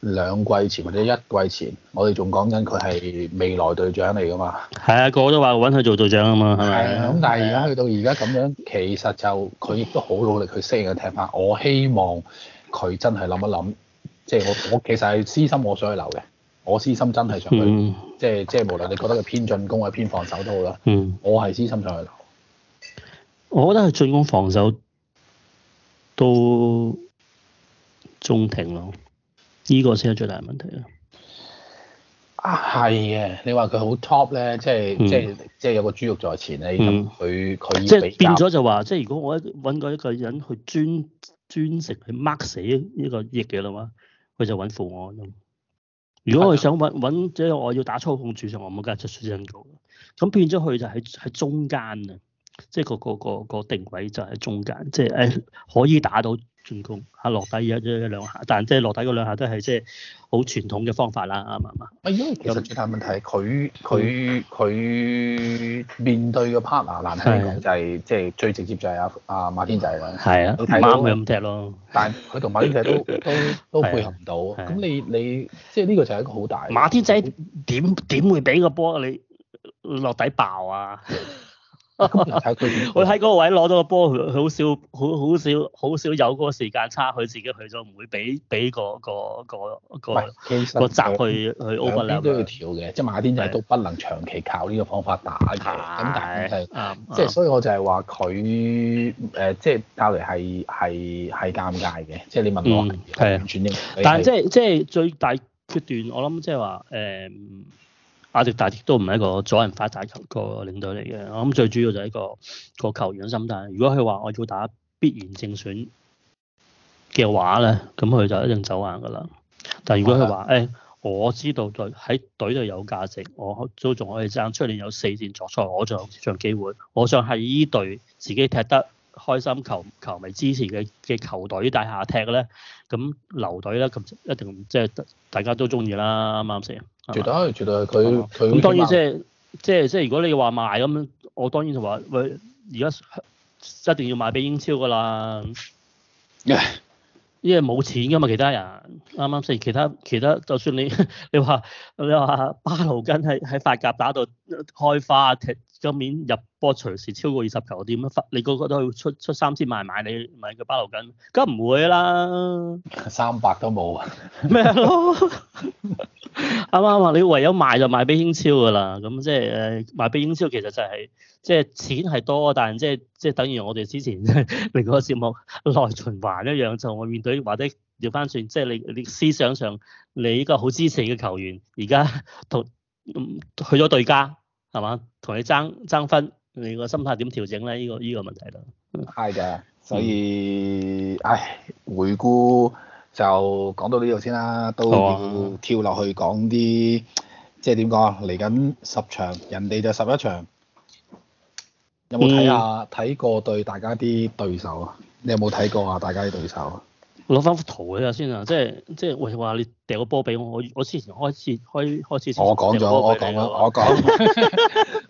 兩季前或者一季前，我哋仲講緊佢係未來隊長嚟噶嘛？係啊，個個都話揾佢做隊長啊嘛，係咪？係啊，咁但係而家去到而家咁樣，其實就佢亦都好努力去適應個踢法。我希望佢真係諗一諗。即係我我其實係私心，我想去留嘅。我私心真係想去，嗯、即係即係無論你覺得佢偏進攻啊，偏防守都好啦。嗯、我係私心想去留。我覺得佢進攻防守都中停咯，呢、呢個先係最大問題咯。啊係嘅，你話佢好 top 咧，即係、嗯、即係即係有個豬肉在前咧，咁佢佢即係變咗就話，即係如果我揾個一個人去專專食去 mark 死呢個翼嘅啦嘛。佢就揾父安咯。如果我想揾揾，即係我要打操控柱，就我冇間出水準高，咁變咗佢就喺喺中間啊，即係個個個個定位就喺中間，即係誒可以打到。進攻嚇落底一一兩下，但即係落底嗰兩下都係即係好傳統嘅方法啦，啱唔啱？啊，因為其實最大問題係佢佢佢面對嘅 partner 難聽啲講就係即係最直接就係阿阿馬天仔咯，係啊，睇啱咁踢咯。但係佢同馬天仔都 都都，都配合唔到，咁、啊啊、你你即係呢個就係一個好大馬天仔點點會俾個波你落底爆啊？我喺嗰個位攞到個波，佢好少，好好少，好少有嗰個時間差，佢自己去咗，唔會俾俾個個個個個閘去去 over 啦。兩邊都要調嘅，即係馬天就係都不能長期靠呢個方法打嘅。咁但係即係所以我就係話佢誒，即係教嚟係係係尷尬嘅。即係你問我係完全啲。但係即係即係最大決斷，我諗即係話誒。阿迪達亦都唔係一個阻人發大球個領隊嚟嘅，我諗最主要就係一個一個球員心態。如果佢話我要打必然正選嘅話咧，咁佢就一定走硬噶啦。但如果佢話誒，我知道隊喺隊度有價值，我都仲可以爭出年有四戰作賽，我仲有場機會，我想係呢隊自己踢得開心球、球球迷支持嘅嘅球隊大下踢咧，咁留隊啦，其實一定即係大家都中意啦，啱唔啱先？絕對係，絕對係佢佢。咁、嗯、佢當然即係即係即係，如果你話賣咁，我當然就話喂，而家一定要賣俾英超㗎啦，因為冇錢㗎嘛，其他人啱啱先，其他其他，就算你你話你話巴魯根喺喺法甲打到開花踢。今年入波隨時超過二十球，點啊？你個個都去出出三千萬,萬買你買個巴洛金，梗唔會啦。三百都冇啊？咩咯？啱啱話你唯有賣就賣俾英超噶啦。咁即係誒賣俾英超，其實就係即係錢係多，但係即係即係等於我哋之前另一 個節目內循環一樣，就我面對或者調翻轉，即係、就是、你你思想上你呢個好支持嘅球員，而家同去咗對家。係嘛？同你爭爭分，你個心態點調整咧？呢個呢個問題咯。係噶，所以唉，回顧就講到呢度先啦，都要跳落去講啲，即係點講啊？嚟緊十場，人哋就十一場。有冇睇下睇、嗯、過對大家啲對手啊？你有冇睇過啊？大家啲對手？攞翻幅圖佢啊先啊，即係即係，我話你掉個波俾我，我我之前開始開始開始,開始我。我講咗，我講咗， 我講。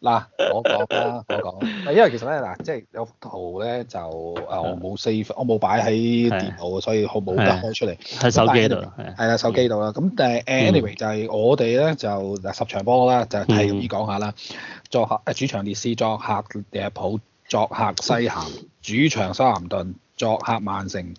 嗱，我講啦，我講。因為其實咧，嗱，即係有幅圖咧，就啊，的我冇 save，我冇擺喺電腦，所以好冇得開出嚟喺的手機度，係啊手機度啦。咁但誒，anyway 就係、是、我哋咧就十場波啦，就係容易講下啦、嗯。作客誒主場列斯，作客利物浦，作客西咸，主場蘇格蘭盾，作客曼城。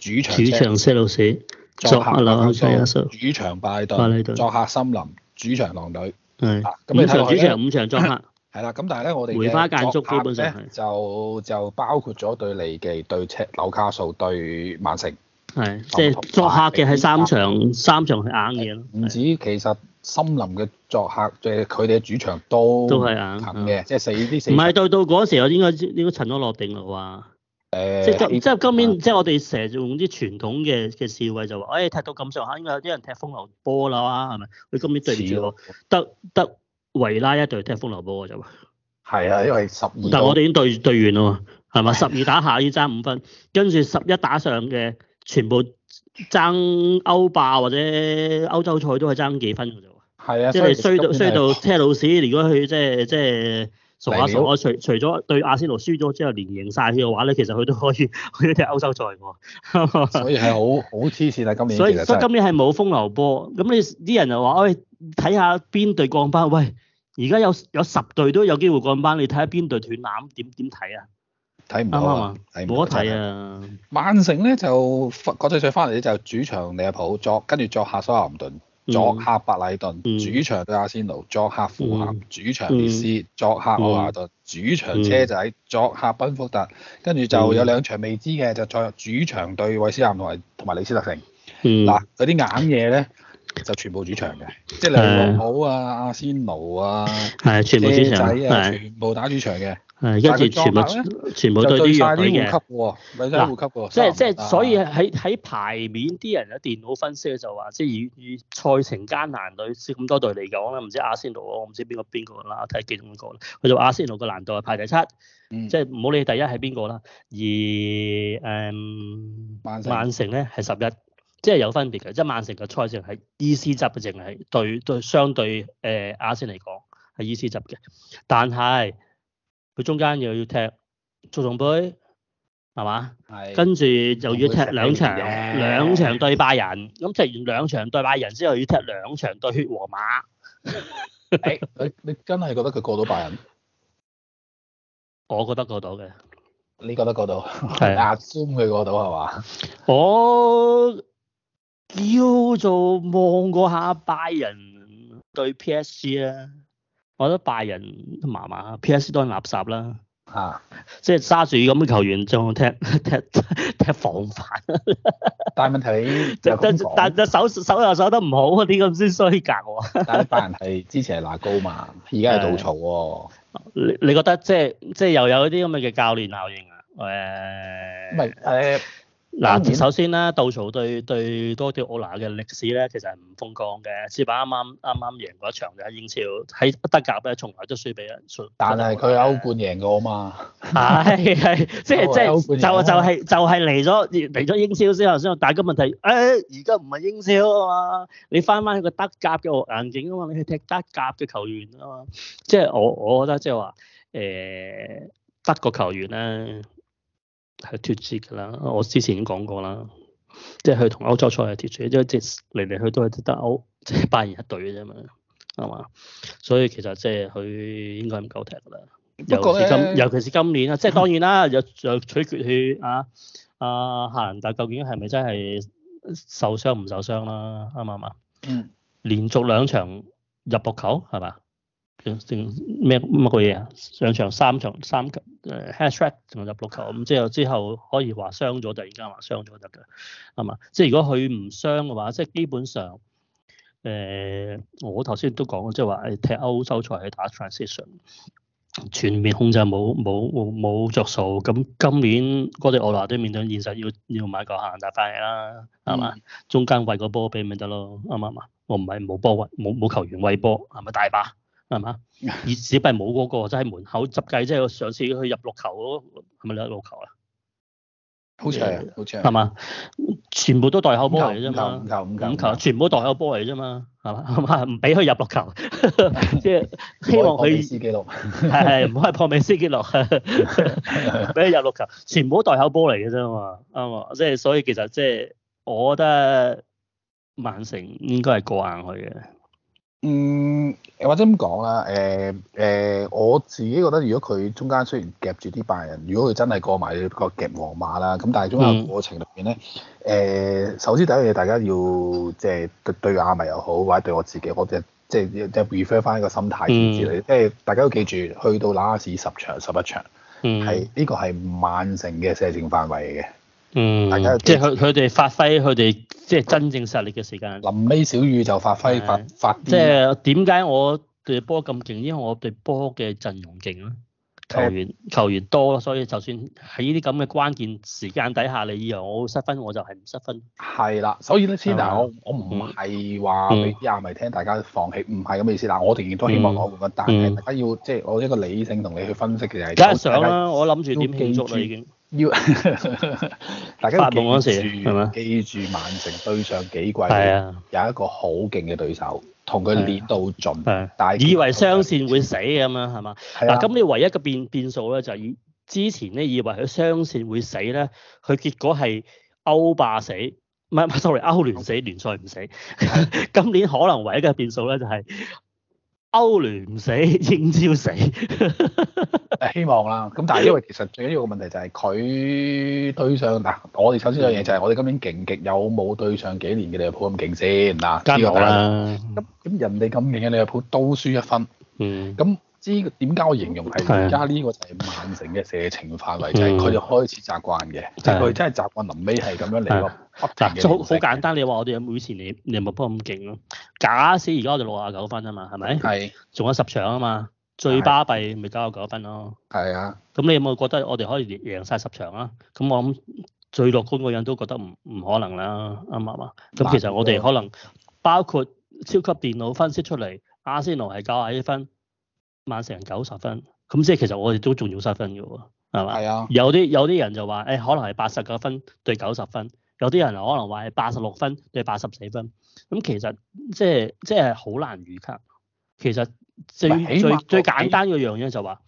主場車路士，作客流卡數。主場拜隊，作客森林，主場狼隊。係。五場主場，五場作客。係啦，咁但係咧，我哋梅花間竹基本上就就包括咗對利記對赤、流卡數、對曼城。係。即係作客嘅係三場，三場係硬嘢咯。唔止，其實森林嘅作客即係佢哋嘅主場都都係硬嘅，即係四啲唔係到到嗰時，我應該應該塵埃落定嘞喎。即，即今即今年即我哋成日用啲傳統嘅嘅思維就話，誒、哎、踢到咁上下應該有啲人踢風流波啦，係咪？佢今年對唔住喎，是得得維拉一隊踢風流波就。係啊，因為十二。但我哋已經對對完啦喎，係嘛？十二打下已經爭五分，跟住十一打上嘅全部爭歐霸或者歐洲賽都係爭幾分嘅啫喎。係啊，即係衰到衰到，即係車路士，如果佢即係即係。傻我、啊啊、除除咗對阿仙奴輸咗之後連贏曬嘅話咧，其實佢都可以去一啲歐洲賽喎。 所以係好好黐線啊！今年所以，所以今年係冇風流波。咁你啲人又話：喂、哎，睇下邊隊降班？喂，而家有有十隊都有機會降班，你睇下邊隊斷纜？點點睇啊？睇唔到吖嘛？冇得睇啊！曼城咧就國際賽翻嚟咧就主場利物浦作跟住作下修咸頓。作客白禮頓主場對阿仙奴，作客富咸主場列斯，作客歐亞頓主場車仔，作客賓福特，跟住就有兩場未知嘅，就再入主場對韋斯咸同埋同埋李斯特城。嗱，有啲硬嘢咧。就全部主場嘅，即係利物浦啊、阿仙奴啊，係全部主場，係全部打主場嘅，係跟住全部全部都追弱隊嘅。嗱，即係即係，所以喺喺牌面，啲人喺電腦分析就話，即係以以賽程艱難隊咁多隊嚟講啦，唔知阿仙奴，我唔知邊個邊個啦，睇幾多個啦。佢就阿仙奴個難度係排第七，即係唔好理第一係邊個啦。而誒曼城曼城咧係十一。即係有分別嘅，即係曼城嘅賽程係 E C 級嘅，淨係對對相對誒亞仙嚟講係 E C 級嘅，但係佢中間又要踢足總杯，係嘛？係。跟住又要踢兩場，兩場對拜仁。咁踢完兩場對拜仁之後，要踢兩場對血皇馬。誒，你你真係覺得佢過到拜仁？我覺得過到嘅。你覺得過到？係亞仙佢過到係嘛？我。叫做望嗰下拜仁對 PSG 啦、啊，我覺得拜仁麻麻，PSG 都係垃圾啦，嚇、啊，即係揸住咁嘅球員，仲踢踢踢防反。 但問題，但但手手又手得唔好嗰啲咁先衰格喎。啊、 但係拜仁係之前係拿高嘛，而家係倒槽喎、啊。你你覺得即係即係又有啲咁嘅教練效應啊？誒唔係嗱，嗯、首先咧，杜曹對對哥迪奧拿嘅歷史咧，其實係唔風光嘅。只把啱啱啱啱贏嗰場就係英超，喺德甲咧，從來都輸俾人輸。但係佢歐冠贏過啊嘛，係係， 即係即係就歐冠就係、係、就係嚟咗嚟咗英超之後，先有大個問題，誒而家唔係英超啊嘛，你翻翻去個德甲嘅環境啊嘛，你去踢德甲嘅球員啊嘛，即係我我覺得即係話誒德國球員咧。嗯係脫節噶啦，我之前已經講過啦，即係佢同歐洲賽係脱節，即係嚟嚟去都係得歐，即係拜仁一隊嘅啫嘛，係嘛？所以其實即係佢應該唔夠踢啦。不過今尤其是今年啊，即係當然啦，又又取決佢啊啊夏蘭特，但係究竟係咪真係受傷唔受傷啦？啱唔啱啊？嗯，連續兩場入博球係嘛？咩乜個嘢啊？上場三場三球，hat trick 仲入六球咁之後，之後可以話傷咗突然間話傷咗得㗎係嘛？即係如果佢唔傷嘅話，即係基本上誒、呃，我頭先都講啦，即係話踢歐洲賽係打 transition，全面控制冇冇冇冇著數。咁今年哥迪奧拿都面對現實要，要要買個限大翻嚟啦，係嘛？嗯、中間喂個波俾咪得咯，啱唔啱啊？我唔係冇波冇冇球員喂波係咪大把？係嘛？而只不冇嗰個，就喺門口執計，即、就、係、是、上次去入六球嗰，係咪六六球啊？好似係，好似係。係嘛？全部都代口波嚟啫嘛？球五球，五球，五球，五球全部代口波嚟啫嘛？係嘛？係嘛？唔俾佢入六球，即 係希望佢他 破次紀錄。係 係， 唔可以破美斯紀錄。俾佢入六球，全部都袋口波嚟嘅啫嘛？啱嘛？即係所以，其實即係我覺得曼城應該係過硬去嘅。嗯，或者咁講啦，誒、呃、誒、呃，我自己覺得如果佢中間雖然夾住啲拜仁，如果佢真係過埋個夾皇馬啦，咁但係中間過程裏面咧，誒、嗯呃，首先第一樣嘢大家要即係對對亞迷又好，或者對我自己，我嘅即係 refer 翻個心態先之類，即係、嗯、大家都記住，去到拉斯十場十一場，係呢、嗯這個係曼城嘅射程範圍嘅。嗯，即係佢佢哋發揮佢哋即係真正實力嘅時間。臨尾小雨就發揮發發即係點解我隊波咁勁？因為我隊波嘅陣容勁啦，球員球員多，所以就算喺呢啲咁嘅關鍵時間底下，你以為我失分，我就係唔失分。係啦，所以咧，先嗱，我我唔係話俾廿咪聽，大家放棄，唔係咁嘅意思。嗱，我仍然都希望攞冠軍，但係大家要即係我一個理性同你去分析嘅係。梗係想啦，我諗住點慶祝啦已經。要 大家要記住，發夢時記住曼城對上幾季係啊，有一個好勁嘅對手，同佢連到盡。啊啊、盡以為雙線會死咁樣係嘛？嗱、啊啊，今年唯一嘅變變數咧，就係、以、之前咧以為佢雙線會死咧，佢結果係歐霸死，唔係，sorry，歐聯死，聯賽唔死。 今年可能唯一嘅變數咧、就係，就係。歐聯唔死，英超死。 希望啦，咁但係因為其實最緊要個問題就係佢對上嗱，我哋首先有嘢就係我哋今年勁極，有冇對上幾年嘅利物浦咁勁先嗱？艱難啦。咁咁人哋咁勁嘅利物浦都輸一分。嗯。咁知點解我形容係而家呢個就係曼城嘅射程範圍，就係佢哋開始習慣嘅，即係佢真係習慣臨尾係咁樣嚟咯。即係嘅。好、嗯 嗯、 簡單，你話我哋有每次你你有冇不咁勁咯？假使而家我哋六啊九分啊嘛，係咪？係。仲有十場啊嘛，最巴閉咪九啊九分咯。係啊。咁你有冇覺得我哋可以贏晒十場啊？咁我諗最樂觀嘅人都覺得唔唔可能啦，啱唔啱啊？咁其實我哋可能包括超級電腦分析出嚟，阿仙奴係九啊一分，曼城九十分，咁即係其實我哋都仲要失分嘅喎，係嘛？係啊。有啲有啲人就話，誒、欸、可能係八十九分對九十分。有啲人可能話係八十六分對八十四分，咁其實即係即係好難預測。其實最是最最簡單嗰樣咧就話、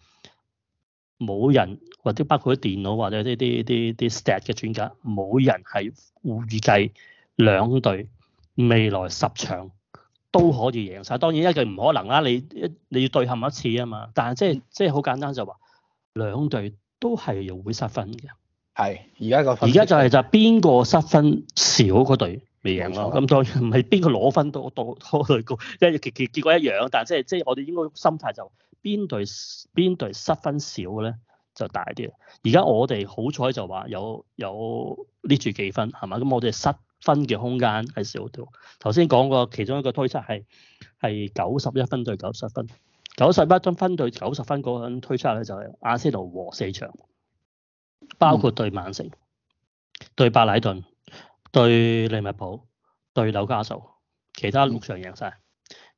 是，冇人或者包括電腦或者啲啲啲啲 stat 嘅專家，冇人係會預計兩隊未來十場都可以贏晒。當然一句唔可能啦，你一你要對撼一次啊嘛。但係即係即係好簡單就話、是，兩隊都係又會失分嘅。係，而家個而家就係就邊個失分少嗰隊未贏咯？咁、啊、當然唔係邊個攞分都多多多隊高，因結結結果一樣，但係即係即係我哋應該心態就邊、是、隊邊隊失分少嘅咧就大啲。而家我哋好彩就話有有匿住幾分係嘛？咁我哋失分嘅空間係少啲。頭先講過其中一個推測係係九十一分對九十分，九十一分分對九十分嗰陣推測咧就係阿仙奴和四場。包括對曼城、嗯、對白禮頓、對利物浦、對紐加素，其他六場贏晒。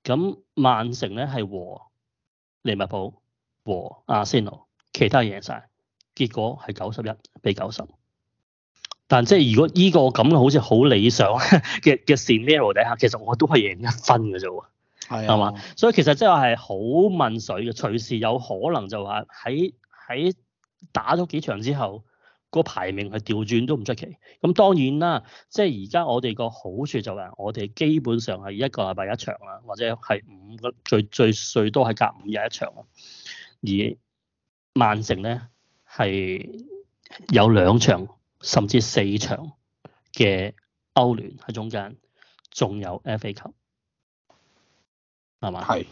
咁、嗯、曼城咧係和利物浦和阿仙奴，其他贏晒。結果係九十一比九十。但即係如果依個咁好似好理想嘅嘅 scenario 底下，其實我都係贏一分嘅啫喎。係啊、哎呦。係嘛？所以其實即係話係好問水嘅，隨時有可能就話喺喺。打咗幾場之後，個排名係調轉都唔出奇。咁當然啦，即係而家我哋個好處就係我哋基本上係一個禮拜一場啦，或者係五個最最最多係隔五日一場。而曼城咧係有兩場甚至四場嘅歐聯喺中間，仲有 F A 球，係嘛？係是。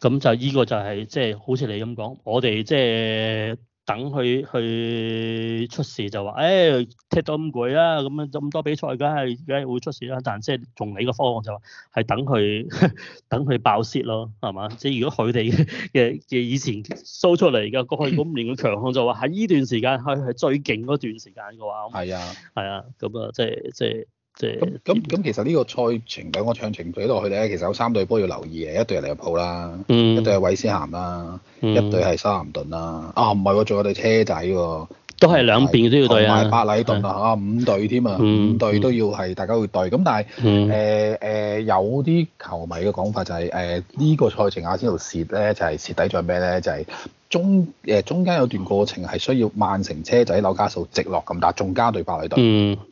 咁就呢個就係即係好似你咁講，我哋即係。等佢去出事就話，誒、欸、踢到咁攰啦，咁啊咁多比賽，梗係梗係會出事啦、啊。但即係仲你個方案就話、係，係等佢等佢爆蝕咯，係嘛？即係如果佢哋嘅嘅以前 show 出嚟嘅過去嗰五年嘅強項就，就話喺呢段時間係係最勁嗰段時間嘅話，係 啊，係啊，咁啊，即係即係。即咁咁咁，其實呢個賽程兩個唱程對落去咧，其實有三隊波要留意嘅，一隊係利物浦啦，hmm. 一隊係韋斯咸啦，一隊係修咸頓啦。啊，唔係喎，仲有對車仔喎，都係兩邊都要對啊，同埋白禮頓啊，嚇五隊添啊，五隊，啊 mm hmm. 都要係大家要對。咁但係誒誒，有啲球迷嘅講法就係誒呢個賽程阿仙奴蝕咧，就係、是、蝕底，仲有咩咧？就係、是。中誒中間有段過程係需要曼城車仔紐卡素直落咁打，仲加對白禮頓。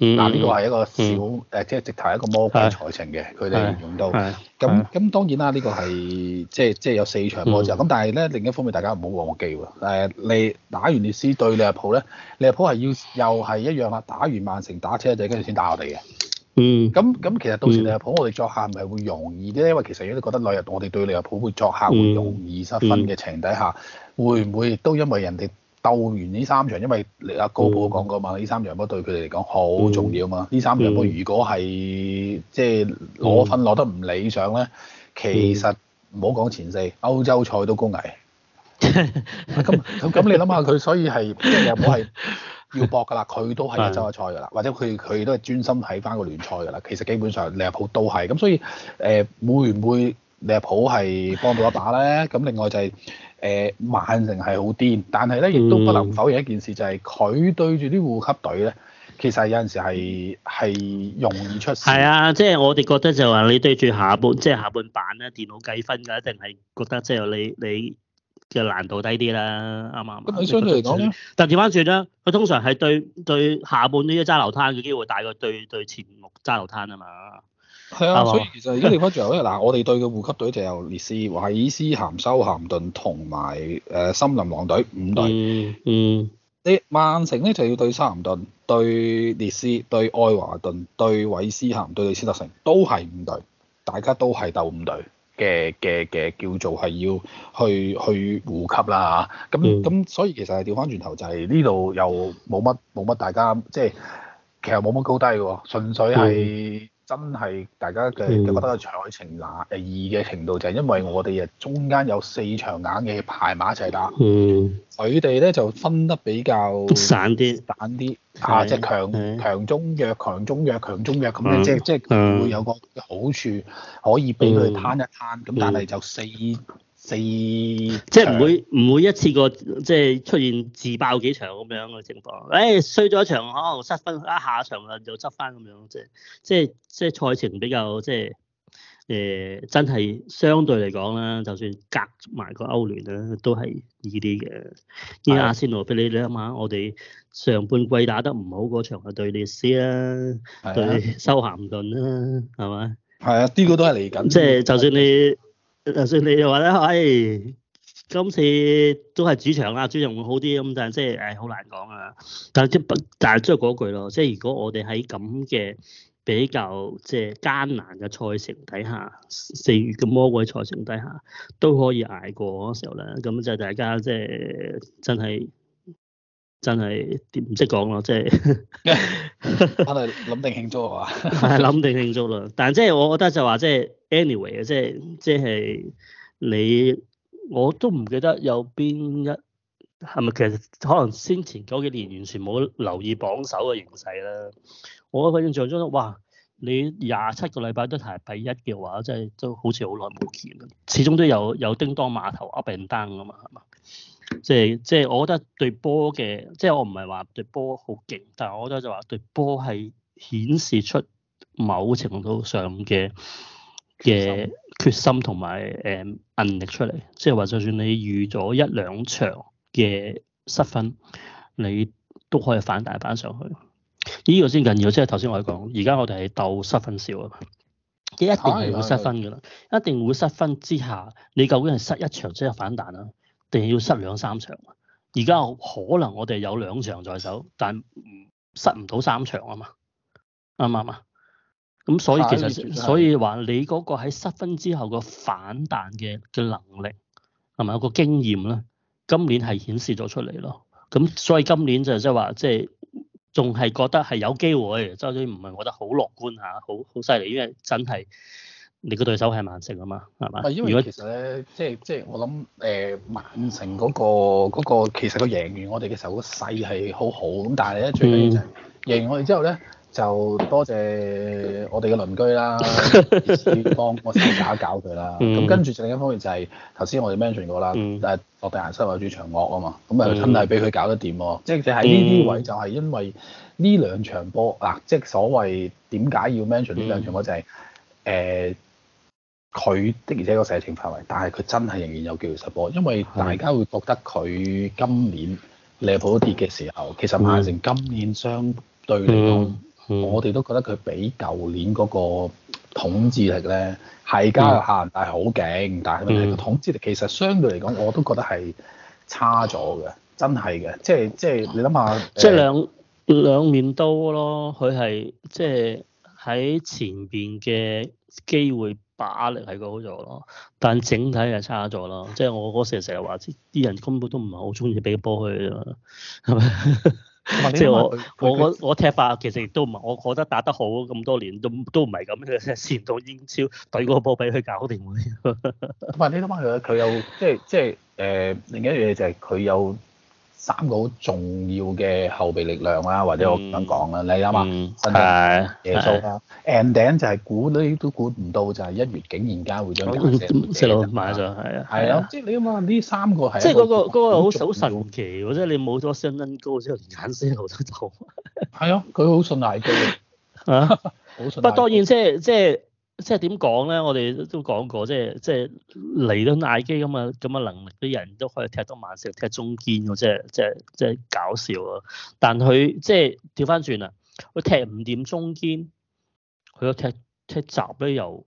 嗯，嗱呢個係一個小誒，嗯、即係直頭一個魔鬼賽程嘅，佢哋是用到咁咁。當然啦，呢、呢個係即係即係有四場波之後。咁、嗯、但係咧另一方面，大家唔好忘記喎。你打完列斯對利物浦咧，利物浦係要又係一樣啦，打完曼城打車仔，跟住先打我哋嘅。嗯，咁咁、嗯、其實到時利物浦，我哋作客咪會容易啲咧？因為其實如果你覺得兩日我哋對利物浦會作客會容易失分嘅情底下。嗯嗯嗯嗯會唔會亦都因為人哋鬥完呢三場，因為你阿高普講過嘛，呢三場波對佢哋嚟講好重要嘛。呢三場波如果係即係攞分攞得唔理想咧，其實唔好講前四，歐洲賽都高危。咁咁 你諗下佢，所以係即係利物浦係要搏㗎啦，佢都係歐洲一賽㗎啦，或者佢佢都係專心喺翻個聯賽㗎啦。其實基本上利物浦都係咁，所以誒、呃、會唔會利物浦係幫到一把咧？咁另外就係、是。誒、曼城係好癲，但係咧亦都不能否認一件事，就係、是、佢對住啲護級隊咧，其實有陣時係係容易出事。係啊，即、就、係、是、我哋覺得就話你對住下半即係、就是、下半版咧，電腦計分㗎，一定係覺得即係你你嘅難度低啲啦，啱唔啱？咁吧相對嚟講咧，就是、但調翻轉咧，佢通常係對對下半呢一揸流灘嘅機會大過對對前六揸流灘啊嘛。係啊，是不是 所以其實依啲地方仲有咧，嗱，我哋對嘅護級隊就有列斯、韋斯咸、修咸頓同埋誒森林狼隊五隊。嗯。你、嗯、曼城咧就要對沙咸頓、對列斯、對愛華頓、對韋斯咸、對列斯特城，都係五隊，大家都係鬥五隊嘅嘅嘅，叫做係要去去護級啦嚇。咁咁，嗯、所以其實係調翻轉頭就係呢度又冇乜冇乜，大家即係、就是、其實冇乜高低嘅喎，純粹係、嗯。真係大家嘅覺得個賽程難誒易嘅程度，嗯、就係因為我哋誒中間有四場硬嘅排埋一齊打，佢哋咧就分得比較散啲，散啲、嗯、啊！即、就、係、是、強、嗯、強中弱，強中弱，強中弱咁樣、就是，即即係會有個好處可以俾佢哋攤一攤。咁、嗯、但係就四。四，即係唔會唔會的一次過即係出現自爆幾場咁樣嘅情況。誒，衰、哎、咗一場可能失分，一下場就又執翻咁樣，即係即係即係賽程比較即係誒，真係相對嚟講啦，就算隔埋個歐聯啦，都係易啲嘅。依家阿仙奴俾你你諗下，我哋上半季打得唔好嗰場係對列斯啦，對，的對修咸頓啦，係咪？係啊，呢個都係嚟緊。即係就算你。就算你又話咧，唉、哎，今次都係主場啊，主場會好啲咁，但即係誒，好、哎、難講啊。但即但係即係嗰句咯，即係如果我哋喺咁嘅比較即係艱難嘅賽程底下，四月嘅魔鬼賽程底下，都可以捱過嗰時候咧，咁就大家即係真係真係點唔識講咯，即係可能諗定慶祝啊嘛。諗 定慶祝啦，但即係我覺得就話即係。anyway 啊，即係即係你我都唔記得有邊一係咪？是是其實可能先前嗰幾年完全冇留意榜首嘅形勢啦。我個印象中，哇！你廿七個禮拜都係第一嘅話，真係都好似好耐冇見啦。始終都有有叮當馬頭 up and down 噶嘛，係嘛？即係即係，我覺得對波嘅，即係我唔係話對波好勁，但係我覺得就話對波係顯示出某程度上嘅嘅決心同埋誒韌力出嚟，即係話就算你預咗一兩場嘅失分，你都可以反彈返上去。呢、呢個先緊要，即係頭先我哋講，而家我哋係鬥失分少啊嘛，即係一定係會失分嘅啦，一定會失分之下，你究竟係失一場即係反彈啊，定係要失兩三場？而家可能我哋有兩場在手，但唔失唔到三場啊嘛，啱唔啱啊？咁所以其實，所以話你嗰個喺失分之後個反彈嘅嘅能力，係咪有個經驗咧？今年係顯示咗出嚟咯。咁所以今年就即係話，即係仲係覺得係有機會，即係唔係覺得好樂觀嚇，好好犀利，因為真係你個對手係曼城啊嘛，係嘛？啊，因為其實咧，即係即係我諗，誒、呃、曼城嗰、嗰個嗰、嗰個其實個贏完我哋嘅時候個勢係好好，咁但係咧最緊要就係贏我哋之後咧。嗯呢就多謝我哋嘅鄰居啦，先幫我先搞一搞佢啦。咁跟住就另一方面就係頭先我哋 mention 過啦，但誒落地行塞又主場惡啊嘛，咁啊真係俾佢搞得掂喎。即係喺呢啲位就係因為呢兩場波嗱，即係所謂點解要 mention 呢兩場波就係誒佢的而且確射程範圍，但係佢真係仍然有機會失波，因為大家會覺得佢今年利物浦跌嘅時候，其實曼城今年相對嚟講。我哋都覺得佢比舊年嗰個統治力咧係加有限，但係好勁。但係統治力其實相對嚟講，我都覺得係差咗嘅，真係嘅。即係即係你諗下，即係兩兩面刀咯。佢係即係喺前邊嘅機會把握力係高咗咯，但整體係差咗咯。即係我嗰時成日話啲人根本都唔係好中意俾波佢啊，係咪？ 即係我 我我我踢法其實亦都唔係。我覺得打得好咁多年都都唔係咁嘅，先至到英超隊嗰個波俾佢搞掂。 同埋你諗下佢，佢有即係即係誒，另一樣嘢就係佢有。三個好重要嘅後備力量啦，或者我咁講啦，你諗下，聖經、耶穌 ending 就係估都都估唔到，就係一月竟然間會張眼色，石老買咗係啊，係啊，即係你諗下呢三個係，即係嗰個嗰個好好神奇喎，即係你冇咗信心高之後，連眼色都睇到，係啊，佢好信賴佢啊，好信，不過當然即係即係。即係點講咧？我哋都講過，即係即係嚟到艾基咁啊咁啊能力啲人都可以踢到慢射、踢中堅喎，即係即係即係搞笑啊！但佢即係調翻轉啦，佢踢唔掂中堅，佢都踢踢閘咧又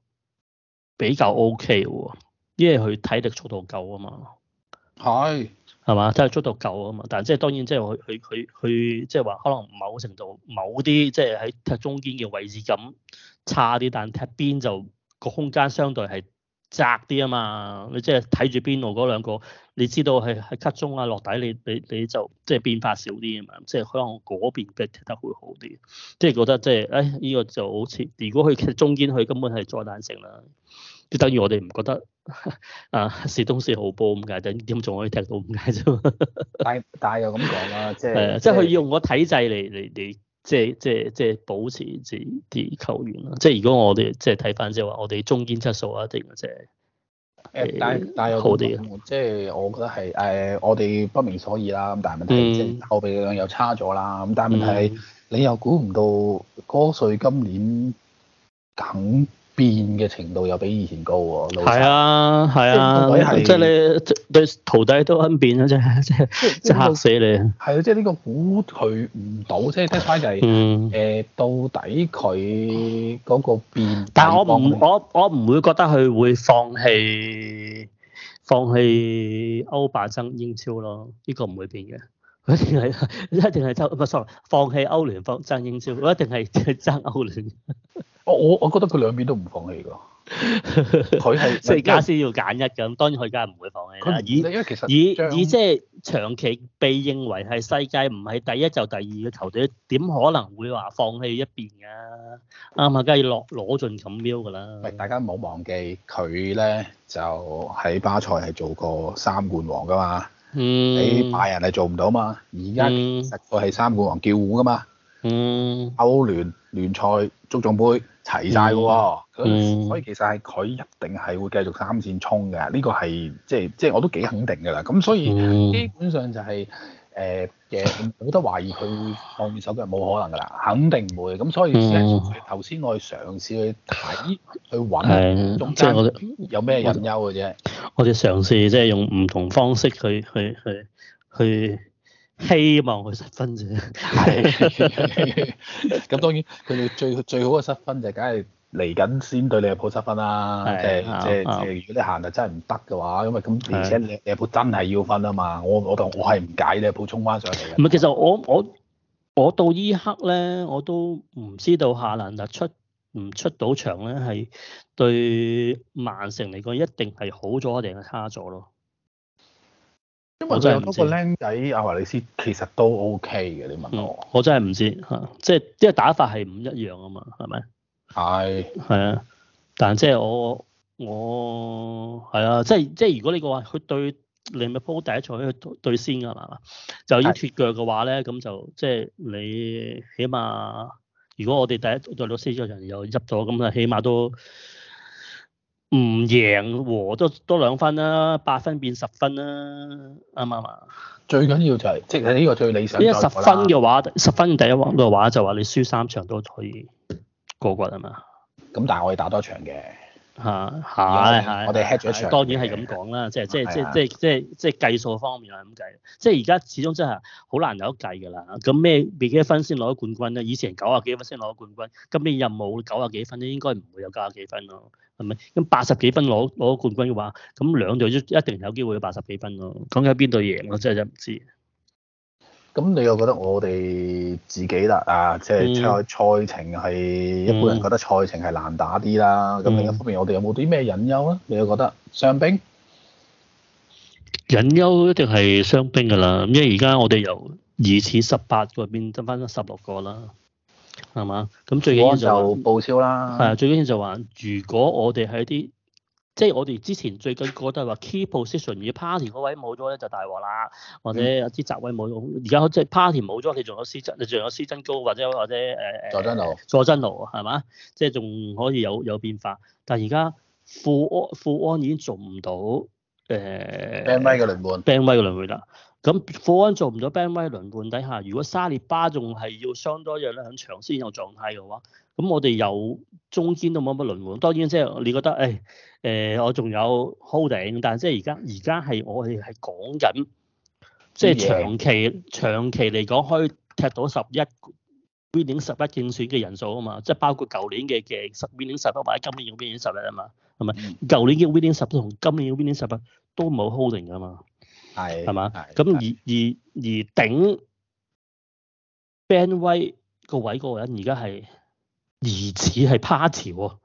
比較 OK 喎，因為佢體力速度夠啊嘛。係係嘛，體力速度夠啊嘛！但即係當然即，即係佢佢佢佢即係話可能某程度某啲即係喺踢中堅嘅位置咁。差啲，但踢邊就個空間相對係窄啲啊嘛！你即係睇住邊路嗰兩個，你知道係喺級中啊落底，你你你就即係變化少啲啊嘛！即係可能嗰邊踢得會好啲，即係覺得即係誒呢個就好似如果佢踢中間，佢根本係再單性啦，即等於我哋唔覺得啊史東斯好波咁解，點點仲可以踢到咁解啫？大但又咁講啦，即係即係佢用個體制嚟嚟嚟。即係即係即係保持自己啲球員咯，即係如果我哋即係睇翻即係話，我哋中堅質素啊定或者誒大大又好啲，即係我覺得係誒、嗯、我哋不明所以啦，咁但係問題即係後備力量又差咗啦，咁但係問題、嗯、你又估唔到哥瑞今年梗。變嘅程度又比以前高喎。係啊，係啊，即係你對徒弟都肯變啊，真係真係嚇死你啊！係啊，即係呢個估佢唔到，即係睇翻就係誒到底佢嗰個變。但係我唔我我唔會覺得佢會放棄放棄歐霸爭英超咯，呢個唔會變嘅。佢一定係一定係爭唔係錯，放棄歐聯放爭英超，我一定係爭歐聯。 我我我覺得佢兩邊都唔放棄㗎，佢係即係假使要揀一咁，當然佢梗係唔會放棄啦。以其實以以即係長期被認為係世界唔係第一就第二嘅球隊，點可能會話放棄一邊㗎？啱啊，梗係落攞盡錦標㗎啦。咪大家唔好忘記佢咧，就喺巴塞係做過三冠王㗎嘛。嗯。喺拜仁係做唔到嘛？而家實在係三冠王叫糊㗎嘛。嗯。嗯，歐聯、聯賽、足總杯。齊晒㗎喎，嗯嗯，所以其實係佢一定係會繼續三線衝嘅。呢，呢個係即係即係我都幾肯定㗎啦。咁所以基本上就係誒嘢冇得懷疑佢放軟手腳，冇可能㗎啦，肯定唔會。咁所以頭先，嗯、我嘅嘗試去睇去揾，即係、嗯、我有咩隱憂嘅啫。我哋嘗試即係用唔同方式去去去去。去去希望佢失分啫，咁當然佢哋最最好嘅失分就梗係嚟緊先對你嘅補失分啦，即係即係即係如果你行得真係唔得嘅話，因為咁而且你是你補真係要分啊嘛，我我同我係唔解你補充翻上嚟。唔係，其實我我我到依刻咧，我都唔知道夏蘭特出唔出到場咧，係對曼城嚟講一定係好咗定係差咗咯。因為嗰個僆仔，阿華里斯其實都 OK 嘅。你問我，嗯、我真係唔知吓、啊，即係因為打法係唔一樣啊嘛，係咪？係係是啊，但即係我我係啊，即係即係如果你個話，佢對利物浦第一場去，去對先噶嘛，就依脱腳嘅話咧，咁是就即係你起碼，如果我哋第一在咗四個人又入咗，咁啊起碼都。唔贏和都多兩分啦，八分變十分啦，啱唔啱啊？最緊要就係、是、即係呢個最理想。呢一十分嘅話，十分第一嘅話就話你輸三場都可以過骨係嘛？咁但係我哋打多場嘅。嚇，係係，我哋 hit 咗一場，當然係咁講啦、嗯，即係即係即係即係即係即係計數方面係咁計，即係而家始終真係好難有得計㗎啦。咁咩？幾多分先攞到冠軍咧？以前九啊幾分先攞到冠軍，今年又冇九啊幾分咧，應該唔會有九啊幾分咯，係咪？咁八十幾分攞攞冠軍嘅話，咁兩隊都一定有機會有八十幾分咯。講緊邊隊贏咯，真係就唔知。咁你又覺得我哋自己啦啊，即係賽賽程係一般人覺得賽程係難打啲啦。咁、嗯、另一方面，我哋有冇啲咩隱憂咧？你又覺得傷兵隱憂一定係傷兵㗎啦。因為而家我哋由二至十八個入面增翻十六個啦，係嘛？咁、嗯、最緊要，要就報銷啦。係啊，最緊要就話，如果我哋喺啲。即係我哋之前最近覺得係話 keep position，如果 party 嗰位冇咗咧就大鑊啦，或者、嗯、有啲雜位冇咗。而家即係 party 冇咗，你仲有施珍，你仲有施珍高或者或者誒誒。佐、呃、真奴。佐真奴係嘛？即係仲可以有有變化。但係而家富安富安已經做唔到誒。band 位嘅輪換。band 位嘅輪換啦。咁富安做唔到 band 位輪換底下，如果沙列巴仲係要傷多日咧，響場先有狀態嘅話，咁我哋有中堅都冇乜乜輪換。當然即係你覺得誒。哎哎誒、呃，我仲有 holding，但係即係而家而家係我哋係講緊，即係長期麼長期嚟講可以踢到十一 winning 十一競選嘅人數啊嘛，即係包括舊年嘅嘅十 winning 十一，或者今年嘅、嗯、winning 十一啊嘛，係咪的？舊年嘅 winning 十一同今年嘅 winning 十一都冇 holding 噶嘛，係係嘛？咁而的而的的而頂 Ben White 個位嗰個人而家係疑似係 party 喎。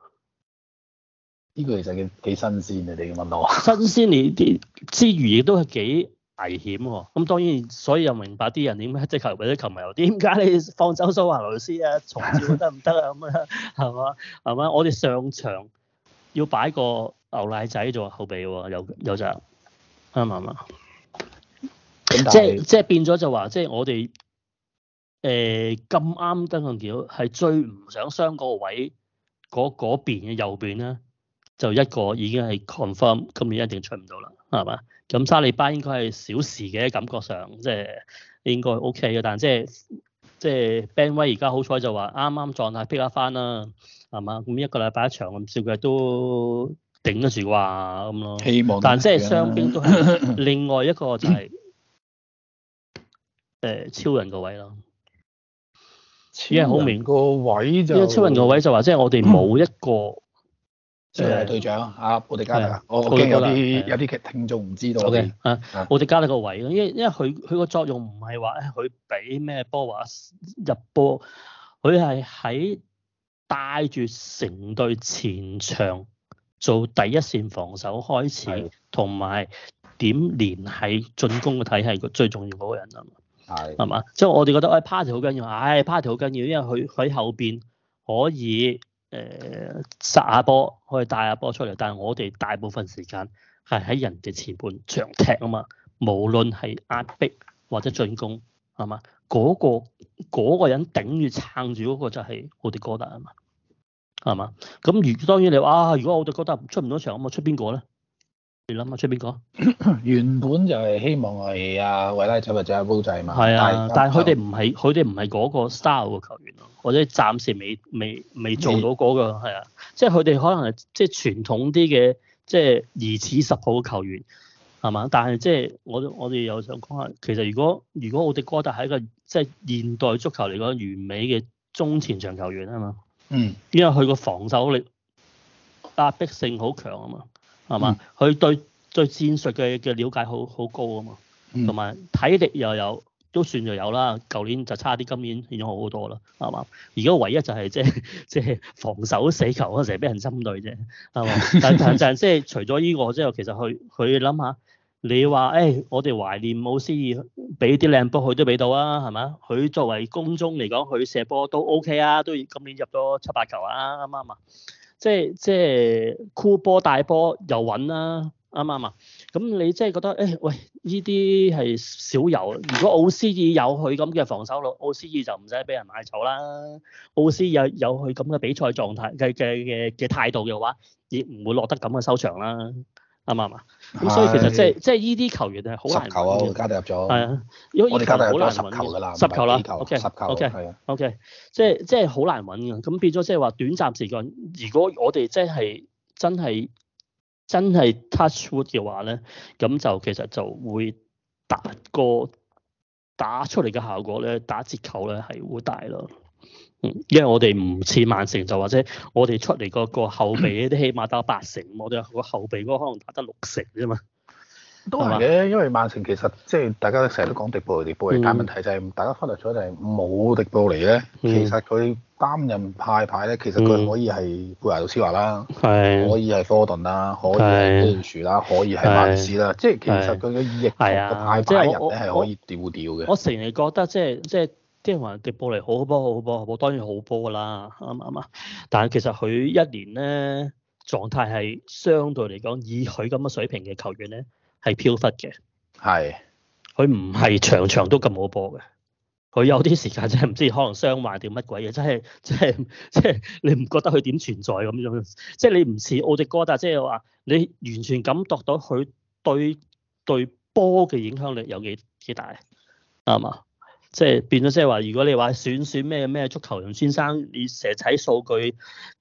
呢個其實幾幾新鮮你哋嘅問我，新鮮啲之餘，亦都係幾危險喎。咁當然，所以又明白啲人點解即係球員或者球迷又點解你放走蘇華雷斯啊？重召得唔得啊？咁樣係嘛，係嘛？我哋上場要擺個牛奶仔做後備喎，有右側啱唔啱？即即係變咗就話，即係我哋誒咁啱登上個叫係最唔想傷嗰個位，嗰邊嘅右邊啦。就一個已經係 confirm，今年一定出唔到啦，係嘛？咁沙利巴應該係小事嘅感覺上，即、就、係、是、應該 O K 嘅，但即係即係 Ben White 而家好彩就話啱啱狀態逼得翻啦，係嘛？咁一個禮拜一場咁，照計都頂得住啩咁咯。希望、啊。但即係雙邊都，另外一個就係、是、誒、 嗯、超人個位咯。似係好明個位就超人個位，超人個位就話，即係、嗯、我哋冇一個。即係隊長啊！吓，奧迪加，我我驚有啲有啲聽眾唔知道嘅。啊，奧迪加你個位咯，因因為佢佢個作用唔係話，佢俾咩波或入波，佢係喺帶住成隊前場做第一線防守開始，同埋點聯繫進攻嘅體系，最重要嗰個人啊嘛。係。係嘛？即係我哋覺得哎，Partey 好緊要，唉，Partey 好緊要，因為佢喺後邊可以。誒殺、呃、下波，可以帶下波出嚟。但係我哋大部分時間係喺人哋前半場踢啊嘛。無論係壓迫或者進攻，係嘛？嗰、嗰個嗰個人頂住撐住嗰個就係我哋哥達啊嘛。係嘛？咁如當然你話啊，如果我哋哥達出唔到場，咁啊出邊個咧？你諗下出邊個？原本就係希望係阿、啊、維拉、查密仔、阿煲仔嘛。係啊，啊但係佢哋唔係，佢哋唔係嗰個 style 嘅球員，或者暫時未、未、未做到嗰、那個係、嗯、啊。即係佢哋可能係即係傳統啲嘅，即、就、係、是、疑似十號嘅球員係嘛？但係即係我我哋又想講下，其實如果如果奧迪哥特係一個即係、就是、現代足球嚟講完美嘅中前場球員啊嘛。嗯。因為佢個防守力壓迫性好強啊嘛。係嘛？佢、嗯、對對戰術嘅嘅瞭解好好高啊嘛，同埋體力又有都算又有啦。舊年就差啲，今年已經好好多啦，係嘛？而家唯一就係即係即係防守死球時，成日俾人針對啫，係嘛？ 但但即係除咗依個之後，其實佢佢諗下，你話誒、哎，我哋懷念奧斯爾，俾啲靚波佢都俾到啊，係嘛？佢作為攻中嚟講，佢射波都 OK 啊，都今年入咗七八球啊，啱唔啱啊？即係即係箍波大波又穩啦，啱唔啱啊？咁你即係覺得，誒、哎、喂，呢啲係少有。如果奧斯爾有佢咁嘅防守力，奧斯爾就唔使俾人買走啦。奧斯爾有有佢咁嘅比賽狀態嘅嘅嘅嘅態度嘅話，亦唔會落得咁嘅收場啦。啱嘛啱嘛，咁、哎、所以其實即係即係依啲球員係好難搵十球、啊、加入咗，係啊，因為依啲好難了了十球噶啦，十球啦，OK，十球，OK，係啊，OK，即係即係好難揾噶，咁變咗即係話短暫時間，如果我哋即係真係真係 touch wood 嘅話咧，咁就其實就會達過。打出嚟嘅效果咧，打折扣咧係會大咯。嗯，因為我哋唔似曼城，就或者我哋出嚟個個後備都起碼打八成， 我哋個後備嗰個可能打得六成啫嘛。都係嘅，因為曼城其實即係大家成日都講迪布，迪布尼，但問題就係、是、大家忽略咗就係、是、冇迪布尼咧。其實佢擔任派牌咧，其實佢可以係佩華魯斯華啦的，可以係科頓啦，的可以係威廉士啦，即係其實佢嘅意役個的派牌人咧係可以調調嘅。我成日覺得即係即係啲人話迪布尼好波好波好波，當然好波㗎啦，啱唔啱啊？但係其實佢一年咧狀態係相對嚟講，以佢咁嘅水平嘅球員咧。係飄忽嘅，係佢唔係場場都咁好波嘅。佢有啲時間真係唔知可能傷患定乜鬼嘢，真係真係真係你唔覺得佢點存在咁樣，即係你唔似奧迪哥，但即係話你完全感覺到佢對對波嘅影響力有幾幾大，啱嘛？即係變咗，即係話，如果你話選選咩咩足球人先生，你成日睇數據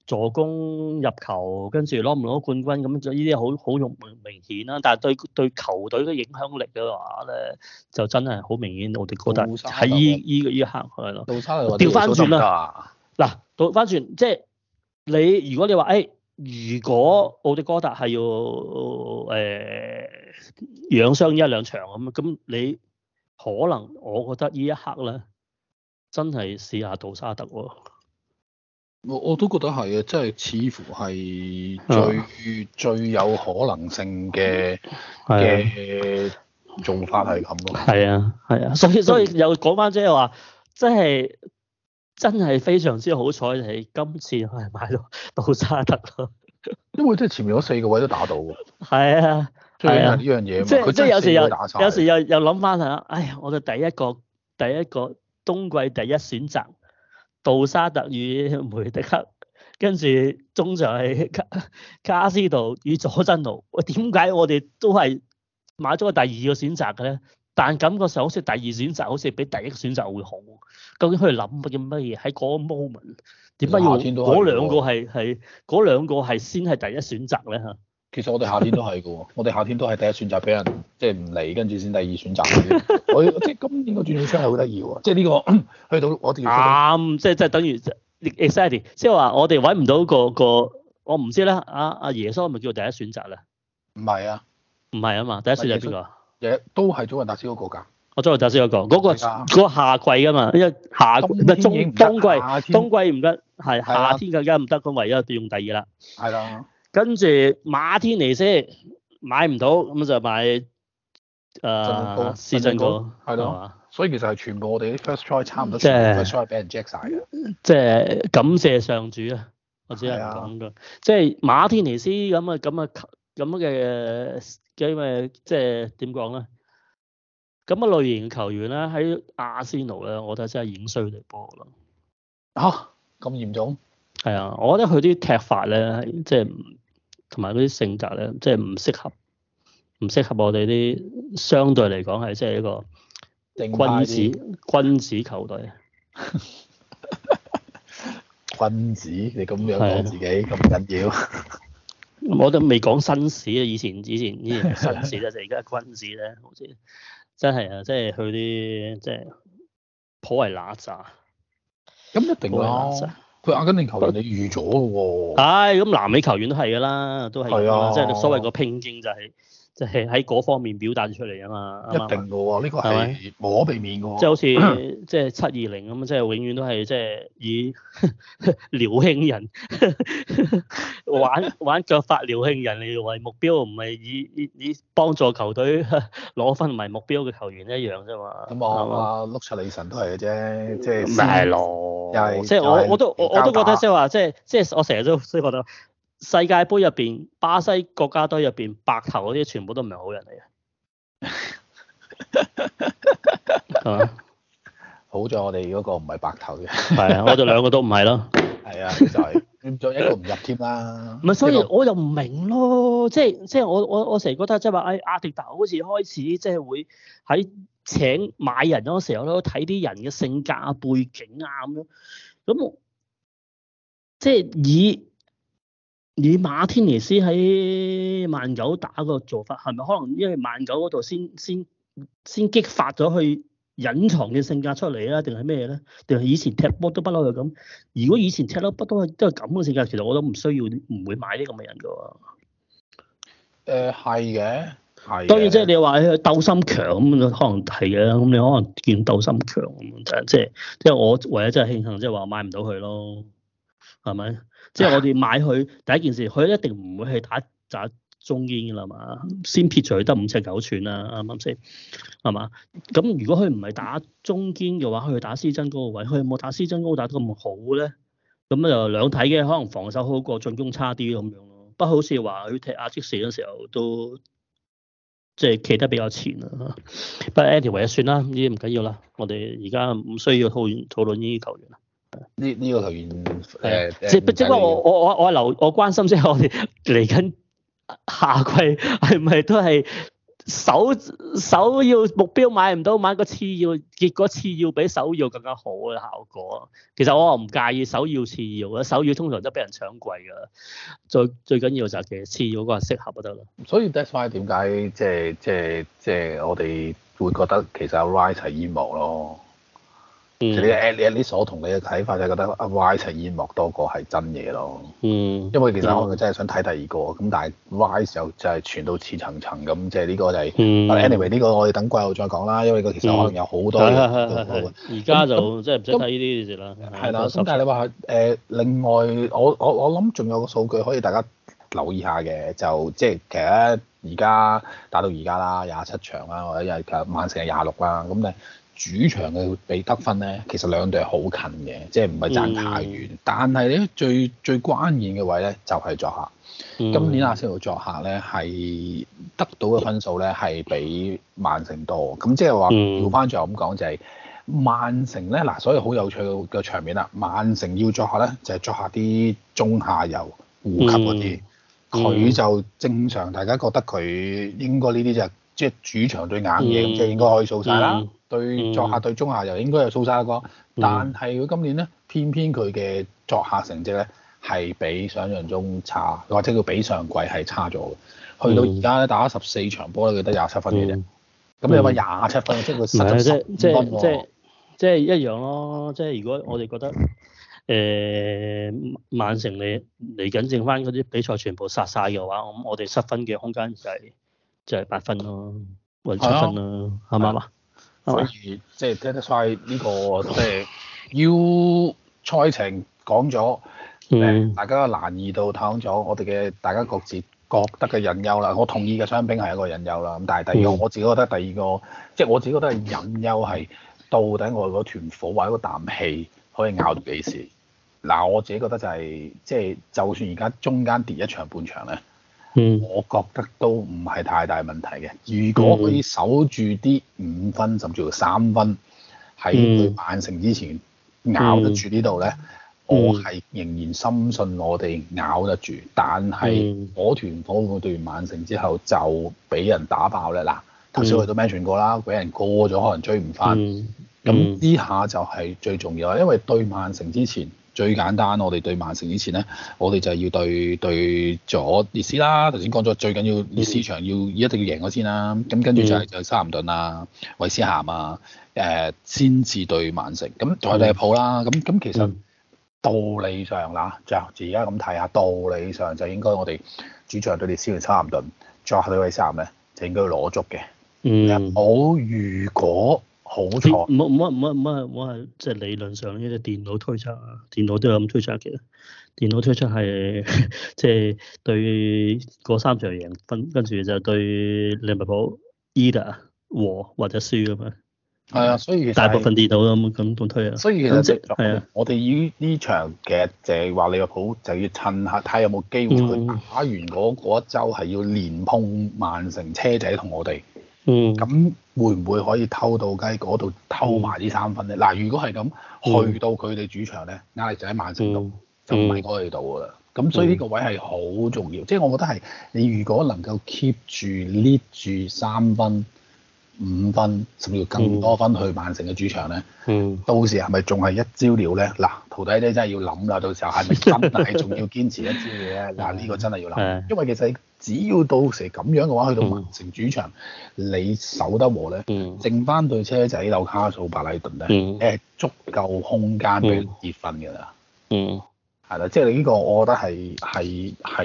助攻入球，跟住攞唔攞冠軍咁，咁呢啲好好用明顯啦、啊。但係對對球隊嘅影響力嘅話咧，就真係好明顯。奧迪哥達喺呢呢個呢一,一刻係咯，倒調翻轉啦。嗱的，倒翻轉，即係你如果你話，誒、欸，如果奧迪哥達係要誒養傷一兩場咁，咁你？可能我覺得呢一刻咧，真係試下杜沙特喎。我我都覺得係啊，真係似乎係最、嗯、最有可能性嘅嘅、嗯、做法係咁咯。係、嗯嗯嗯、啊，係啊，啊，所以，所以，不所以所以又講翻即係話，即係真係非常之好彩係今次係買到杜沙特咯。 因為真係前面嗰四個位都打到喎。係啊。係啊，呢樣嘢即係即係有時又有時又又諗翻下，哎呀！我哋第一個第一個冬季第一，第一，第一，第一，第一選擇，杜沙特與梅迪克，跟住中場係卡卡斯杜與佐真奴。我點解我哋都係買咗個第二個選擇嘅咧？但感覺上好似第二選擇好似比第一個選擇會好。究竟佢哋諗緊乜嘢？喺嗰個 moment 點解要嗰兩個係係嗰兩個係先係第一選擇咧？嚇！ 其實我哋夏天都係噶，我哋夏天都係第一選擇俾人即係唔嚟，跟住先第二選擇。我即係今年轉、這個轉會窗係好得意啊！即係呢個去到我哋啱，即係即係等於 exactly，即係話我哋搵唔到個、那個，我唔知咧、啊。阿阿耶穌係咪叫第一選擇咧？唔係啊，唔係啊嘛，第一選擇邊個、啊那個？都係祖雲達斯嗰個噶，我祖雲達斯嗰個，嗰個的個夏季噶嘛，因一夏唔係冬冬，天冬季，冬季唔天得，係夏，夏天更加唔得，咁唯，唯一用第二啦。係啦的。跟住馬天尼斯買唔到，咁就買誒、呃、高斯進古，係咯高，錯所以其實係全部我哋啲 first try 差唔多全部嘅 try 俾人 jack 晒嘅。即係感謝上主啊，我只能咁講。啊、即係馬天尼斯咁啊咁啊球咁嘅嘅咩？即係點講咧？咁嘅類型球員咧喺阿仙奴咧，我覺得真係影衰啲波咯。吓咁嚴重？係啊，我覺得佢啲踢法咧，即係。同埋嗰啲性格咧，即係唔適合，唔適合我哋啲相對嚟講係即係一個君子君子球隊啊！ 君子，你咁樣講自己咁緊 要？ 我都未講紳士啊！以前以前以前紳士咧，就而家君子咧，好似真係啊！即係佢啲即係頗為嗱喳，咁一定咯。 佢阿根廷球員你預咗嘅喎，唉，咁南美球員都係噶啦，都係，是啊、即係所謂個拼勁就係、是。就係喺嗰方面表達出嚟啊嘛，一定嘅喎，呢個係無可避免嘅喎。即係好似即係七二零咁，即係永遠都係即係以撩興人玩玩著發撩興人嚟為目標，唔係以以以幫助球隊攞分為目標嘅球員一樣啫嘛。咁啊，Lucas 李晨都係嘅啫，即係咪係囉？又係即係我我都我都覺得即係話即係即係我成日都所以覺得。世界杯入邊，巴西國家隊入邊白頭嗰啲全部都唔係好人嚟嘅。啊 吧，好在我哋嗰個唔係白頭嘅。係啊，我就兩個都唔係咯。係啊，就係兼咗一個唔入添啦。唔係，所以我又唔明咯，即係即係我我我成日覺得即係話，哎，阿迪達好似開始即係會喺請買人嗰時候咧，睇啲人嘅性格、背景啊咁咯。咁我即係以。以馬天尼斯喺曼九打個做法，係咪可能因為曼九嗰度先先先激發咗佢隱藏嘅性格出嚟啊？定係咩咧？定係以前踢波都不嬲又咁。如果以前踢波不都係都係咁嘅性格，其實我都唔需要唔會買呢咁嘅人噶。誒、呃，係嘅，係。當然，即係你話佢鬥心強咁，可能係嘅。咁你可能見鬥心強咁，即係即係我唯一真係慶幸，即係話買唔到佢咯。係咪？即係我哋買佢第一件事，佢一定唔會係打打中堅㗎啦嘛，先撇除佢得五尺九寸啦，啱唔啱先？係嘛？咁如果佢唔係打中堅嘅話，佢打施珍嗰個位，佢有冇打施珍高打得咁好咧？咁就兩睇嘅，可能防守好過進攻差啲咁樣咯。不過好似話佢踢亞積士嗰時候都即係企得比較前啦。Anyway, 不過 anyway 算啦，呢啲唔緊要啦，我哋而家唔需要討討論呢啲球員啦。呢呢個球員誒，即不即我我我我留我關心，即係我哋嚟緊下季係唔係都係首首要目標，買唔到買個次要，結果次要比首要更加好嘅效果。其實我唔介意首要次要嘅，首要通常都俾人搶貴噶。最最緊要就係其實次要嗰個適合就得啦。所以 that's why 點解即係即係即係我哋會覺得其實 right 係 emo 咯。其實你誒你你所同你嘅睇法就係覺得阿 Y 係煙幕多過係真嘢咯，嗯，因為其實我真係想睇第二個，咁但係 Y 時候就係傳到似層層咁，即係呢個就係但 anyway 呢個我哋等季後再講啦，因為個其實可能有好多而家就即係唔使睇呢啲事啦，係啦，咁但係你話誒另外我我我諗仲有個數據可以大家留意下嘅，就即係其實而家打到而家啦廿七場啦，或者曼城係廿六啦，咁咧。主場嘅比得分咧，其實兩隊好近嘅，即係唔係爭太遠。嗯、但係咧最最關鍵嘅位咧就係作客。嗯、今年阿仙奴作客咧係得到嘅分數咧係比曼城多。咁即係話調翻轉咁講就係曼城咧嗱，所以好有趣嘅場面啦。曼城要作客咧就係作客啲中下游護級嗰啲，佢、嗯、就正常。大家覺得佢應該呢啲就即、是、係、就是、主場對硬嘢，咁即係應該可以數晒啦。對作客對中下游應該有掃沙嘅歌。嗯、但係佢今年咧偏偏佢嘅作客成績咧係比想象中差，或者佢比上季係差咗嘅。去到而家咧打十四場波，佢得廿七分嘅啫。咁有冇廿七分即係佢失咗十即係是是一樣咯。嗯、即係如果我哋覺得誒、呃、曼城你嚟緊剩翻嗰啲比賽全部殺晒嘅話，咁我哋失分嘅空間就係、是、就係、是、八分咯，或者七分咯，啱唔啱啊？吧所以即係睇得快呢個即係要賽程講咗，誒、就是這個就是、大家難易度睇咗，我哋嘅大家各自覺得嘅隱憂啦，我同意嘅傷兵係一個隱憂啦。咁但係第二個，我自己覺得第二個，即、就、係、是、我自己覺得係隱憂係到底我個團火或者個啖氣可以咬到幾時。嗱，我自己覺得就係即係就算而家中間跌一場半場咧。嗯，我覺得都唔係太大問題嘅。如果可以守住啲五分甚至乎三分喺對曼城之前咬得住呢度咧，嗯嗯、我係仍然深信我哋咬得住。但係我團火對完曼城之後就俾人打爆咧嗱，頭先我都 mention 過啦，俾人過咗可能追唔翻，咁呢下就係最重要啦，因為對曼城之前。最簡單，我哋對曼城之前咧，我哋就要對對咗列斯啦。頭先講咗最緊要，列斯場要一定要贏我先啦。咁跟住就係就沙罕頓啊、韋斯咸啊，誒先至對曼城。咁再利浦啦，咁咁其實道理上啦，就而家咁睇下，道理上就應該我哋主場對列斯同沙罕頓，再對韋斯咸咧，就應該要攞足嘅。嗯，我如果冇錯，唔好唔好唔好唔好唔好係即係理論上呢？即係電腦推測啊，電腦都有咁推測嘅。電腦推測係即係對嗰三場贏分，跟住就對利物浦 E 得和或者輸咁樣。係啊，所以、就是、大部分電腦都咁咁咁推啊。所以其實、就是、是我哋依呢場其實就係話利物浦就要趁下睇有冇機會去打完嗰嗰一週係要連碰曼城車仔同我哋。嗯，咁會唔會可以偷到雞嗰度偷埋啲三分呢？嗱、嗯，如果係咁、嗯、去到佢哋主場呢，壓力就喺曼城度，就唔係我哋度噶啦。咁所以呢個位係好重要，即係、嗯、我覺得係你如果能夠 keep 住 lead 住三分。五分甚至要更多分去曼城嘅主場咧，嗯、到時係咪仲係一招了咧？嗱，徒弟你真係要諗啦，到時候係咪真係仲 要堅持一招嘢咧？嗱，呢個真係要諗， 因為其實只要到時咁樣嘅話，去到曼城主場，嗯、你守得和咧，嗯、剩翻對車仔、紐卡素、伯禮頓咧，誒、嗯、足夠空間俾你結分㗎啦。嗯嗯。係啦，即係你呢個，我覺得係係係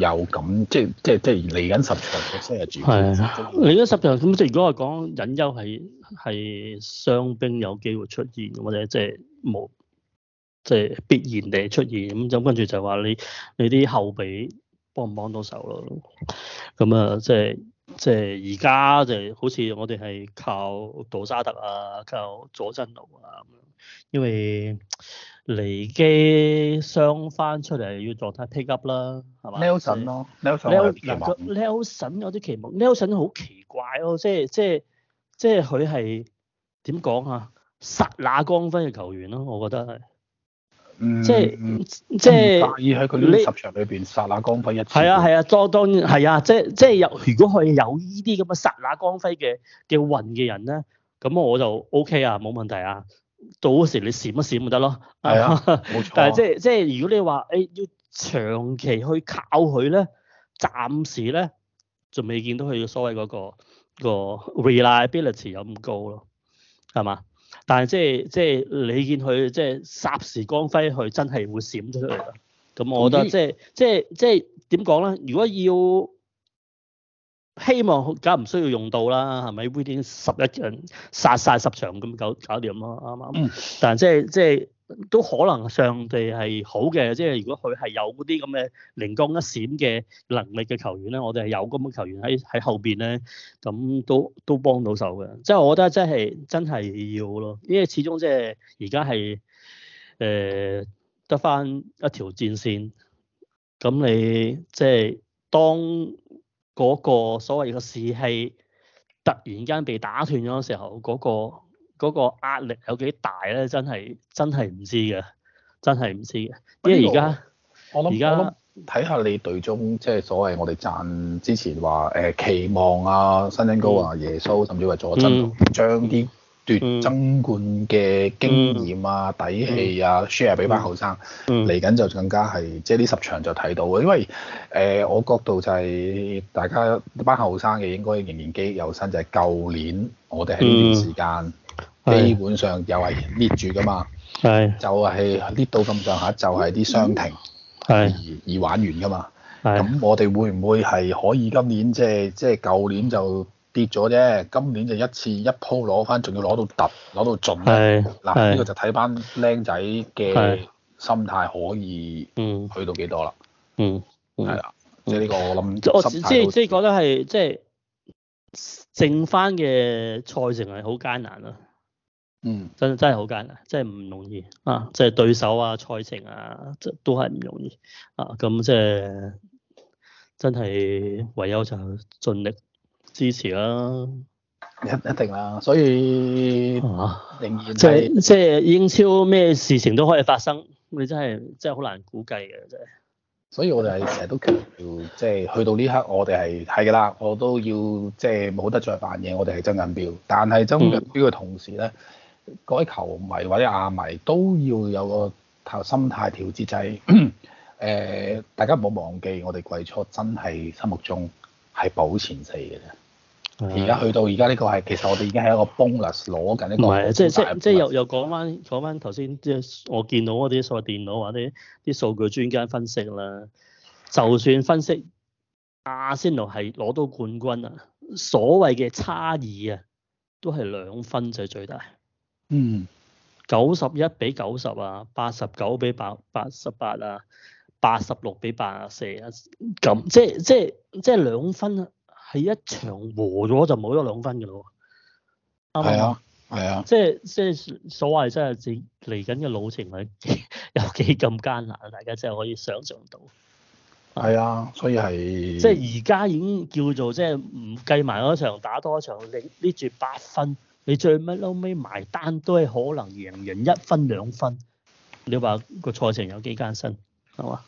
要有咁，即係即係即係嚟緊十場嘅生日主。係。嚟緊十場咁，即係如果係講隱憂係係傷兵有機會出現，或者即係冇即係必然地出現咁，咁跟住就話你你啲後備幫唔幫到手咯？咁啊，即係即係而家就係好似我哋係靠杜沙特啊，靠佐真奴啊咁樣，因為。離機傷翻出嚟要做睇 take up 啦，係嘛？Nelson 咯，Nelson，Nelson 有啲奇妙，Nelson 好奇怪咯，啊，即係即係即係佢係點講啊？剎那光輝嘅球員咯，啊，我覺得係，嗯、即係、嗯、即係，喺佢呢十場裏邊剎你那光輝一次。係啊係啊，當當然係啊，即係即係有，如果佢有呢啲咁嘅剎那光輝嘅嘅運嘅人咧，咁我就 O K 啊，冇問題啊。到嗰時你閃一閃咪得咯，係啊，冇錯、啊。但係即係即係如果你話誒、哎、要長期去靠佢咧，暫時咧仲未見到佢嘅所謂嗰、個個 reliability 有咁高咯，係嘛？但係即係即係你見佢即係霎時光輝，佢真係會閃出嚟啦。咁我覺得、就是、咦即係即係即係點講咧？如果要希望梗唔需要用到啦，係咪 v i t 十一人殺晒十場咁夠搞掂咯，啱唔啱？嗯、但係即係即係都可能上帝係好嘅，即係如果佢係有嗰啲咁嘅靈光一閃嘅能力嘅球員咧，我哋係有咁嘅球員喺喺後邊咧，咁都都幫到手嘅。即係我覺得真係真係要咯，因為始終即係而家係誒得返一條戰線，咁你即係當。嗰個所謂嘅士氣突然間被打斷咗時候，嗰、嗰個嗰、嗰個、壓力有幾大咧？真係真係唔知嘅，真係唔知嘅。因為而家我諗而家睇下你隊中，即係所謂我哋贊之前話誒、呃、期望啊，辛真高啊，嗯、耶穌，甚至為佐真將啲。嗯嗯奪爭冠嘅經驗啊、底氣啊，share 俾班後生。嚟緊就更加係，即係呢十場就睇到嘅。因為誒，我角度就係大家班後生嘅應該仍然記憶猶新，就係舊年我哋喺呢段時間基本上又係攣住㗎嘛，就係攣到咁上下，就係啲傷停而而玩完㗎嘛。咁我哋會唔會係可以今年即係即係舊年就跌咗啫，今年就一次一鋪攞翻，仲要攞到揼，攞到盡。係，嗱呢個就睇班僆仔嘅心態可以，嗯，嗯，去到幾多啦？嗯，係啦，即係呢個我諗我即係即係覺得係即係剩翻嘅賽程係好艱難啦。嗯，真真係好艱難，即係唔容易啊！即係對手啊，賽程啊，都都係唔容易啊！咁即係真係唯有就盡力。支持啦、啊，一一定啦，所以、啊、仍然即係即係英超咩事情都可以發生，你真係真係好難估計嘅真係。所以我哋係成日都強調，即、就、係、是、去到呢刻我，我哋係係噶啦，我都要即係冇得再扮嘢，我哋係爭緊標。但係爭緊標嘅同時咧，嗯、各位球迷或者亞迷都要有個頭心態調節制。誒、 呃，大家唔好忘記，我哋季初真係心目中係保前四嘅啫。而家去到而家呢個係，其實我哋已經係一個 bonus 攞緊呢個冠軍。即係即係即係又又講翻講翻頭先，即係我見到嗰啲所謂電腦或者啲數據專家分析啦，就算分析阿仙奴係攞到冠軍啊，所謂嘅差異啊，都係兩分就係最大。嗯，九十一比九十啊，八十九比八八十八啊，八十六比八十四啊，咁即係即係即係兩分啊。係一場和咗就冇咗兩分嘅咯，係啊係啊，啊即係即係所謂真係嚟緊嘅路程係 有幾咁艱難啊！大家真係可以想象到，係啊，所以係即係而家已經叫做即係唔計埋嗰場打多一場，你搦住八分，你最尾撈尾埋單都係可能贏贏一分兩分。你話個賽程有幾艱辛係嘛？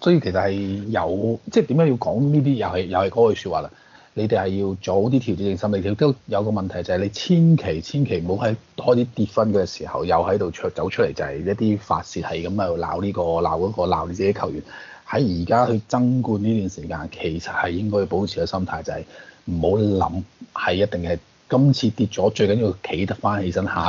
所以其實係有，即係點解要講呢啲？又係又係嗰句説話啦。你哋係要早啲調節定心理，亦都有個問題就係、是、你千祈千祈唔好喺多啲跌分嘅時候又喺度灼走出嚟，就係、這個、一啲發泄氣咁喺度鬧呢個鬧嗰個鬧你自己球員。喺而家去爭冠呢段時間，其實係應該要保持嘅心態就係唔好諗係一定係今次跌咗，最緊要企得翻起身下場。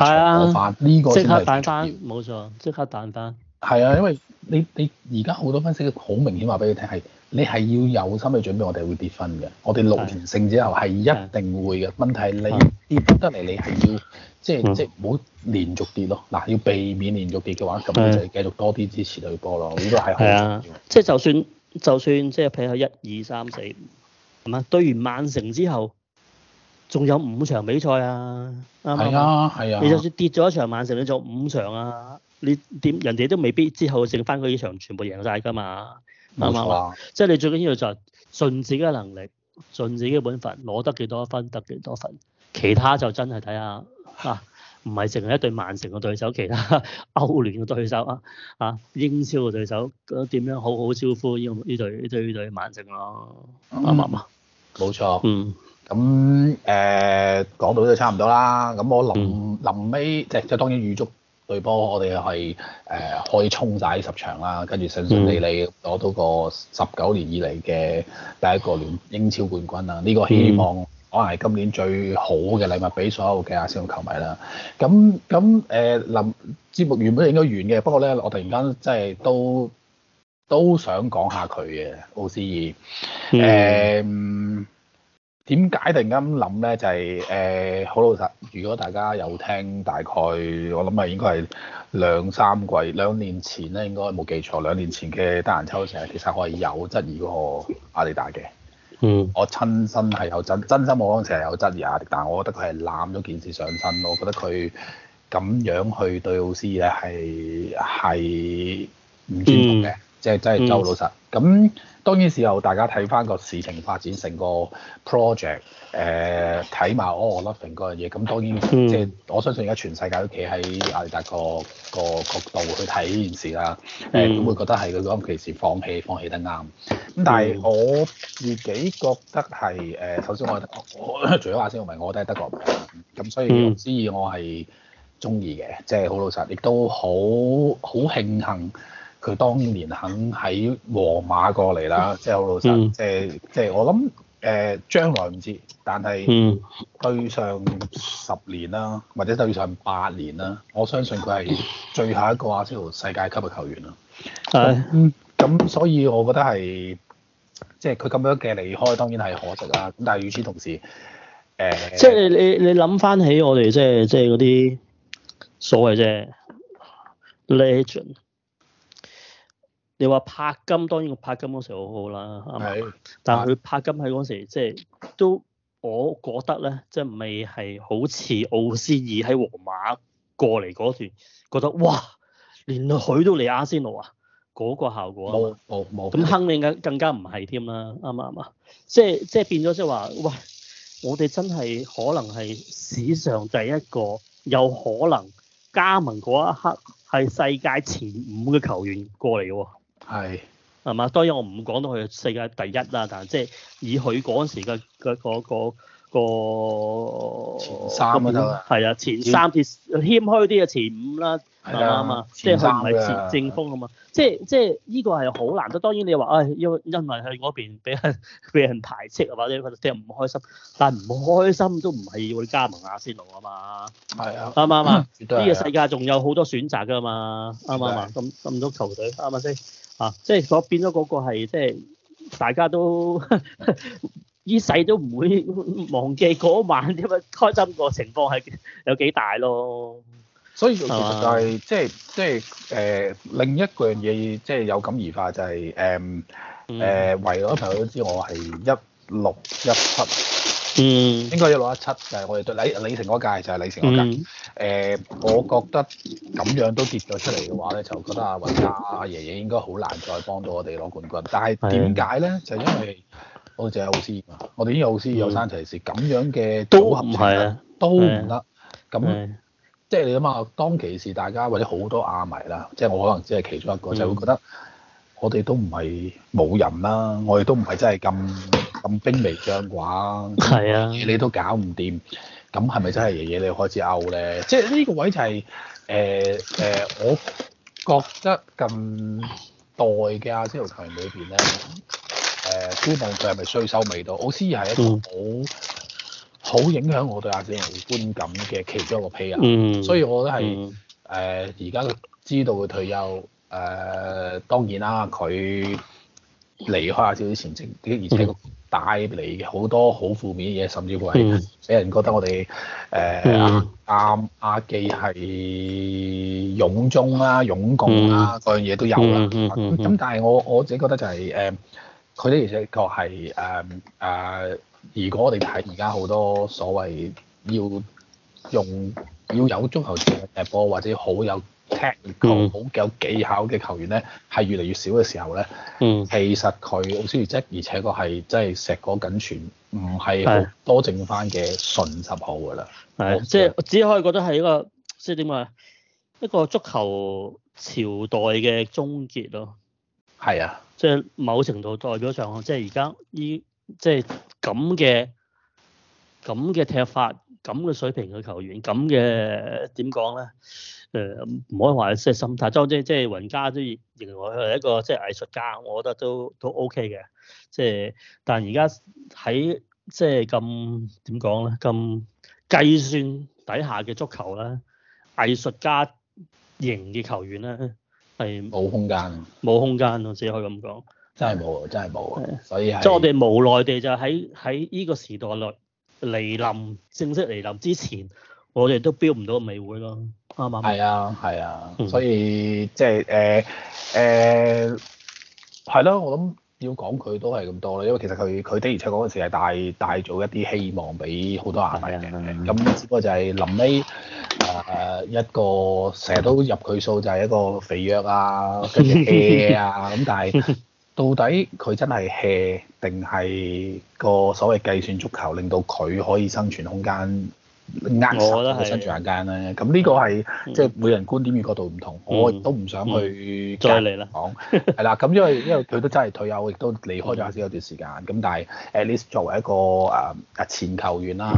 係啊，呢個先係重要。冇錯，即刻彈翻。係啊，因為你你而家好多分析嘅好明顯話俾你聽係，係你係要有心理準備，我哋會跌分嘅。我哋六連勝之後係一定會嘅。啊、問題你跌得嚟，你係、啊、要即係即係唔好連續跌咯。嗱，要避免連續跌嘅話，咁就繼續多啲支持隊波咯。呢個係好重要。係啊，即、就、係、是、就算就算即係譬如喺一二三四，係嘛？對完曼城之後。仲有五場比賽啊，啱嗎？係啊，係啊。你就算跌咗一場曼城，你仲五場啊？你點人哋都未必之後剩翻佢呢場全部贏晒噶嘛，啱嗎、啊？吧即係你最緊要就係盡自己嘅能力，盡自己嘅本分，攞得幾多分得幾多分。其他就真係睇下啊，唔係淨係一對曼城嘅對手，其他歐聯嘅對手啊，啊英超嘅對手，咁點樣好好招呼呢？呢隊呢隊呢隊曼城咯，啱唔啱？冇錯。嗯。咁誒講到呢度差唔多啦，咁我臨臨尾即即，即當然預祝對波，我哋係誒可以衝晒十場啦，跟住順順利利攞到個十九年以嚟嘅第一個聯英超冠軍啦！呢、這個希望、嗯、可能係今年最好嘅禮物俾所有嘅阿仙奴球迷啦。咁咁誒臨節目原本應該完嘅，不過咧我突然間即係都都想講下佢嘅 O C E 誒、嗯。嗯點解突然間咁諗咧？就係誒好老實，如果大家有聽，大概我諗啊，應該係兩三季兩年前咧，應該冇記錯，兩年前嘅得閒抽射，其實我係有質疑過阿迪達嘅。嗯。我親身係有真真心，我嗰陣時係有質疑阿迪達，但我覺得佢係攬咗件事上身，我覺得佢咁樣去對奧斯咧，係係唔尊重嘅，嗯，即係真係真老實。咁、嗯。當然，時候大家睇翻個事情發展成個 project，誒、呃、睇埋 all or nothing 嗰樣嘢。咁當然、嗯、即係我相信而家全世界都企喺亞利達個角度去睇呢件事啦。誒、呃、咁會覺得係佢嗰陣時放棄，放棄得啱。咁但係我自己覺得係誒、呃，首先我除咗亞星，我唔係，我都係德國人。咁、嗯、所以之二，我係中意嘅，即係好老實，亦都好好慶幸。佢當年肯喺皇馬過嚟啦，即係好老實，即係即係我諗誒、呃，將來唔知，但係、嗯、對上十年啦，或者對上八年啦，我相信佢係最後一個阿仙奴、就是、世界級嘅球員咯。係、哎，咁所以我覺得係即係佢咁樣嘅離開，當然係可惜啦。但係與此同時，誒、呃，即係你你諗翻起我哋即係即係嗰啲所謂啫、就是，legend。你話柏金當然個柏金嗰時好好啦，係，的但係佢柏金喺嗰時即係都我覺得咧，即係未係好似奧斯爾喺皇馬過嚟嗰段，覺得哇，連佢都嚟阿仙奴啊，嗰個效果冇冇冇，咁亨利更加唔係添啦，啱嘛？啱嘛，即係即係變咗即係話喂，我哋真係可能係史上第一個有可能加盟嗰一刻係世界前五嘅球員過嚟喎。係，係嘛？當然我唔講到佢世界第一啦，但係即係以佢嗰陣時嘅嘅嗰個前三啊，係啊，前三撇謙虛啲嘅前五啦，係啊嘛，即係佢唔係前正鋒啊嘛，即係即係呢個係好難得。當然你話誒，因因為佢嗰邊俾人俾人排斥啊，或者佢踢唔開心，但係唔開心都唔係會加盟阿仙奴啊嘛。係啊，啱啊嘛，呢個世界仲有好多選擇噶嘛，啱啊嘛，咁咁多球隊啱唔啱先？啊！即係嗰變咗嗰個係，即係大家都一世都唔會忘記嗰晚點樣開心個情況係有幾大咯。所以吧其實就係即係即係誒另一樣嘢，即係有感而發就係誒誒，為咗朋友都知我係一六一七。嗯，應該要攞一七，就係我哋對李李城嗰屆，就係、是、李城嗰屆、嗯哎。我覺得咁樣都跌咗出嚟嘅話咧，就覺得阿雲加、阿、哎、爺爺應該好難再幫到我哋攞冠軍。但係點解咧？是的 就因為我哋奧斯啊，是的 我哋啲奧斯有山齊士咁樣嘅組合唔啊，的都唔得。咁即係你諗下，當其時大家或者好多亞迷啦，即係我可能只係其中一個，就會覺得。 嗯我哋都唔係冇人啦、啊，我哋都唔係真係咁咁兵微將寡，你、啊、都搞唔掂，咁係咪真係爺爺你要開始 out 咧？即係呢個位就係誒誒，我覺得近代嘅阿仙奴球員裏邊咧，誒、呃、估望佢係咪衰收未到？奧斯爾係一個好好、嗯、影響我對阿仙奴觀感嘅其中一個 person 所以我覺得係誒而家知道佢退休。誒、呃、當然啦，佢離開阿少少前程，而且個帶嚟好多好負面嘅嘢，甚至乎係畀人覺得我哋誒阿阿阿記係擁中啦、擁共啦、啊，嗰、嗯、樣嘢都有啦。咁、嗯嗯嗯嗯、但係我我自己覺得就係、是、誒，佢咧其實確係誒誒，如果我哋睇而家好多所謂要用要有足球場踢波或者好有。踢球好有技巧嘅球員咧，係越嚟越少嘅時候咧，嗯、其實佢好似即，而且個係真係碩果僅存，唔係多剩翻嘅純十號噶啦。係的即係只可以覺得係一個即係點啊一個足球朝代嘅終結咯。係啊的，即係某程度代表上，即係而家依即係咁嘅咁嘅踢法，咁嘅水平嘅球員，咁嘅點講咧？誒，唔可以話即係心態，即係即係雲加都認為佢係一個即係藝術家，我覺得都都 OK 嘅。即係，但而家喺即係咁點講咧？咁計算底下嘅足球咧，藝術家型嘅球員咧係冇空間，冇空間咯，只可以咁講。真係冇，真係冇，所以即係我哋無奈地就喺喺呢個時代來來臨，正式嚟臨之前，我哋都標唔到美會咯。啱啱？係、嗯、啊，係啊，所以即係誒誒，係、呃、咯、呃啊，我諗要講佢都係咁多啦，因為其實佢佢的而且確嗰陣時係帶帶咗一啲希望俾好多亞迷嘅，咁、啊啊、只不過就係臨尾誒一個成日、呃、都入佢數就係一個肥約啊，跟住 hea 啊，咁但係到底佢真係 hea 定係個所謂計算足球令到佢可以生存空間？呃，我啦，實，撐住眼間啦。咁呢個係即係每人觀點與角度唔同，我亦都唔想去再你啦講。係啦，咁因為因為佢都真係退休，亦都離開咗少少段時間。咁但係 at least 作為一個誒前球員啦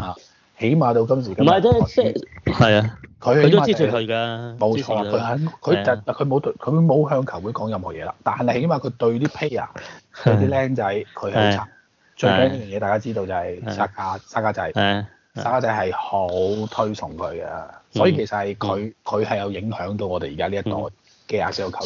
嚇，起碼到今時今日，唔係即即係啊，佢都支持佢㗎，冇錯。佢佢就佢冇對佢冇向球會講任何嘢啦。但係起碼佢對啲 players 啊，啲靚仔，佢係最緊要嘢，大家知道就係殺價殺家仔。沙仔係好推崇佢嘅，所以其實係佢佢係有影響到我哋而家呢一代嘅亞洲球員。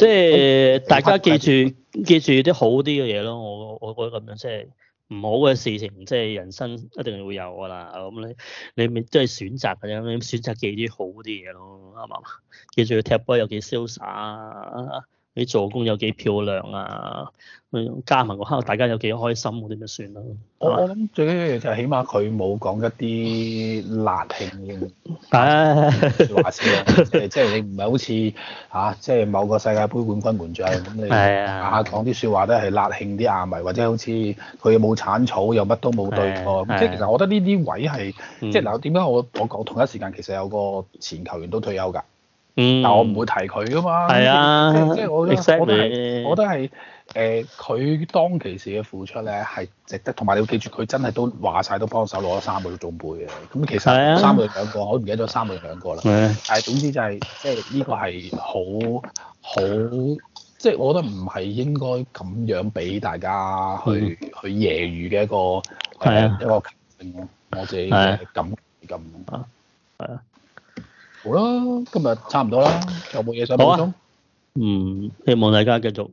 即係大家記住 記住啲好啲嘅嘢咯，我我覺得咁樣即係唔好嘅事情即係、就是、人生一定會有㗎啦。咁你你咪即係選擇㗎啫，你選擇記啲好啲嘢咯，啱唔啱？記住要踢波有幾瀟灑啊！你助攻有幾漂亮啊？加盟嗰刻，大家有幾開心，啊，嗰啲咪算咯。我我諗最緊要嘅就係起碼佢冇講一啲辣興嘅話先，即係你唔係好似嚇，即係某個世界盃冠軍門將咁你嚇講啲説話都係辣興啲阿迷，或者好似佢又冇剷草又乜都冇對錯，即係、啊、其實我覺得呢啲位係、嗯、即係嗱點解我我我同一時間其實有個前球員都退休㗎。嗯，但我唔會提佢噶嘛。係啊，即係我覺得我，啊、我覺得係誒，佢、欸、當其時嘅付出咧係值得，同埋你要記住，佢真係都話晒，都幫手攞咗三個總盃嘅。咁是、啊、其實三個定兩個，我唔記得咗三個定兩個啦。是啊、但係總之就係即係呢個係好好，即係我覺得唔係應該咁樣俾大家去、嗯、去揶揄嘅一個係啊一個,是啊一個我自己係咁咁啊，啊。這好啦，今日差唔多啦，有冇嘢想講？啊，嗯，希望大家繼續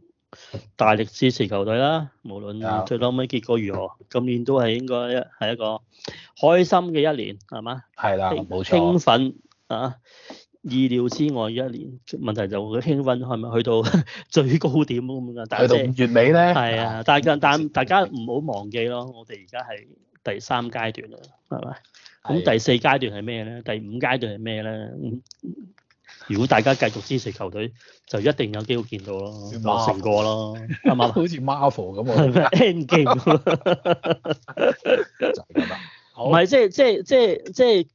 大力支持球隊啦。無論最終嘅結果如何，今年都係應該係一個開心嘅一年，係嘛？係啦，冇錯，興奮啊！意料之外嘅一年，問題就會興奮係咪去到 最高點咁樣？但去到月尾咧？係啊的，唉但係但，但大家唔好忘記咯，我哋而家係第三階段啦，係咪？咁第四階段係咩咧？第五階段係咩咧？如果大家繼續支持球隊，就一定有機會見到咯。Marvel 咯，係咪？好似 Marvel 咁。係咩？Endgame。唔係即係即係即係即係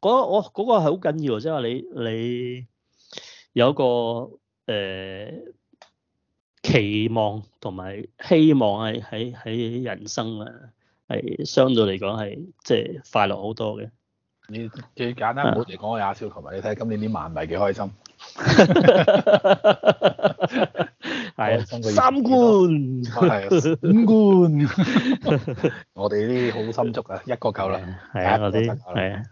嗰我嗰個係好緊要，即係話你你有一個、呃、期望同埋希望係喺喺人生啊！係相對嚟講係即係快樂好多嘅。你最簡單嚟講，阿阿超琴日你睇今年啲曼迷幾開心。係啊，三冠係五冠。我哋啲好心足嘅，一個夠啦。係啊，我哋係啊，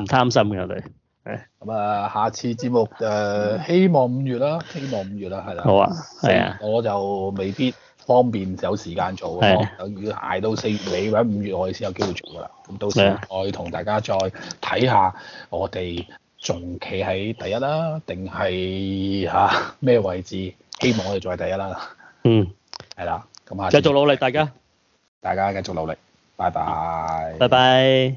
唔貪心嘅我哋。係。咁啊，下次節目誒，希望五月啦，希望五月啦，係啦。好啊。係啊。我就未必。方便就有時間做啊，的等於捱到四月尾或者五月我先有機會做噶啦，咁到時再同大家再睇下我哋仲企喺第一啦，定係嚇咩位置？希望我哋再第一啦。嗯，係啦，咁下次，繼續努力，大家，大家繼續努力，拜拜。拜拜。